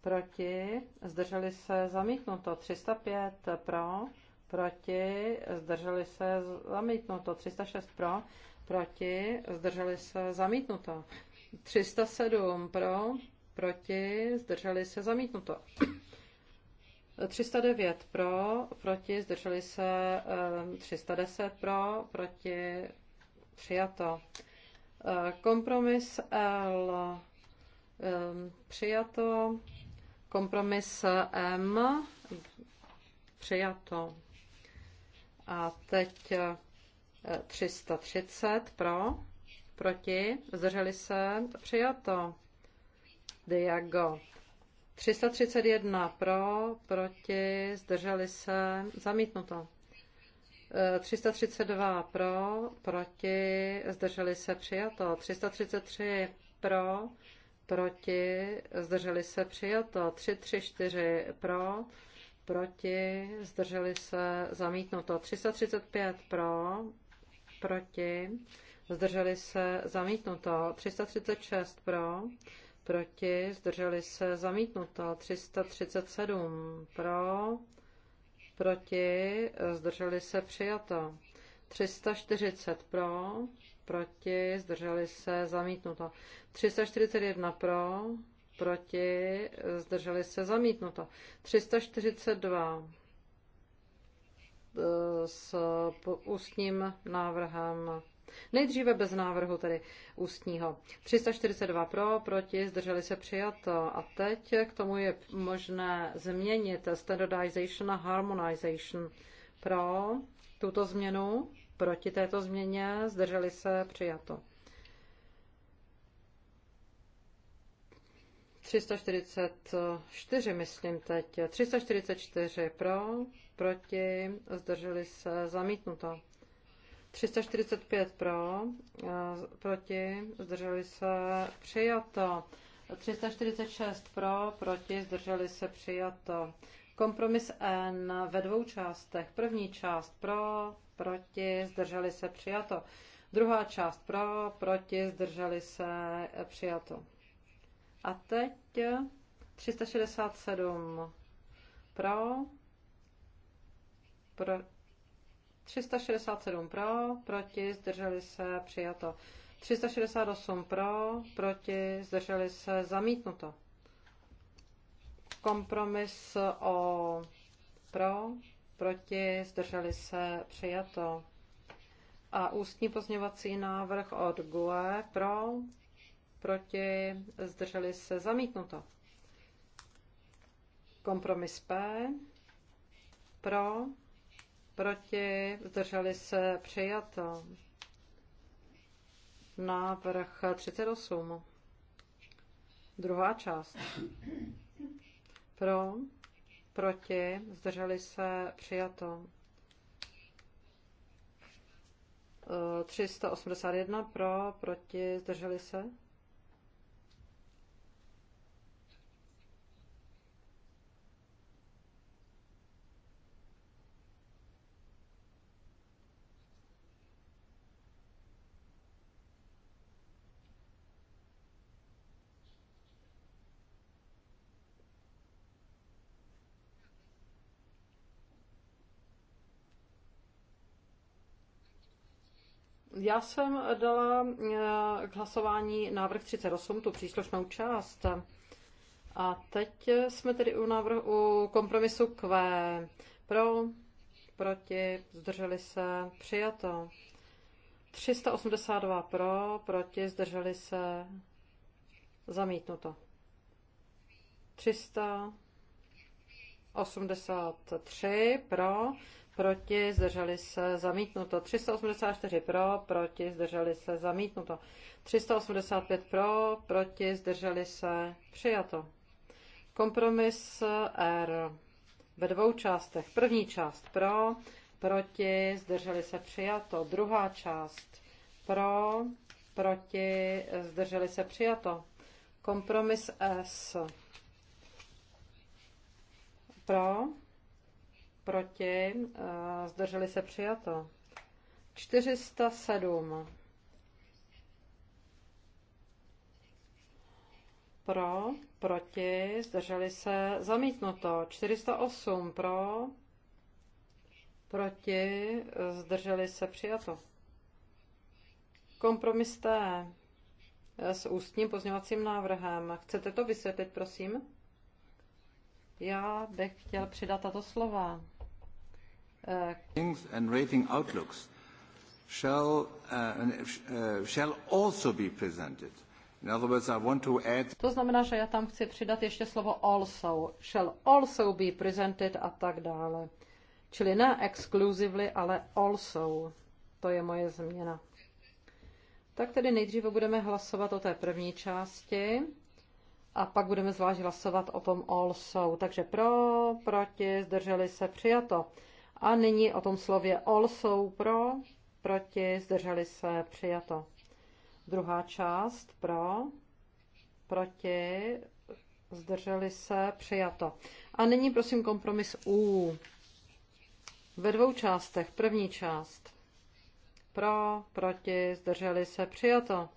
proti, zdrželi se zamítnuto, 305 pro, proti, zdrželi se zamítnuto, 306 pro, proti, zdrželi se zamítnuto, 307 pro, proti, zdrželi se zamítnuto. 309 pro, proti, zdrželi se 310 eh, pro, proti, přijato. Kompromis L ehm, přijato. Kompromis M přijato. A teď 330 eh, pro, proti, zdrželi se, přijato. Diago. 331 pro, proti, zdrželi se, zamítnuto. 332 pro, proti, zdrželi se přijato. 333 pro, proti, zdrželi se přijato. 334 pro, proti, zdrželi se zamítnuto. 335 pro, proti, zdrželi se zamítnuto. 336 pro, proti, zdrželi se zamítnuto. 337 pro, proti, zdrželi se přijato. 340 pro, proti, zdrželi se zamítnuto. 341 pro, proti, zdrželi se zamítnuto. 342 eh, s ústním návrhem Nejdříve bez návrhu tedy ústního. 342 pro, proti, zdrželi se přijato. A teď k tomu je možné změnit standardization a harmonization pro tuto změnu, proti této změně, zdrželi se přijato. 344, myslím teď. 344 pro, proti, zdrželi se, zamítnuto. 345 pro, eh, proti, zdrželi se, přijato. 346 pro, proti, zdrželi se, přijato. Kompromis N ve dvou částech. První část pro, proti, zdrželi se, přijato. Druhá část pro, proti, zdrželi se, přijato. A teď 367 pro, pro 367 pro, proti, zdrželi se, přijato. 368 pro, proti, zdrželi se, zamítnuto. Kompromis o pro, proti, zdrželi se, přijato. A ústní pozměňovací návrh od GUE pro, proti, zdrželi se, zamítnuto. Kompromis P pro, proti, zdrželi se, přijato. Návrh 38. Druhá část. Pro, proti, zdrželi se, přijato. 381 eh, pro, proti, zdrželi se. Já jsem dala eh, k hlasování návrh 38, tu příslušnou část. A teď jsme tedy u, návrhu, u kompromisu Q. Pro, proti, zdrželi se, přijato. 382 pro, proti, zdrželi se, zamítnuto. 383 pro, proti, zdrželi se, zamítnuto. 384 pro, proti, zdrželi se, zamítnuto. 385 pro, proti, zdrželi se, přijato. Kompromis R ve dvou částech. První část pro, proti, zdrželi se, přijato. Druhá část pro, proti, zdrželi se, přijato. Kompromis S pro, proti, eh, zdrželi se přijato. 407 pro, proti, zdrželi se, zamítnuto. 408 pro, proti, zdrželi se, přijato. Kompromis T eh, s ústním pozněvacím návrhem. Chcete to vysvětlit, prosím? Já bych chtěl přidat tato slova and rating outlooks shall, uh, uh, shall also be presented. In other words, I want to add... To znamená, že já tam chci přidat ještě slovo also. Shall also be presented a tak dále. Čili ne exclusively, ale also. To je moje změna. Tak tedy nejdříve budeme hlasovat o té první části a pak budeme zvlášť hlasovat o tom also. Takže pro, proti, zdrželi se, přijato. A nyní o tom slově all jsou pro, proti, zdrželi se, přijato. Druhá část pro, proti, zdrželi se, přijato. A nyní prosím kompromis U. Ve dvou částech. První část pro, proti, zdrželi se, přijato.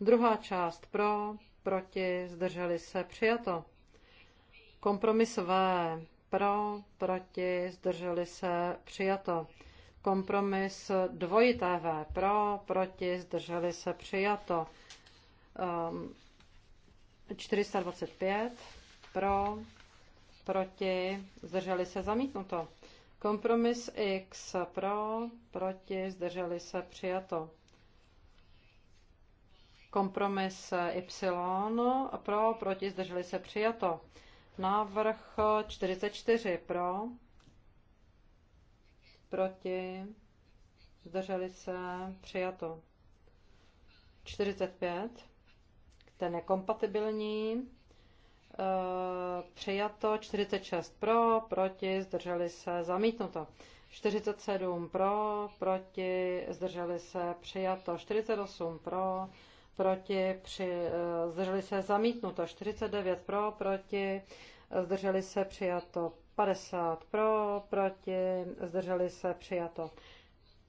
Druhá část pro, proti, zdrželi se, přijato. Kompromis V pro, proti, zdrželi se, přijato. Kompromis dvojité V, pro, proti, zdrželi se, přijato. Um, ehm, 425, pro, proti, zdrželi se, zamítnuto. Kompromis X, pro, proti, zdrželi se, přijato. Kompromis Y, pro, proti, zdrželi se, přijato. Návrh 44 pro, proti, zdrželi se, přijato. 45, ten je kompatibilní, eh, přijato, 46 pro, proti, zdrželi se, zamítnuto. 47 pro, proti, zdrželi se, přijato. 48 pro, proti, při, eh, zdrželi se zamítnuto, 49 pro, proti, zdrželi se přijato, 50 pro, proti, zdrželi se přijato,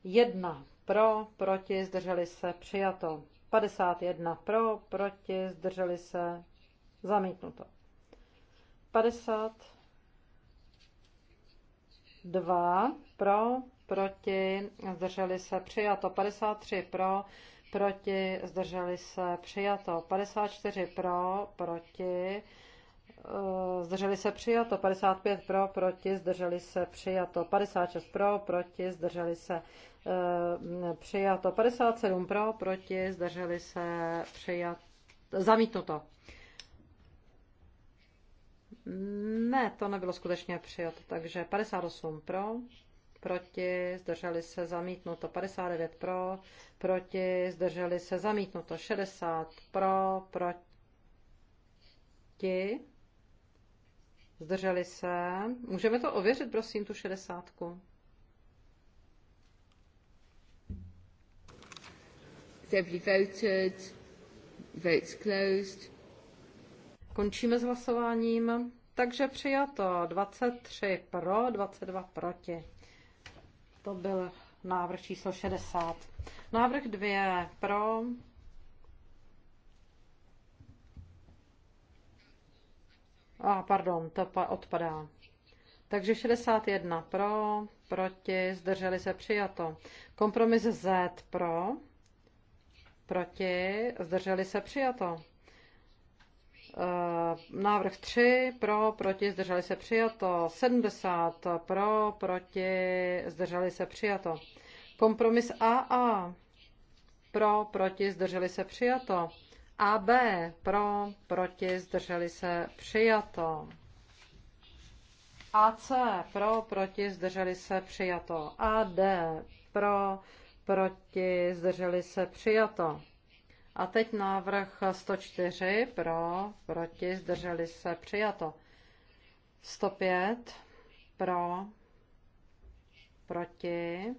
1 pro, proti, zdrželi se přijato, 51 pro, proti, zdrželi se zamítnuto. 52 pro, proti, zdrželi se přijato, 53 pro, proti, zdrželi se, přijato. 54 eh, pro, proti, zdrželi se, přijato. 55 pro, proti, zdrželi se, eh, přijato. 56 pro, proti, zdrželi se, přijato. 57 pro, proti, zdrželi se, přijato. Zamítnuto. Ne, to nebylo skutečně přijato, takže 58 pro, proti, zdrželi se zamítnuto 59 pro, proti, zdrželi se zamítnuto 60 pro, proti, zdrželi se. Můžeme to ověřit, prosím, tu 60. voted. Votes closed. Končíme s hlasováním. Takže přijato 23 pro, 22 proti. To byl návrh číslo 60. Návrh 2 pro, A pardon, to odpadá. Takže 61 pro, proti, zdrželi se přijato. Kompromis Z pro, proti, zdrželi se přijato. Eh, návrh 3 pro, proti, zdrželi se přijato. 70 pro, proti, zdrželi se přijato. Kompromis AA pro, proti, zdrželi se přijato. AB pro, proti, zdrželi se přijato. AC pro, proti, zdrželi se přijato. AD pro, proti, zdrželi se přijato. A teď návrh 104 pro, proti, zdrželi se, přijato. 105 pro, proti,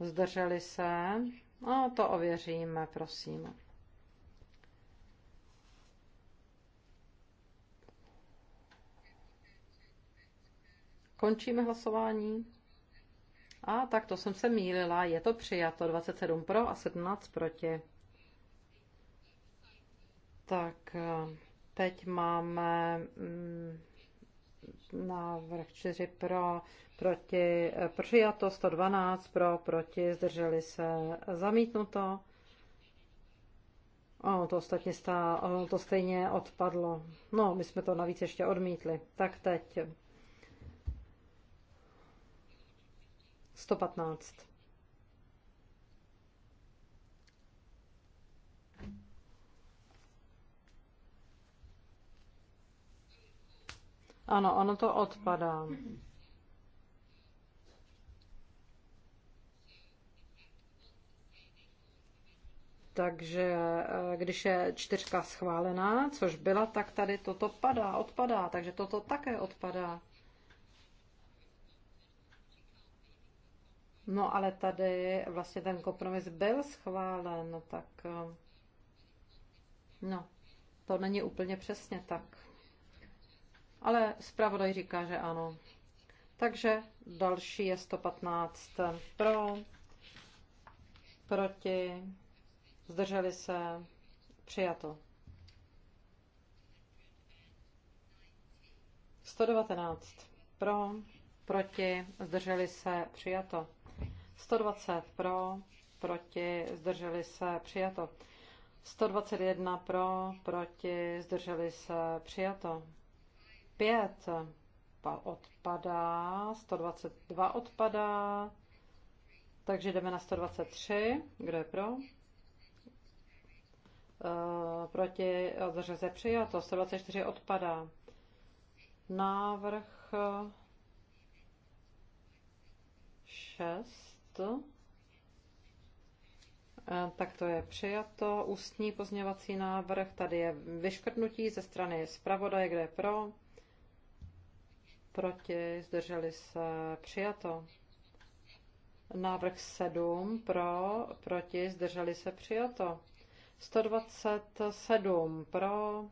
zdrželi se. No, to ověříme, prosím. Končíme hlasování. A tak to jsem se mýlila, je to přijato 27 pro a 17 proti. Tak eh, teď máme mm, návrh 4 pro, proti, eh, přijato 112 pro, proti, zdrželi se zamítnuto. O, to ostatně stá, o, to stejně odpadlo. No, my jsme to navíc ještě odmítli. Tak teď. 115. Ano, ono to odpadá. Takže eh, když je čtyřka schválená, což byla, tak tady toto padá, odpadá, takže toto také odpadá. No ale tady vlastně ten kompromis byl schválen, no tak eh, no, to není úplně přesně tak ale zpravodaj říká, že ano. Takže další je 115 pro, proti, zdrželi se, přijato. 119 pro, proti, zdrželi se, přijato. 120 pro, proti, zdrželi se, přijato. 121 pro, proti, zdrželi se, přijato. 5 odpadá, 122 odpadá, takže jdeme na 123. Kdo je pro? E, Proti zařeze přijato. 124 odpadá. Návrh 6. Eh, tak to je přijato. Ústní pozměvací návrh. Tady je vyškrtnutí ze strany zpravodaje, kde je pro proti, zdrželi se, přijato. Návrh 7 pro, proti, zdrželi se, přijato. 127 pro,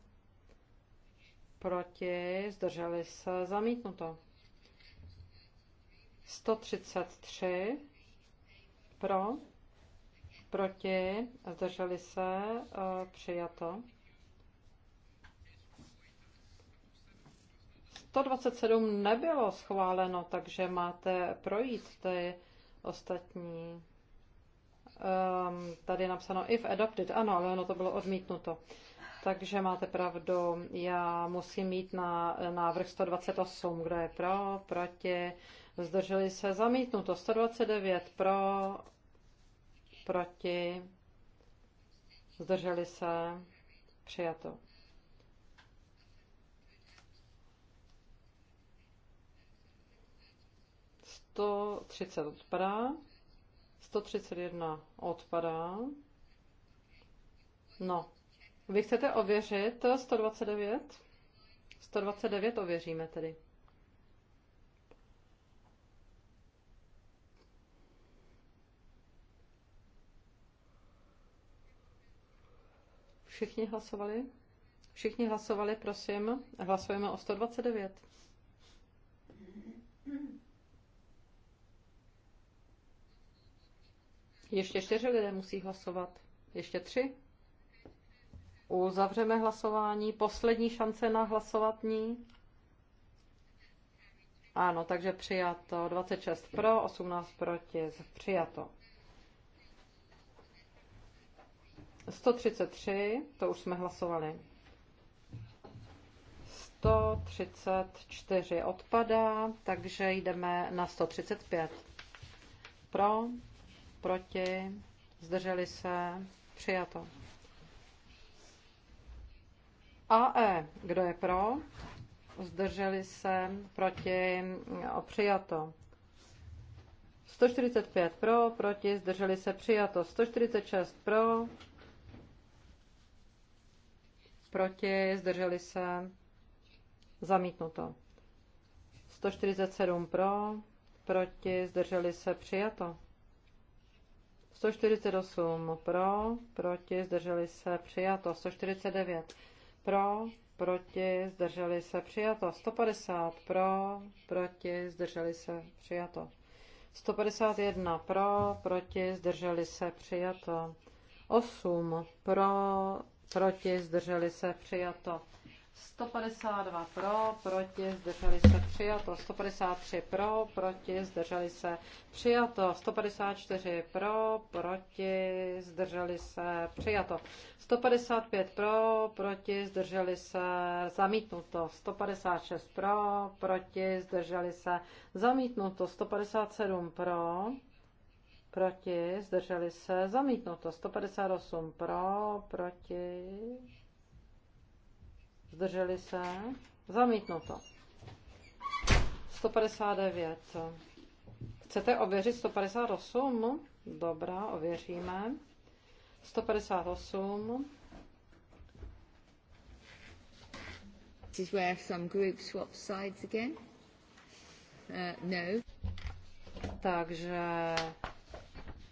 proti, zdrželi se, zamítnuto. 133 pro, proti, zdrželi se, eh, přijato. 127 nebylo schváleno, takže máte projít ty ostatní. Um, tady je napsáno if adopted, ano, ale ono to bylo odmítnuto. Takže máte pravdu, já musím mít na návrh 128, kdo je pro, proti, zdrželi se, zamítnuto, 129 pro, proti, zdrželi se, přijato. 130 odpadá, 131 odpadá. No, vy chcete ověřit 129? 129 ověříme tedy. Všichni hlasovali? Všichni hlasovali, prosím. Hlasujeme o 129. Ještě čtyři lidé musí hlasovat. Ještě tři. Uzavřeme hlasování. Poslední šance na hlasovatní. Ano, takže přijato. 26 pro, 18 proti. Přijato. 133, to už jsme hlasovali. 134 odpadá, takže jdeme na 135. Pro, proti, zdrželi se, přijato. AE, kdo je pro, zdrželi se, proti, přijato. 145 pro, proti, zdrželi se, přijato. 146 pro, proti, zdrželi se, zamítnuto. 147 pro, proti, zdrželi se, přijato. 148 pro, proti, zdrželi se, přijato. 149 pro, proti, zdrželi se, přijato. 150 pro, proti, zdrželi se, přijato. 151 pro, proti, zdrželi se, přijato. 8 pro, proti, zdrželi se, přijato. 152 pro, proti, zdrželi se přijato. 153 pro, proti, zdrželi se přijato. 154 pro, proti, zdrželi se přijato. 155 pro, proti, zdrželi se zamítnuto. 156 pro, proti, zdrželi se zamítnuto. 157 pro, proti, zdrželi se zamítnuto. 158 pro, proti, zdrželi se, zamítnuto. 159. Chcete ověřit 158? Dobrá, ověříme. 158. This is where some groups swap sides again. Uh, no. Takže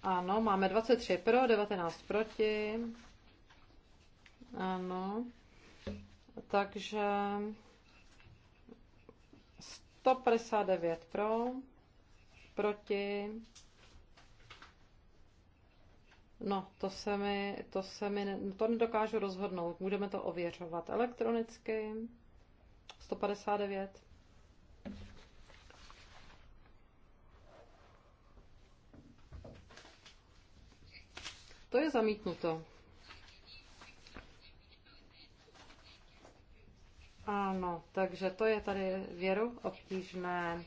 ano, máme 23 pro, 19 proti. Ano. Takže 159 pro, proti. No, to se mi, to se mi, to nedokážu rozhodnout. Můžeme to ověřovat elektronicky. 159. To je zamítnuto. Ano, takže to je tady věru obtížné.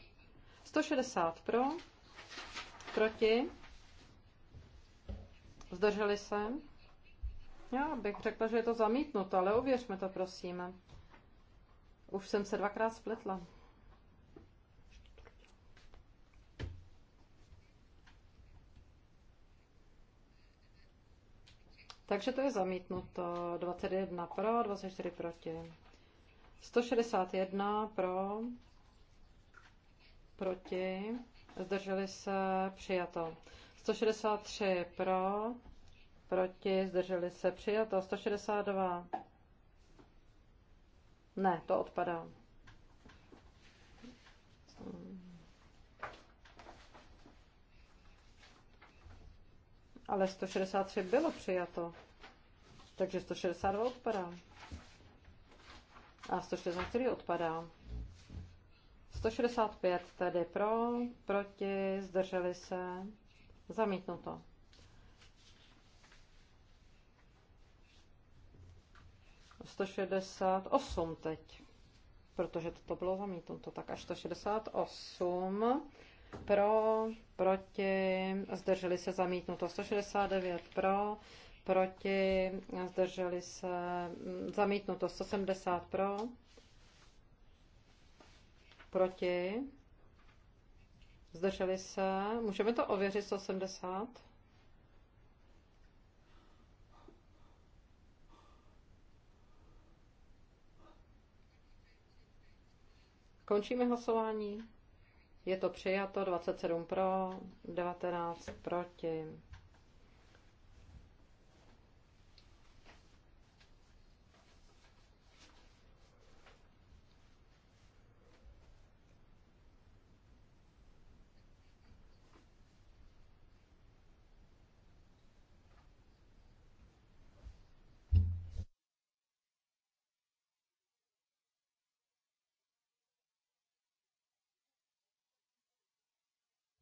160 pro, proti, zdrželi se. Já bych řekla, že je to zamítnuto, ale uvěřme to, prosím. Už jsem se dvakrát spletla. Takže to je zamítnuto. 21 pro, 24 proti. 161 pro, proti, zdrželi se, přijato. 163 pro, proti, zdrželi se, přijato. 162. Ne, to odpadá. Ale 163 bylo přijato, takže 162 odpadá. A 164 odpadá. 165 tedy pro, proti, zdrželi se, zamítnuto. to. šedesát teď, protože toto bylo zamítnuto, tak až 168 pro, proti, zdrželi se zamítnuto, 169 pro, proti, zdrželi se, zamítnuto 170 pro, proti, zdrželi se, můžeme to ověřit 180? Končíme hlasování. Je to přijato 27 pro, 19 proti.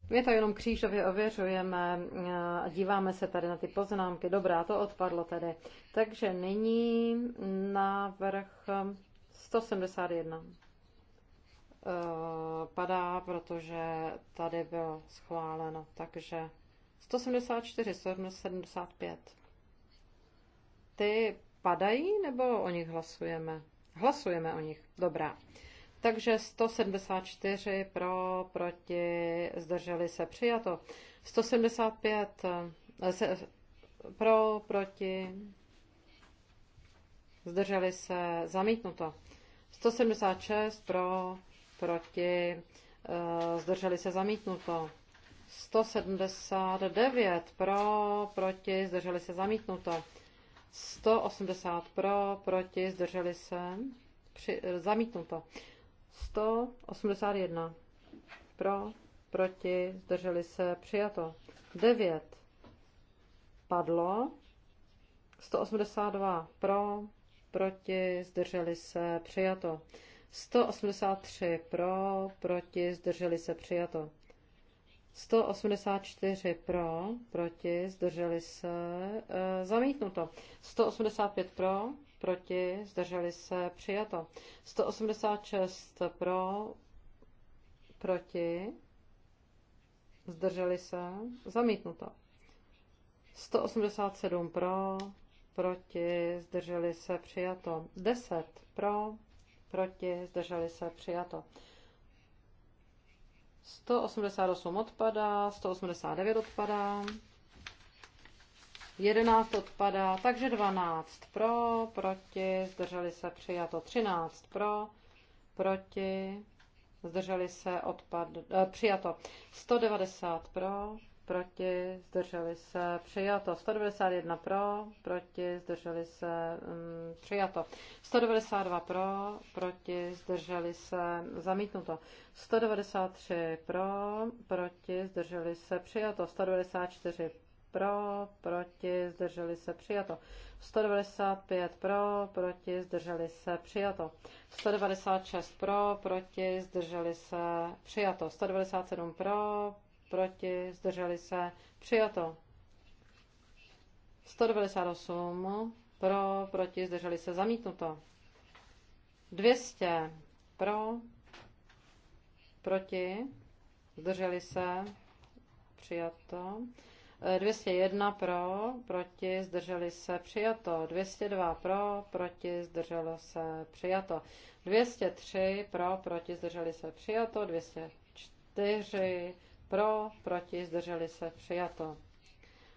My to jenom křížově ověřujeme eh, a díváme se tady na ty poznámky. Dobrá, to odpadlo tedy. Takže nyní návrh 171 eh, eh, padá, protože tady bylo schváleno. Takže 174, 175. Ty padají nebo o nich hlasujeme? Hlasujeme o nich. Dobrá. Takže 174 pro, proti, zdrželi se, přijato. 175 eh, se, pro, proti, zdrželi se, zamítnuto. 176 eh, pro, proti, zdrželi se, zamítnuto. 179 pro, proti, zdrželi se, zamítnuto. 180 pro, proti, zdrželi se, při, eh, zamítnuto. 181. Pro, proti, zdrželi se, přijato. 9. Padlo. 182. Pro, proti, zdrželi se, přijato. 183. Pro, proti, zdrželi se, přijato. 184 pro, proti, zdrželi se, e, zamítnuto. 185 pro, proti, zdrželi se, přijato. 186 pro, proti, zdrželi se, zamítnuto. 187 pro, proti, zdrželi se, přijato. 10 pro, proti, zdrželi se, přijato. 188 odpadá, 189 odpadá, 11 odpadá, takže 12 pro, proti, zdrželi se přijato 13 pro, proti, zdrželi se odpad, eh, přijato 190 pro, proti, zdrželi se přijato 191 pro, proti, zdrželi se um, přijato 192 pro, proti, zdrželi se zamítnuto 193 pro, proti, zdrželi se přijato 194 pro, proti, zdrželi se, přijato. 195 pro, proti, zdrželi se, přijato. 196 pro, proti, zdrželi se, přijato. 197 pro, proti, zdrželi se, přijato. 198 pro, proti, zdrželi se, zamítnuto. 200 pro, proti, zdrželi se, přijato. 201 pro, proti, zdrželi se, přijato. 202 pro, proti, zdrželo se, přijato. 203 pro, proti, zdrželi se, přijato. 204 pro, proti, zdrželi se, přijato.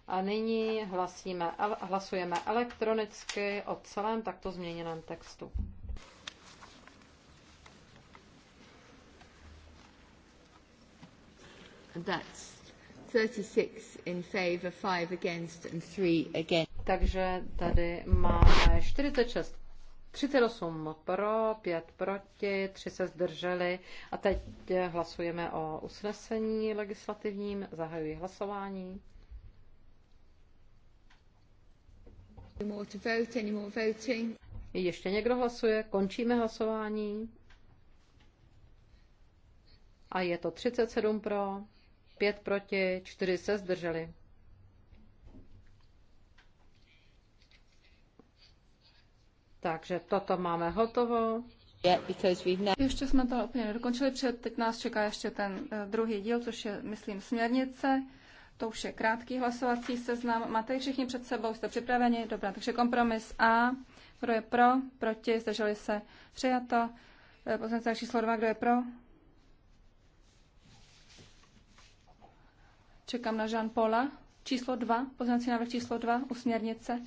A nyní hlasíme, hlasujeme elektronicky o celém takto změněném textu. That's 36 in favor, 5 against and 3 against. Takže tady máme 46 38 pro, 5 proti, 3 se zdrželi. A teď hlasujeme o usnesení legislativním. Zahajuji hlasování. No Ještě někdo hlasuje? Končíme hlasování. A je to 37 pro, 5 proti, 4 se zdrželi. Takže toto máme hotovo. Ještě jsme to úplně nedokončili, protože teď nás čeká ještě ten eh, druhý díl, což je, myslím, směrnice. To už je krátký hlasovací seznam. Máte všichni před sebou, jste připraveni? Dobrá, takže kompromis A. Kdo je pro? Proti? Zdrželi se? Přijato. Eh, Poslanec číslo 2. Kdo je pro? Čekám na Jean Paula. Číslo 2, poznací návrh číslo 2 usměrnice.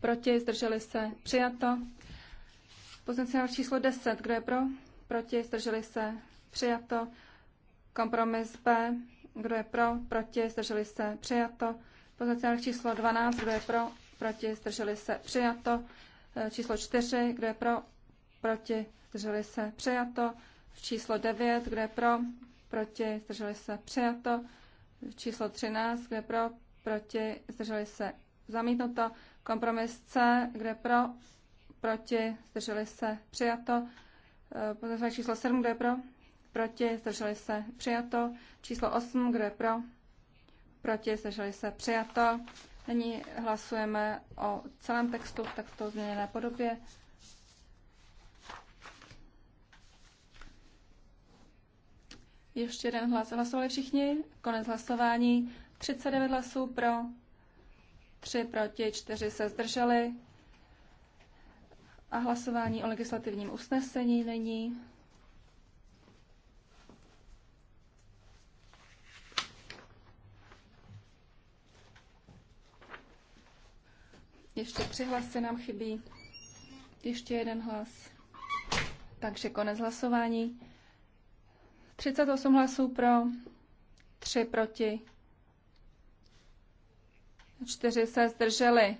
Proti, zdrželi se, přijato. Poznací návrh číslo 10, kdo je pro? Proti, zdrželi se, přijato. Kompromis B, kdo je pro? Proti, zdrželi se, přijato. Poznací návrh číslo 12, kdo je pro? Proti, zdrželi se, přijato. E, číslo 4, kdo je pro? proti, zdrželi se, přijato. Číslo 9, kde je pro, proti, zdrželi se, přijato. Číslo 13, kde je pro, proti, zdrželi se, zamítnuto. Kompromis C, kde je pro, proti, zdrželi se, přijato. Eh, Pozdrav číslo 7, kde je pro, proti, zdrželi se, přijato. Číslo 8, kde je pro, proti, zdrželi se, přijato. Nyní hlasujeme o celém textu v takto změněné podobě. Ještě jeden hlas. Hlasovali všichni. Konec hlasování. 39 hlasů pro, 3 proti, 4 se zdrželi. A hlasování o legislativním usnesení není. Ještě tři hlasy nám chybí. Ještě jeden hlas. Takže konec hlasování. 38 hlasů pro, 3 proti, 4 se zdrželi.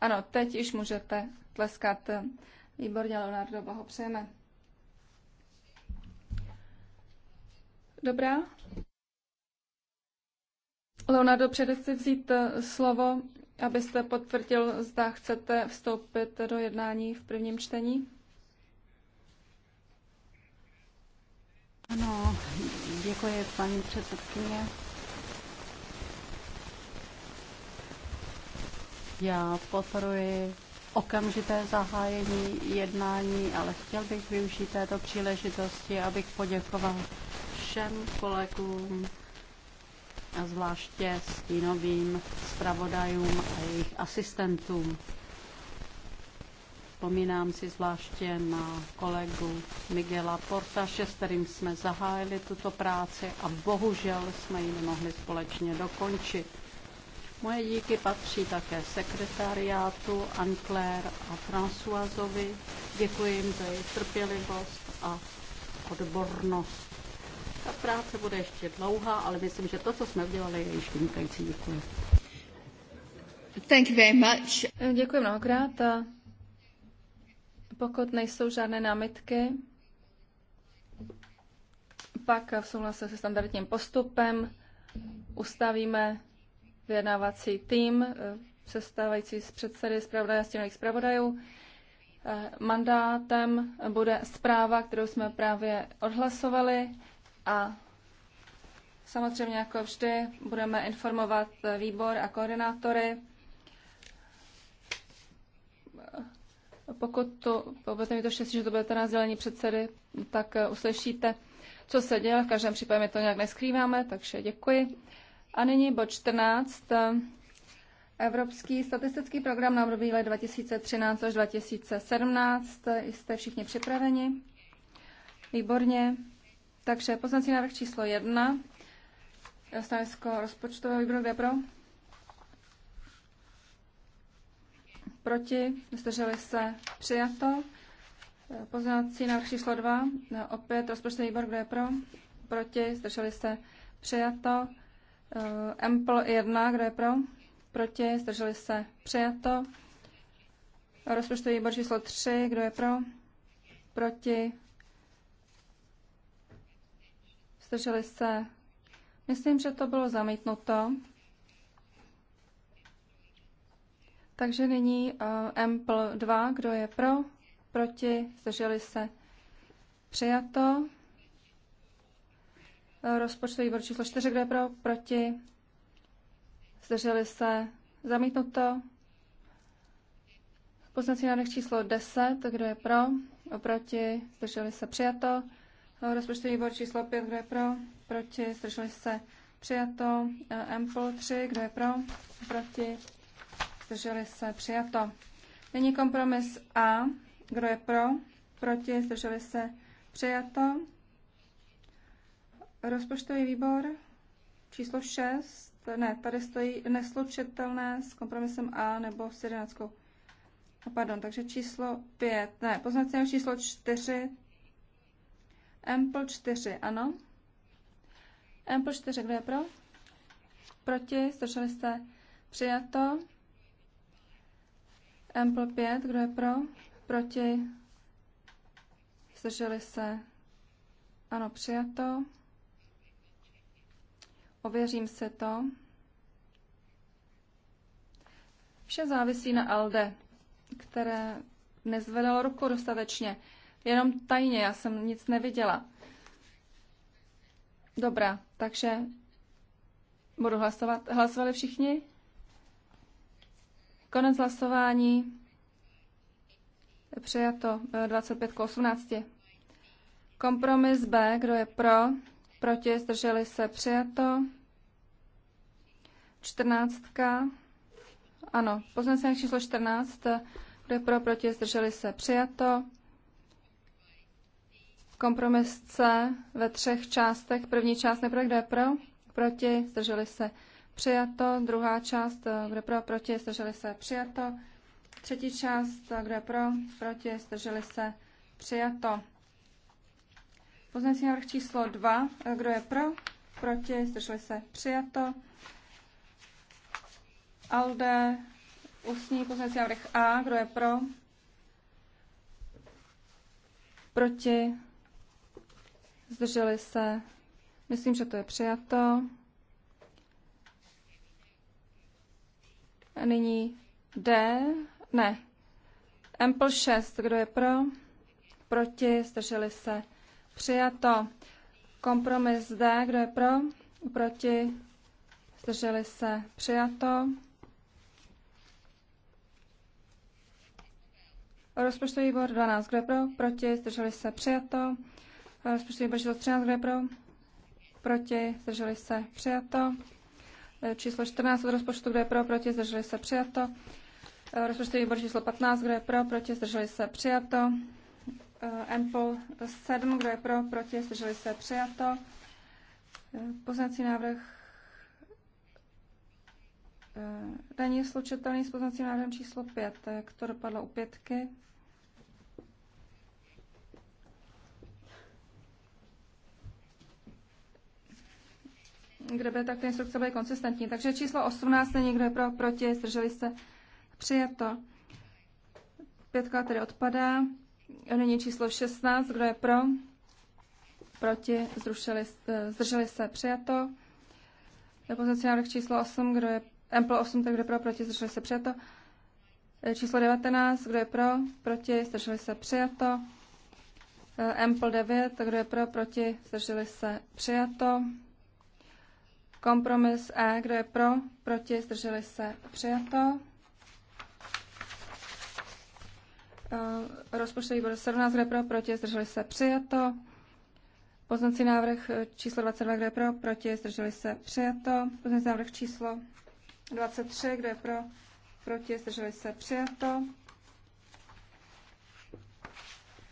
Ano, teď již můžete tleskat. Výborně, Leonardo, přejeme. Dobrá. Leonardo, přede chci vzít eh, slovo, abyste potvrdil, zda chcete vstoupit do jednání v prvním čtení. Ano, děkuji, paní předsedkyně. Já podporuji okamžité zahájení jednání, ale chtěl bych využít této příležitosti, abych poděkoval všem kolegům, a zvláště stínovým zpravodajům a jejich asistentům. Vzpomínám si zvláště na kolegu Miguela Portaše, s kterým jsme zahájili tuto práci a bohužel jsme ji nemohli společně dokončit. Moje díky patří také sekretariátu Anclair a Françoisovi. Děkuji jim za jejich trpělivost a odbornost. Ta práce bude ještě dlouhá, ale myslím, že to, co jsme udělali, je již vynikající. Děkuji. Thank you very much. Děkuji mnohokrát. Pokud nejsou žádné námitky, pak v souhlasu se standardním postupem ustavíme vyjednávací tým, přestávající eh, z předsedy zpravodaje a stěnových zpravodajů. Eh, mandátem bude zpráva, kterou jsme právě odhlasovali a samozřejmě jako vždy budeme informovat eh, výbor a koordinátory Pokud to, budete mi to štěstí, že to budete na sdělení předsedy, tak eh, uslyšíte, co se děje. V každém případě my to nějak neskrýváme, takže děkuji. A nyní bod 14. Eh, Evropský statistický program na období 2013 až 2017. Jste všichni připraveni? Výborně. Takže poslanci návrh číslo 1. Stanovisko rozpočtového výboru, kde pro? proti, zdrželi se, přijato. Pozvánací návrh číslo 2, opět rozpočtový výbor, kdo je pro, proti, zdrželi se, přijato. Eh, Empl 1, kdo je pro, proti, zdrželi se, přijato. Rozpočtový výbor číslo 3, kdo je pro, proti, zdrželi se. Myslím, že to bylo zamítnuto. Takže nyní uh, Ample 2, kdo je pro, proti, zdrželi se přijato. Eh, rozpočtový výbor číslo 4, kdo je pro, proti, zdrželi se zamítnuto. Poznací návrh číslo 10, kdo je pro, oproti, zdrželi se přijato. Eh, rozpočtový výbor číslo 5, kdo je pro, proti, zdrželi se přijato. Ample 3, kdo je pro, proti, zdrželi se, přijato. Nyní kompromis A, kdo je pro, proti, zdrželi se, přijato. Rozpočtový výbor číslo 6, ne, tady stojí neslučitelné s kompromisem A nebo s 11. Pardon, takže číslo 5, ne, poznací číslo 4, Ample 4, ano. Ample 4, kdo je pro? Proti, zdrželi se, přijato. Ample 5, kdo je pro? Proti? Zdrželi se? Ano, přijato. Ověřím se to. Vše závisí na Alde, které nezvedalo ruku dostatečně. Jenom tajně, já jsem nic neviděla. Dobrá, takže budu hlasovat. Hlasovali všichni? Konec hlasování. Přijato 25 k 18. Kompromis B, kdo je pro, proti, zdrželi se, přijato. 14. Ano, poznacené číslo 14, kdo je pro, proti, zdrželi se, přijato. Kompromis C ve třech částech. První část neprojekt, kdo je pro, proti, zdrželi se, Přijato. Druhá část, eh, kdo pro, proti, zdrželi se. Přijato. Třetí část, eh, kdo pro, proti, zdrželi se. Přijato. Poznací návrh číslo 2. Eh, kdo je pro? Proti? Zdrželi se? Přijato. Alde. Ústní poznací návrh A. Kdo je pro? Proti? Zdrželi se? Myslím, že to je přijato. Nyní D, ne, Empl 6, kdo je pro, proti, zdrželi se, přijato. Kompromis D, kdo je pro, proti, zdrželi se, přijato. Rozpočtový výbor 12, kdo je pro, proti, zdrželi se, přijato. Rozpočtový výbor 13, kdo je pro, proti, zdrželi se, přijato. Eh, číslo 14 od rozpočtu, kdo je pro, proti, zdrželi se, přijato. Eh, rozpočtový výbor číslo 15, kdo je pro, proti, zdrželi se, přijato. Eh, MPO 7, kdo je pro, proti, zdrželi se, přijato. Poznací návrh není slučitelný s poznacím návrhem číslo 5, jak to dopadlo u pětky. kde by tak ty instrukce byly konsistentní. Takže číslo 18 není někdo je pro, proti, zdrželi se, přijato. Pětka tedy odpadá. Nyní číslo 16, kdo je pro, proti, zrušili, eh, zdrželi se, přijato. Je Pozici návrh číslo 8, kdo je Ample 8, tak kdo je pro, proti, zdrželi se, přijato. Eh, číslo 19, kdo je pro, proti, zdrželi se, přijato. Ample 9, tak kdo je pro, proti, zdrželi se, přijato. Kompromis E, kdo je pro, proti, zdrželi se, přijato. E, rozpočtový výbor 17, kdo je pro, proti, zdrželi se, přijato. Poznací návrh číslo 22, kdo je pro, proti, zdrželi se, přijato. Poznací návrh číslo 23, kdo je pro, proti, zdrželi se, přijato.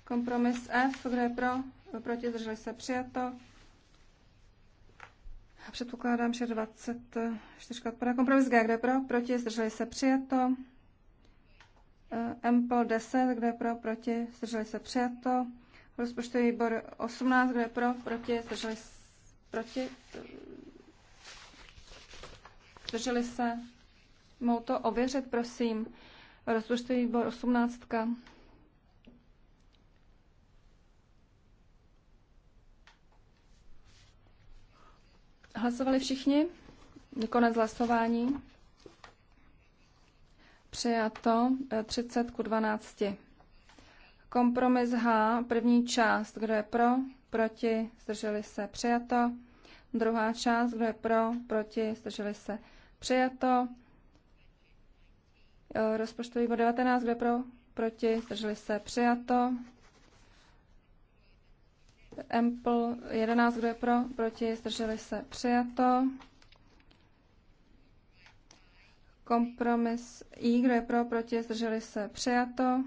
Kompromis F, kdo je pro, proti, zdrželi se, přijato. Předpokládám, že 24 odpadá. Kompromis G, kde pro, proti, zdrželi se přijato. MPL 10, kde pro, proti, zdrželi se přijato. Rozpočtový výbor 18, kde pro, proti, zdrželi se proti, zdrželi se. Mou to ověřit, prosím. Rozpočtový výbor 18. Hlasovali všichni? Konec hlasování. Přijato 30 eh, ku 12. Kompromis H, první část, kdo je pro, proti, zdrželi se, přijato. Druhá část, kdo je pro, proti, zdrželi se, přijato. Eh, rozpočtový bod 19, kdo je pro, proti, zdrželi se, přijato. Empl 11, kdo je pro, proti, zdrželi se, přijato. Kompromis I, kdo je pro, proti, zdrželi se, přijato.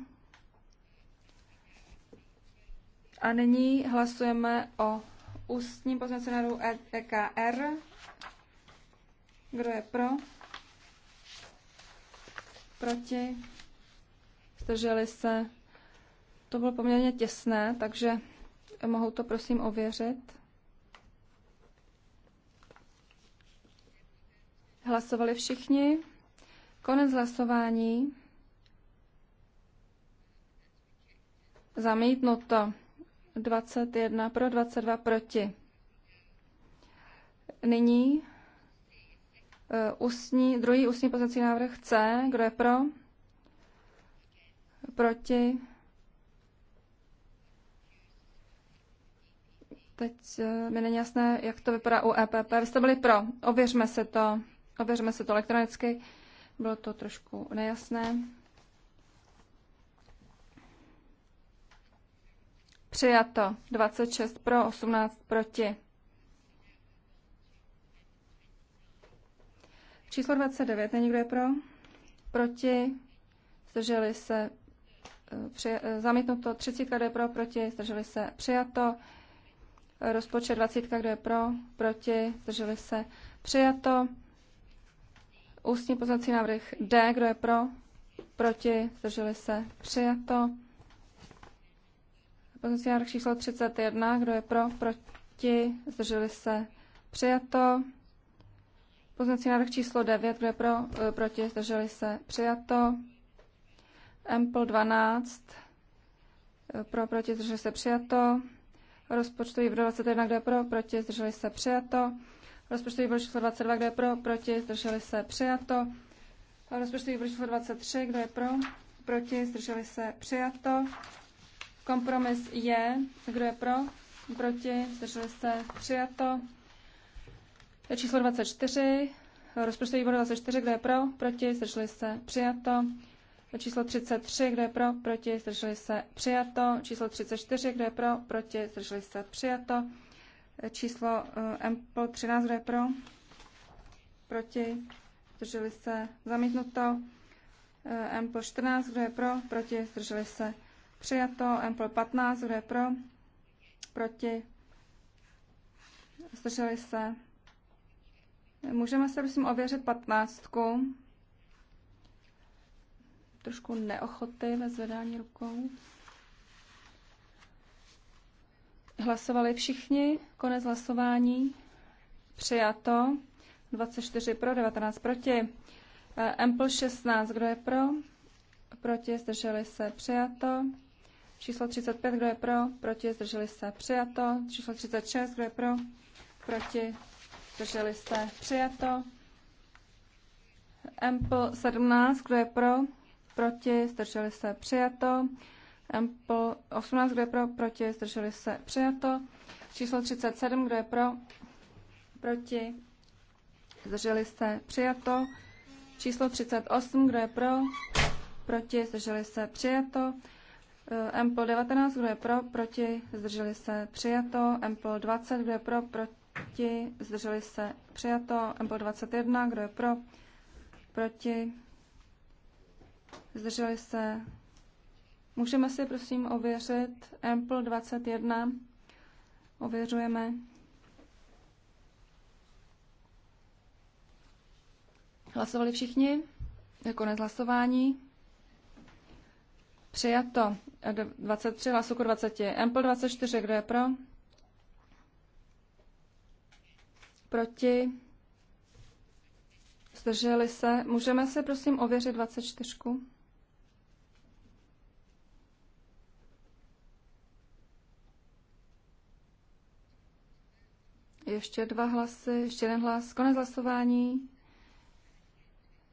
A nyní hlasujeme o ústním pozměnce EKR. Kdo je pro? Proti? Zdrželi se. To bylo poměrně těsné, takže mohou to prosím ověřit? Hlasovali všichni? Konec hlasování. Zamítnuto. 21 pro, 22 proti. Nyní eh, ústní, druhý ústní pozicí návrh C. Kdo je pro? Proti? Teď eh, mi není jasné, jak to vypadá u EPP. Vy jste byli pro. Ověřme se to. Ověřme se to elektronicky. Bylo to trošku nejasné. Přijato 26 pro, 18 proti. Číslo 29, není kdo je pro? Proti, zdrželi se, eh, při, eh, zamítnuto 30, kdo je pro, proti, zdrželi se, přijato Rozpočet 20, kdo je pro, proti, zdrželi se, přijato. Ústní pozvací návrh D, kdo je pro, proti, zdrželi se, přijato. Pozvací návrh číslo 31, kdo je pro, proti, zdrželi se, přijato. Pozvací návrh číslo 9, kdo je eh, eh, pro, proti, zdrželi se, přijato. Ample 12, pro, proti, zdrželi se, přijato rozpočtový výbor 21, kdo je pro, proti, zdrželi se přijato. Rozpočtový výbor číslo 22, kdo je pro, proti, zdrželi se přijato. Rozpočtový výbor číslo 23, kdo je pro, proti, zdrželi se přijato. Kompromis je, kdo je pro, proti, zdrželi se přijato. Číslo 24, rozpočtový výbor 24, kdo je pro, proti, zdrželi se přijato. Číslo 33, kdo je pro, proti, zdrželi se, přijato. Číslo 34, kdo je pro, proti, zdrželi se, přijato. Číslo eh, MPL 13, kdo je pro, proti, zdrželi se, zamítnuto. Eh, MPL 14, kdo je pro, proti, zdrželi se, přijato. MPL 15, kdo je pro, proti, zdrželi se. Můžeme se prosím ověřit patnáctku trošku neochoty ve zvedání rukou. Hlasovali všichni, konec hlasování, přijato, 24 pro, 19 proti. Eh, Ample 16, kdo je pro? Proti, zdrželi se, přijato. Číslo 35, kdo je pro? Proti, zdrželi se, přijato. Číslo 36, kdo je pro? Proti, zdrželi se, přijato. Ample 17, kdo je pro? proti, zdrželi se, přijato. Ample 18, kdo je pro, proti, zdrželi se, přijato. Číslo 37, kdo je pro, proti, zdrželi se, přijato. Číslo 38, kdo je pro, proti, zdrželi se, přijato. Ample 19, kdo je pro, proti, zdrželi se, přijato. Ample 20, kdo je pro, proti, zdrželi se, přijato. Ample 21, kdo je pro, proti, zdrželi se. Můžeme si prosím ověřit Ample 21. Ověřujeme. Hlasovali všichni? Je Konec hlasování. Přijato. 23 hlasů ku 20. Ample 24, kdo je pro? Proti? Zdrželi se. Můžeme se prosím ověřit 24? Ještě dva hlasy, ještě jeden hlas. Konec hlasování.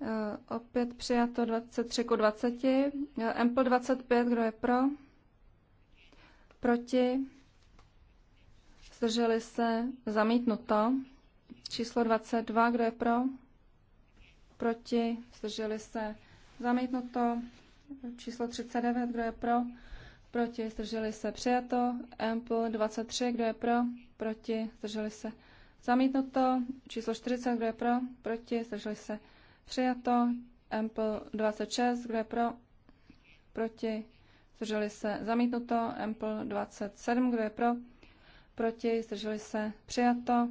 Eh, opět přijato 23 ku 20. Ample 25, kdo je pro? Proti? Zdrželi se? Zamítnuto. Číslo 22, kdo je pro? Proti? Zdrželi se? Zamítnuto. Číslo 39, kdo je pro? Proti? Zdrželi se? Přijato. Ample 23, kdo je pro? proti, zdrželi se zamítnuto, číslo 40, kdo je pro, proti, zdrželi se přijato, Ample 26, kdo je pro, proti, zdrželi se zamítnuto, Ample 27, kdo je pro, proti, zdrželi se přijato,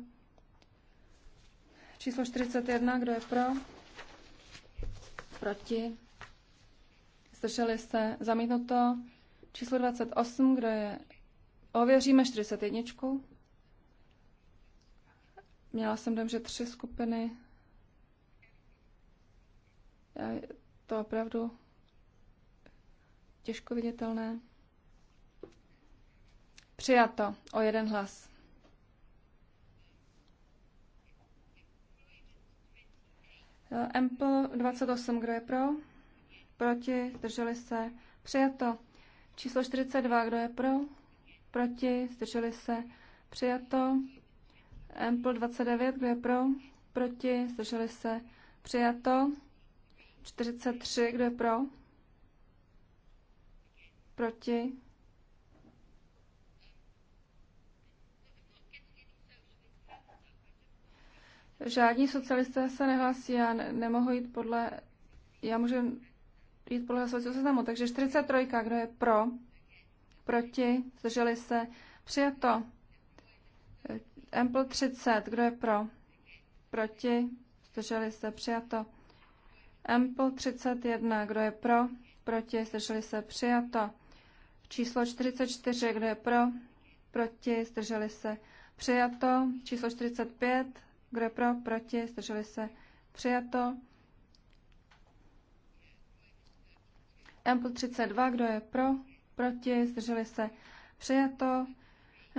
číslo 41, kdo je pro, proti, zdrželi se zamítnuto, číslo 28, kdo je, ověříme 41. Měla jsem dojem, že tři skupiny to opravdu těžko viditelné. Přijato o jeden hlas. Ample 28, kdo je pro? Proti, zdrželi se. Přijato. Číslo 42, kdo je pro? Proti, zdrželi se. Přijato. Ample 29, kdo je pro? Proti? Zdrželi se? Přijato. 43, kdo je pro? Proti? Žádní socialisté se nehlásí, já ne- nemohu jít podle, já můžu jít podle hlasovacího seznamu. Takže 43, kdo je pro? Proti? Zdrželi se? Přijato. Ample 30, kdo je pro? Proti? Zdrželi se přijato. Ample 31, kdo je pro? Proti? Zdrželi se přijato. Číslo 44, kdo je pro? Proti? Zdrželi se přijato. Číslo 45, kdo je pro? Proti? Zdrželi se přijato. Ample 32, kdo je pro? Proti? Zdrželi se přijato.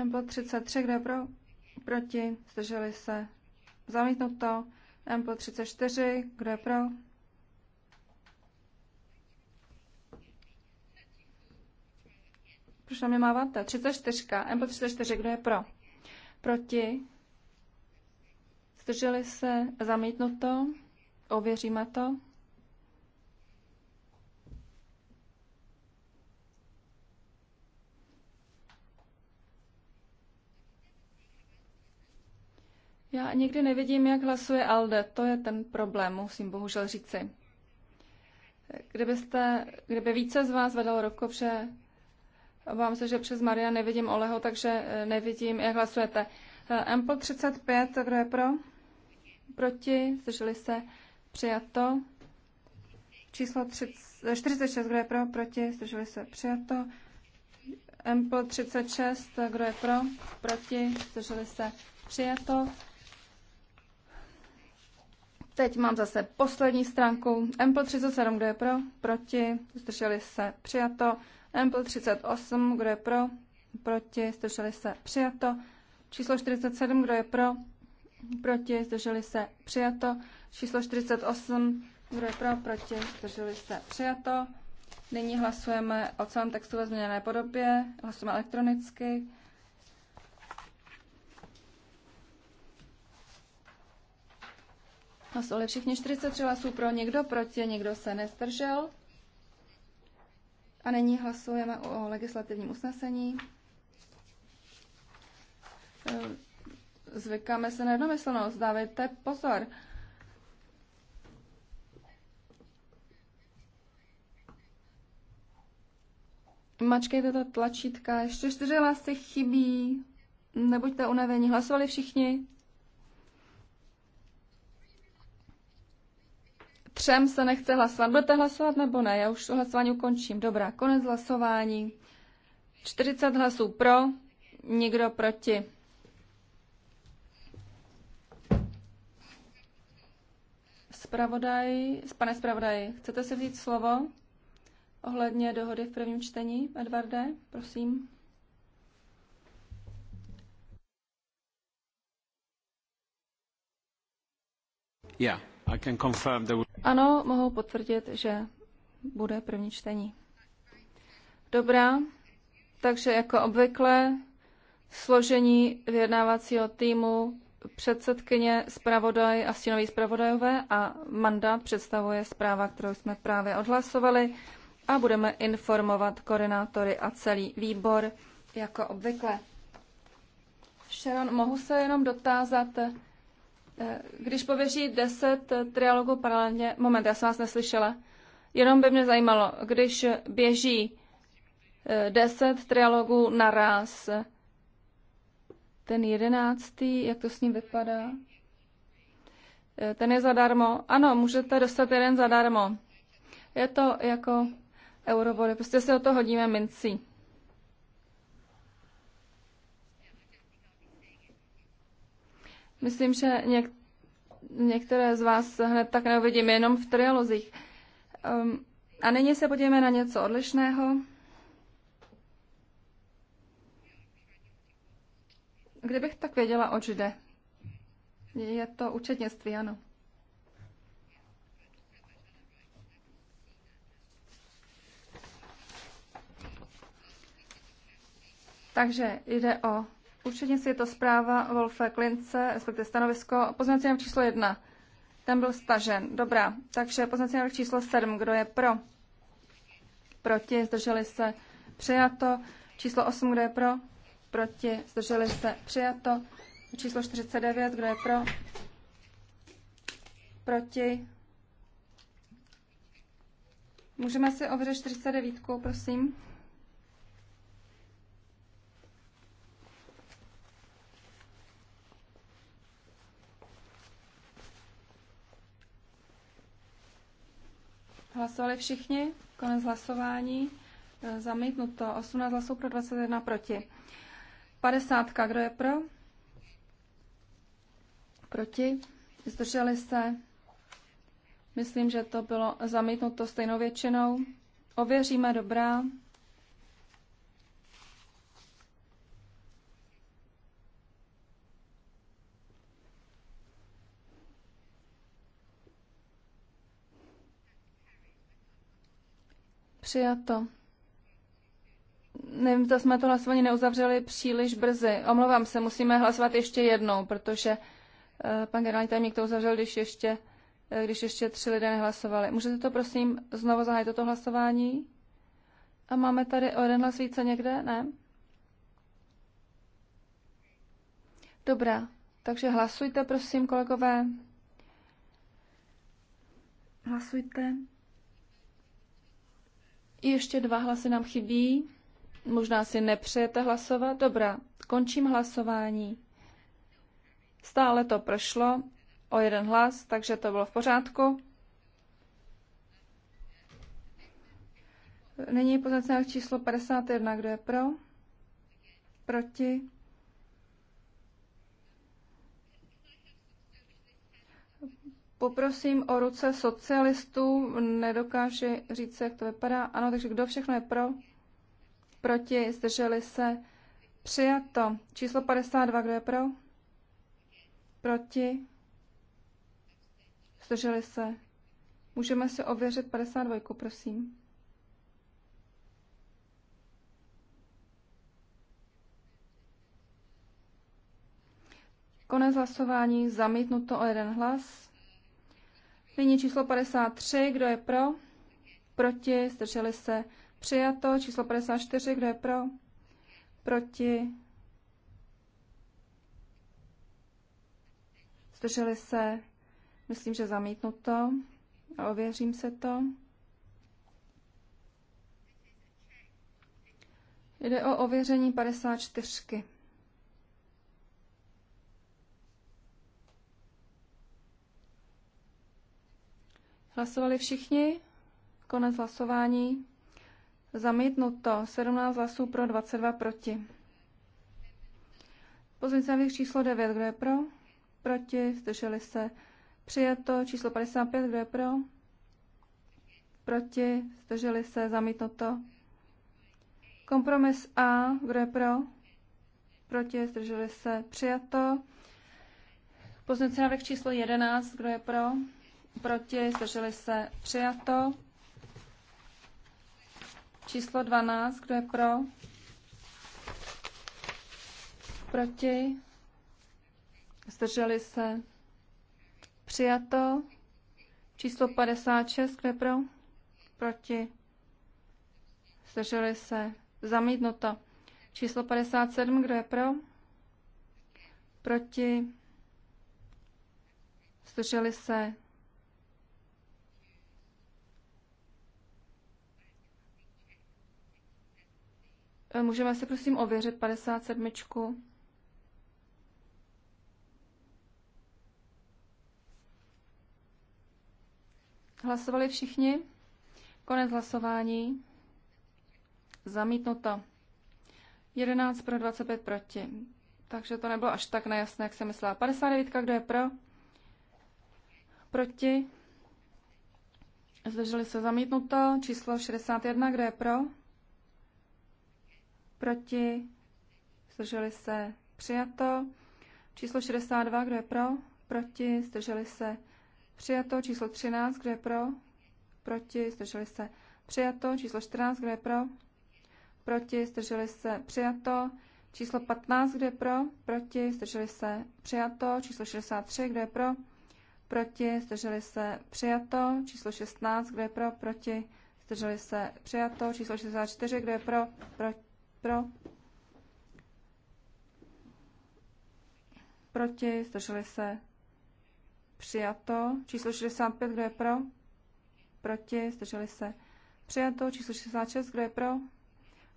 Ample 33, kdo je pro? proti, zdrželi se, zamítnuto. MPL 34, kdo je pro? Proč na mě máváte? 34, MPL 34, kdo je pro? Proti, zdrželi se, zamítnuto, ověříme to. Já nikdy nevidím, jak hlasuje Alde. To je ten problém, musím bohužel říci. Kdybyste, kdyby více z vás vedlo ruku, že obávám se, že přes Maria nevidím Oleho, takže eh, nevidím, jak hlasujete. Ample eh, 35, kdo je pro? Proti? Zdrželi se? Přijato. Číslo 30, 46, eh, kdo je pro? Proti? Zdrželi se? Přijato. Ample 36, kdo je pro? Proti? Zdrželi se? Přijato. Teď mám zase poslední stránku. Ample 37, kdo je pro? Proti. Zdrželi se. Přijato. Ample 38, kdo je pro? Proti. Zdrželi se. Přijato. Číslo 47, kdo je pro? Proti. Zdrželi se. Přijato. Číslo 48, kdo je pro? Proti. Zdrželi se. Přijato. Nyní hlasujeme o celém textu ve změněné podobě. Hlasujeme elektronicky. Hlasovali všichni 43 hlasů pro, někdo proti, někdo se nestržel. A nyní hlasujeme o legislativním usnesení. Zvykáme se na jednomyslnost, dávejte pozor. Mačkejte to tlačítka, ještě čtyři hlasy chybí. Nebuďte unavení, hlasovali všichni. třem se nechce hlasovat. Budete hlasovat nebo ne? Já už to hlasování ukončím. Dobrá, konec hlasování. 40 hlasů pro, nikdo proti. Spravodaj, pane zpravodaji, chcete si vzít slovo ohledně dohody v prvním čtení, Edvarde? Prosím. Yeah. Ano, mohu potvrdit, že bude první čtení. Dobrá, takže jako obvykle složení vyjednávacího týmu předsedkyně, zpravodaj a stínový zpravodajové a mandát představuje zpráva, kterou jsme právě odhlasovali a budeme informovat koordinátory a celý výbor jako obvykle. Sharon, mohu se jenom dotázat, když pověří deset trialogů paralelně, moment, já jsem vás neslyšela, jenom by mě zajímalo, když běží eh, deset trialogů naraz, ten jedenáctý, jak to s ním vypadá? Eh, ten je zadarmo. Ano, můžete dostat jeden zadarmo. Je to jako eurovody, prostě se o to hodíme mincí. Myslím, že něk- některé z vás hned tak neuvidím, jenom v trialozích. Um, a nyní se podíváme na něco odlišného. Kdybych tak věděla, oč jde. Je to učetnictví, ano. Takže jde o si je to zpráva Wolfe Klince, respektive stanovisko. Poznací návrh číslo 1. Ten byl stažen. Dobrá. Takže poznací návrh číslo 7. Kdo je pro? Proti. Zdrželi se. Přijato. Číslo 8. Kdo je pro? Proti. Zdrželi se. Přijato. Číslo 49. Kdo je pro? Proti. Můžeme si ověřit 49, prosím. Hlasovali všichni? Konec hlasování. E, zamítnuto. 18 hlasů pro 21 proti. 50. Kdo je pro? Proti. Zdrželi se. Myslím, že to bylo zamítnuto stejnou většinou. Ověříme dobrá. Přijato. Nevím, zda jsme to hlasování neuzavřeli příliš brzy. Omlouvám se, musíme hlasovat ještě jednou, protože eh, pan generální tajemník to uzavřel, když ještě, eh, když ještě tři lidé nehlasovali. Můžete to prosím znovu zahájit toto hlasování? A máme tady o jeden hlas více někde? Ne? Dobrá, takže hlasujte prosím, kolegové. Hlasujte. Ještě dva hlasy nám chybí. Možná si nepřejete hlasovat. Dobrá, končím hlasování. Stále to prošlo o jeden hlas, takže to bylo v pořádku. Nyní poznací číslo 51. Kdo je pro? Proti? Poprosím o ruce socialistů, nedokáže říct, jak to vypadá. Ano, takže kdo všechno je pro? Proti, zdrželi se. Přijato. Číslo 52, kdo je pro? Proti. Zdrželi se. Můžeme si ověřit 52, prosím. Konec hlasování zamítnuto o jeden hlas. Nyní číslo 53, kdo je pro? Proti, zdrželi se, přijato. Číslo 54, kdo je pro? Proti, zdrželi se, myslím, že zamítnuto, A ověřím se to. Jde o ověření 54. Hlasovali všichni? Konec hlasování. Zamítnuto. 17 hlasů pro, 22 proti. Pozměňovací návrh číslo 9. Kdo je pro? Proti. Zdrželi se. Přijato. Číslo 55. Kdo je pro? Proti. Zdrželi se. Zamítnuto. Kompromis A. Kdo je pro? Proti. Zdrželi se. Přijato. Pozměňovací návrh číslo 11. Kdo je pro? proti, zdrželi se, přijato. Číslo 12, kdo je pro, proti, zdrželi se, přijato. Číslo 56, kdo je pro, proti, zdrželi se, zamítnuto. Číslo 57, kdo je pro, proti, zdrželi se, Eh, můžeme si prosím ověřit 57. Hlasovali všichni? Konec hlasování. Zamítnuto. 11 pro 25 proti. Takže to nebylo až tak nejasné, jak jsem myslela. 59, kdo je pro? Proti? Zdrželi se zamítnuto. Číslo 61, kdo je pro? proti, zdrželi se, přijato. Číslo 62, kdo je pro, proti, zdrželi se, přijato. Číslo 13, kdo je pro, proti, zdrželi se, přijato. Číslo 14, kdo je pro, proti, zdrželi se, přijato. Číslo 15, kdo je pro, proti, zdrželi se, přijato. Číslo 63, kdo je pro, proti, zdrželi se, přijato. Číslo 16, kdo je pro, proti, zdrželi se, přijato. Číslo 64, kdo je pro, proti, pro. Proti. Zdrželi se. Přijato. Číslo 65. Kdo je pro? Proti. Zdrželi se. Přijato. Číslo 66. Kdo je pro?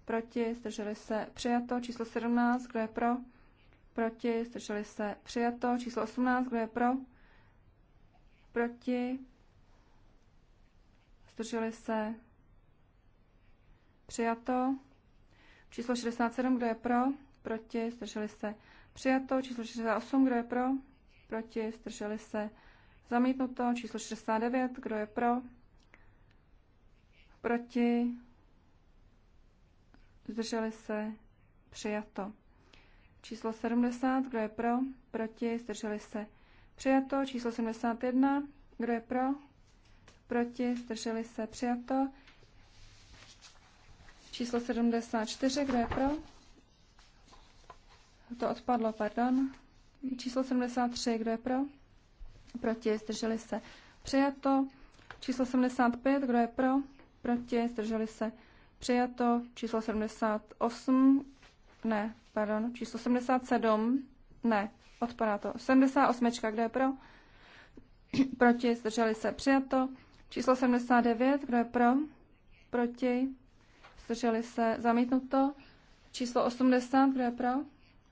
Proti. Zdrželi se. Přijato. Číslo 17. Kdo je pro? Proti. Zdrželi se. Přijato. Číslo 18. Kdo je pro? Proti. Zdrželi se. Přijato. Číslo 67, kdo je pro? Proti, zdrželi se. Přijato. Číslo 68, kdo je pro? Proti, zdrželi se. Zamítnuto. Číslo 69, kdo je pro? Proti, zdrželi se. Přijato. Číslo 70, kdo je pro? Proti, zdrželi se. Přijato. Číslo 71, kdo je pro? Proti, zdrželi se. Přijato. Číslo 74, kdo je pro? To odpadlo, pardon. Číslo 73, kdo je pro? Proti, zdrželi se. Přijato. Číslo 75, kdo je pro? Proti, zdrželi se. Přijato. Číslo 78, ne, pardon. Číslo 77, ne, odpadá to. 78, kdo je pro? Proti, zdrželi se. Přijato. Číslo 79, kdo je pro? Proti, zdrželi se, zamítnuto. Číslo 80, kdo je pro?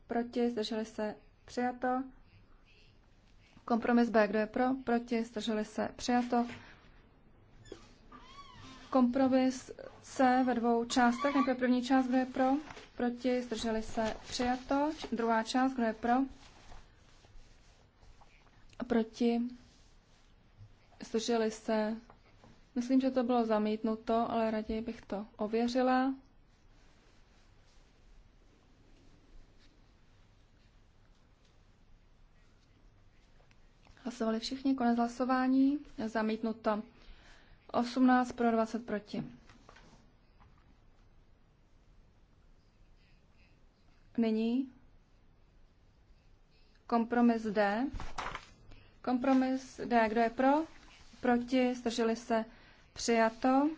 Proti, zdrželi se, přijato. Kompromis B, kdo je pro? Proti, zdrželi se, přijato. Kompromis C ve dvou částech. Nejprve první část, kdo je pro? Proti, zdrželi se, přijato. Druhá část, kdo je pro? Proti, zdrželi se, Myslím, že to bylo zamítnuto, ale raději bych to ověřila. Hlasovali všichni, konec hlasování, zamítnuto 18 pro 20 proti. Nyní kompromis D. Kompromis D, kdo je pro? Proti, strželi se Přijato.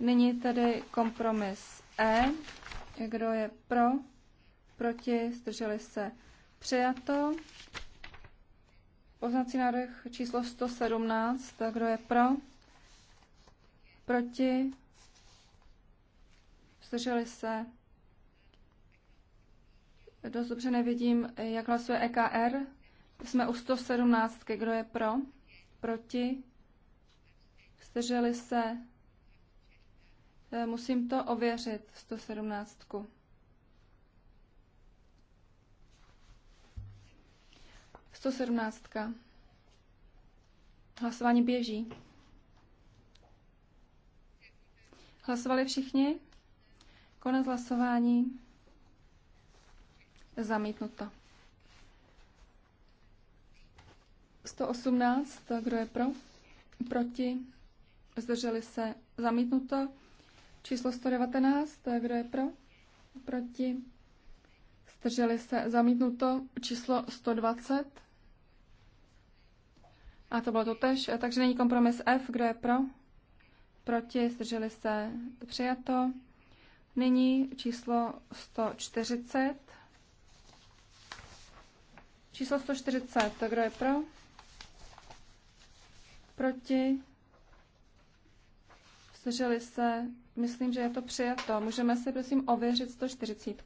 Nyní tedy kompromis E. Kdo je pro? Proti? Zdrželi se? Přijato. Poznací návrh číslo 117. Kdo je pro? Proti? Zdrželi se? Dost dobře nevidím, jak hlasuje EKR. Jsme u 117. Kdo je pro? Proti? Zdrželi se? Eh, musím to ověřit, 117. Sto sedmnáctka. Hlasování běží. Hlasovali všichni? Konec hlasování. Zamítnuto. 118, kdo je pro? Proti? Zdrželi se zamítnuto. Číslo 119, kdo je pro? Proti. Zdrželi se zamítnuto. Číslo 120. A to bylo to tež. Takže není kompromis F, kdo je pro? Proti, zdrželi se přijato. Nyní číslo 140. Číslo 140, kdo je pro? Proti, Zdrželi se? Myslím, že je to přijato. Můžeme si prosím ověřit 140.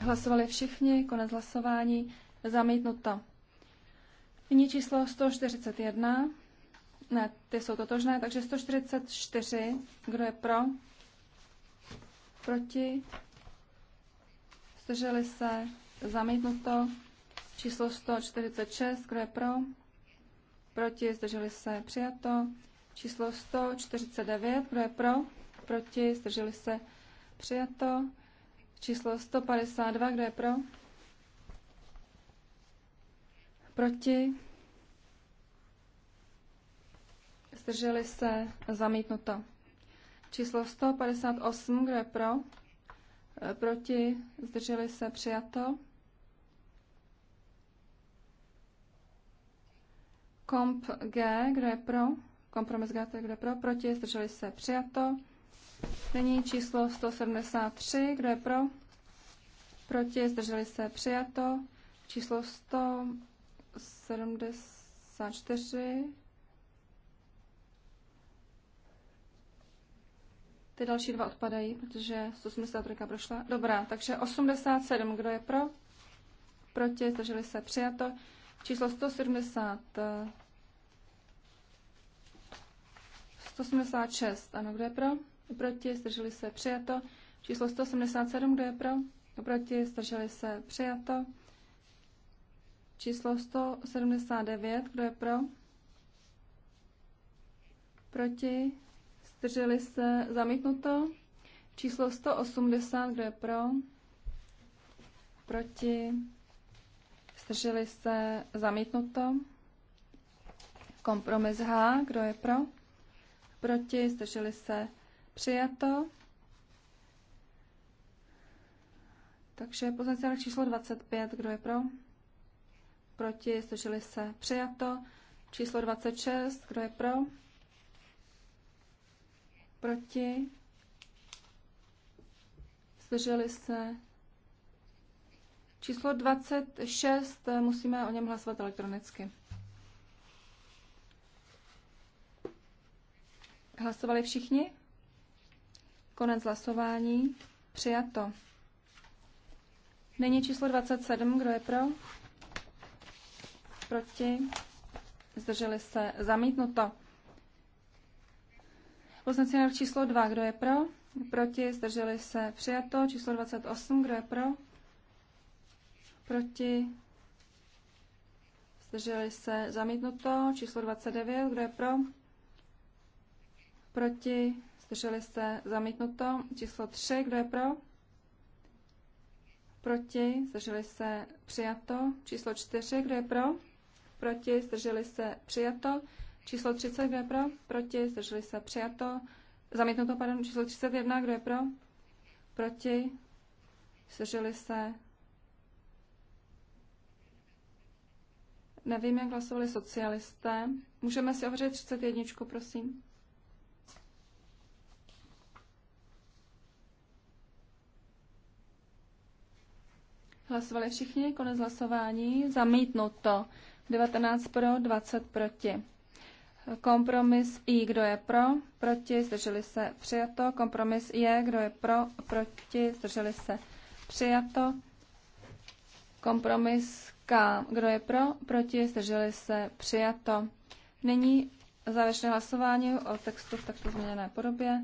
Hlasovali všichni, konec hlasování, zamítnuto. Nyní číslo 141. Ne, ty jsou totožné, takže 144. Kdo je pro? Proti? Zdrželi se? Zamítnuto. Číslo 146, kdo je pro? Proti, zdrželi se, přijato. Číslo 149, kdo je pro? Proti, zdrželi se, přijato. Číslo 152, kdo je pro? Proti, zdrželi se, zamítnuto. Číslo 158, kdo je pro? Proti, zdrželi se, přijato. Komp G, kdo je pro? Kompromis G, kdo je pro? Proti, zdrželi se, přijato. Nyní číslo 173, kdo je pro? Proti, zdrželi se, přijato. Číslo 174. Ty další dva odpadají, protože 183 prošla. Dobrá, takže 87, kdo je pro? Proti, zdrželi se, přijato. Číslo 170 186, ano, kdo je pro? Proti, zdrželi se, přijato. Číslo 187, kdo je pro? Proti, zdrželi se, přijato. Číslo 179, kdo je pro? Proti, zdrželi se, zamítnuto. Číslo 180, kdo je pro? Proti, zdrželi se, zamítnuto. Kompromis H, kdo je pro? proti, zdrželi se, přijato. Takže pozice číslo 25, kdo je pro? Proti, zdrželi se, přijato. Číslo 26, kdo je pro? Proti, zdrželi se. Číslo 26, musíme o něm hlasovat elektronicky. Hlasovali všichni? Konec hlasování. Přijato. Nyní číslo 27. Kdo je pro? Proti? Zdrželi se. Zamítnuto. Poznací návrh číslo 2. Kdo je pro? Proti? Zdrželi se. Přijato. Číslo 28. Kdo je pro? Proti? Zdrželi se. Zamítnuto. Číslo 29. Kdo je pro? proti, zdrželi jste zamítnuto. Číslo 3, kdo je pro? Proti, zdrželi se, přijato. Číslo 4, kdo je pro? Proti, zdrželi se, přijato. Číslo 30, kdo je pro? Proti, zdrželi se, přijato. Zamítnuto, pardon, číslo 31, kdo je pro? Proti, zdrželi se, Nevím, jak hlasovali socialisté. Můžeme si ověřit 31, prosím. Hlasovali všichni, konec hlasování, zamítnuto. 19 pro, 20 proti. Kompromis I, kdo je pro, proti, zdrželi se, přijato. Kompromis je, kdo je pro, proti, zdrželi se, přijato. Kompromis K, kdo je pro, proti, zdrželi se, přijato. Nyní závěrečné hlasování o textu v takto změněné podobě.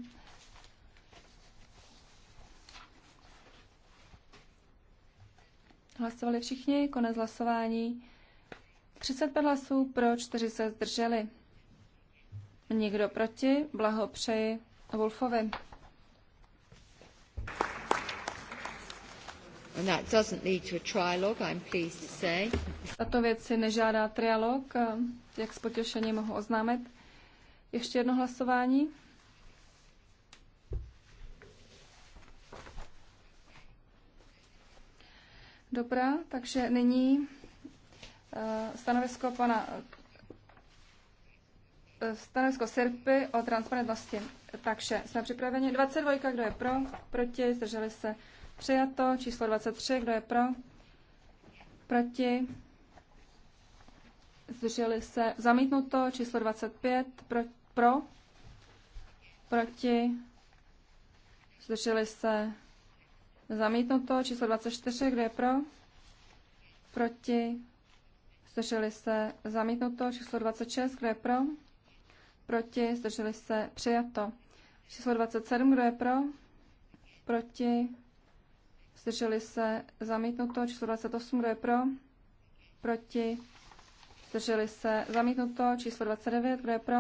Hlasovali všichni, konec hlasování. 35 hlasů pro, 4 se zdrželi. Nikdo proti, blahopřeji Wolfovi. Tato věc si nežádá trialog, jak s potěšením mohu oznámit. Ještě jedno hlasování. Dobrá, takže nyní eh, stanovisko pana eh, stanovisko SIRPy o transparentnosti. Takže jsme připraveni. 22, kdo je pro, proti, zdrželi se přijato. Číslo 23, kdo je pro, proti, zdrželi se zamítnuto. Číslo 25, pro, pro proti, zdrželi se Zamítnuto číslo 24, kdo je pro? Proti? Zdrželi se. Zamítnuto číslo 26, kdo je pro? Proti? Zdrželi se. Přijato. Číslo 27, kdo je pro? Proti? Zdrželi se. Zamítnuto číslo 28, kdo je pro? Proti? Zdrželi se. Zamítnuto číslo 29, kdo je pro?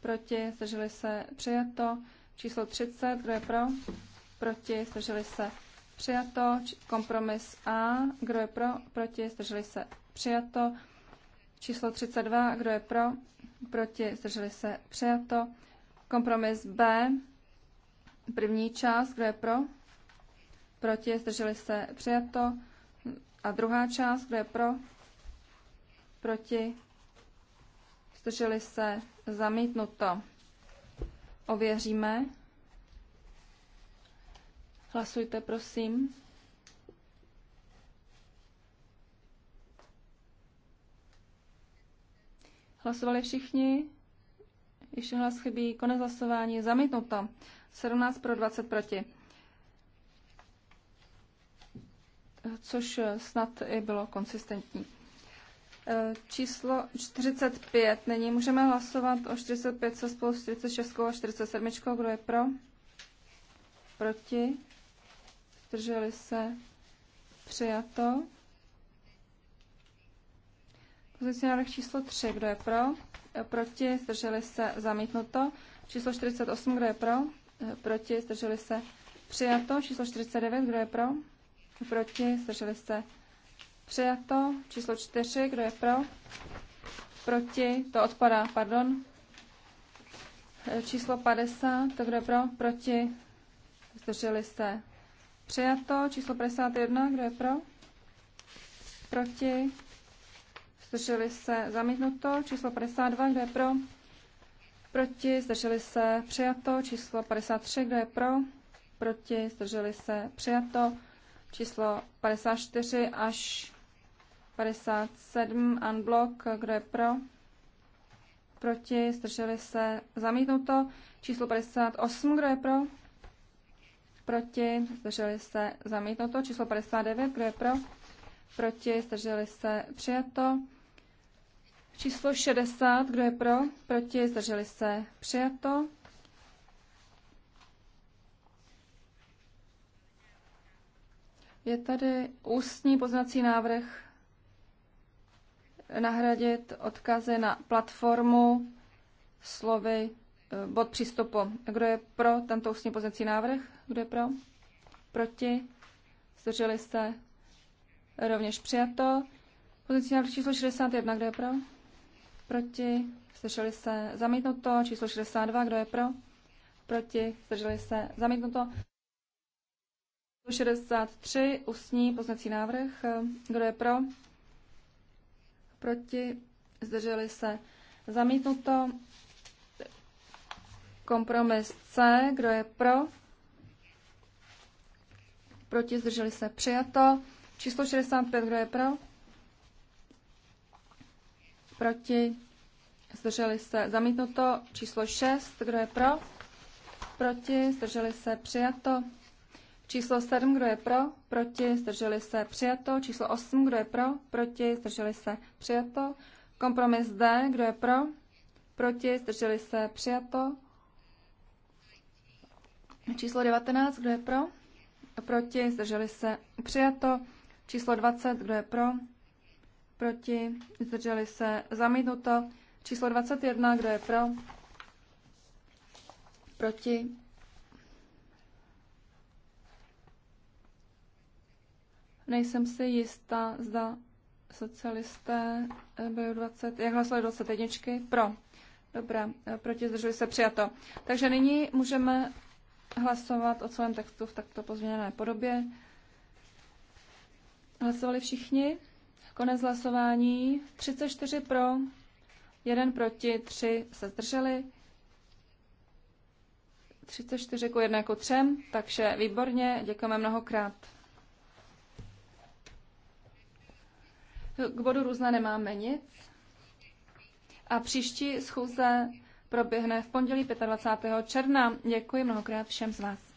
Proti? Zdrželi se. Přijato. Číslo 30, kdo je pro? proti, zdrželi se, přijato. Kompromis A, kdo je pro, proti, zdrželi se, přijato. Číslo 32, kdo je pro, proti, zdrželi se, přijato. Kompromis B, první část, kdo je pro, proti, zdrželi se, přijato. A druhá část, kdo je pro, proti, zdrželi se, zamítnuto. Ověříme. Hlasujte, prosím. Hlasovali všichni? Ještě hlas chybí. Konec hlasování je zamítnuto. 17 pro 20 proti. Což snad i bylo konsistentní. E, číslo 45. Nyní můžeme hlasovat o 45 se spolu s 36 a 47. Kdo je pro? Proti? zdrželi se, přijato. Pozici návrh číslo 3, kdo je pro, e, proti, zdrželi se, zamítnuto. Číslo 48, e, kdo je pro, proti, zdrželi se, přijato. Číslo 49, kdo je pro, proti, zdrželi se, přijato. Číslo 4, kdo je pro, proti, to odpadá, pardon. E, číslo 50, to kdo je pro, proti, zdrželi se, Přijato číslo 51, kdo je pro? Proti? Zdrželi se zamítnuto. Číslo 52, kdo je pro? Proti? Zdrželi se přijato. Číslo 53, kdo je pro? Proti? Zdrželi se přijato. Číslo 54 až 57 unblock, kdo je pro? Proti? Zdrželi se zamítnuto. Číslo 58, kdo je pro? proti, zdrželi se zamítnuto. Číslo 59, kdo je pro, proti, zdrželi se přijato. Číslo 60, kdo je pro, proti, zdrželi se přijato. Je tady ústní poznací návrh nahradit odkazy na platformu slovy Eh, bod přístupu. Kdo je pro tento ústní pozicí návrh? Kdo je pro? Proti? Zdrželi se? Rovněž přijato. Pozicí návrh číslo 61. Kdo je pro? Proti? Zdrželi se? Zamítnuto. Číslo 62. Kdo je pro? Proti? Zdrželi se? Zamítnuto. 63, ústní poznací návrh. Eh, kdo je pro? Proti? Zdrželi se? Zamítnuto. Kompromis C, kdo je pro? Proti zdrželi se přijato. Číslo 65, kdo je pro? Proti zdrželi se zamítnuto. Číslo 6, kdo je pro? Proti zdrželi se přijato. Číslo 7, kdo je pro? Proti zdrželi se přijato. Číslo 8, kdo je pro? Proti zdrželi se přijato. Kompromis D, kdo je pro? Proti zdrželi se přijato. Číslo 19, kdo je pro? Proti, zdrželi se, přijato. Číslo 20, kdo je pro? Proti, zdrželi se, zamítnuto. Číslo 21, kdo je pro? Proti, Nejsem si jistá, zda socialisté eh, byli 20, jak hlasovali 21, pro. Dobrá, eh, proti zdrželi se přijato. Takže nyní můžeme hlasovat o celém textu v takto pozměněné podobě. Hlasovali všichni. Konec hlasování. 34 pro, 1 proti, 3 se zdrželi. 34 ku 1 ku 3, takže výborně, děkujeme mnohokrát. K bodu různé nemáme nic. A příští schůze proběhne v pondělí 25. června. Děkuji mnohokrát všem z vás.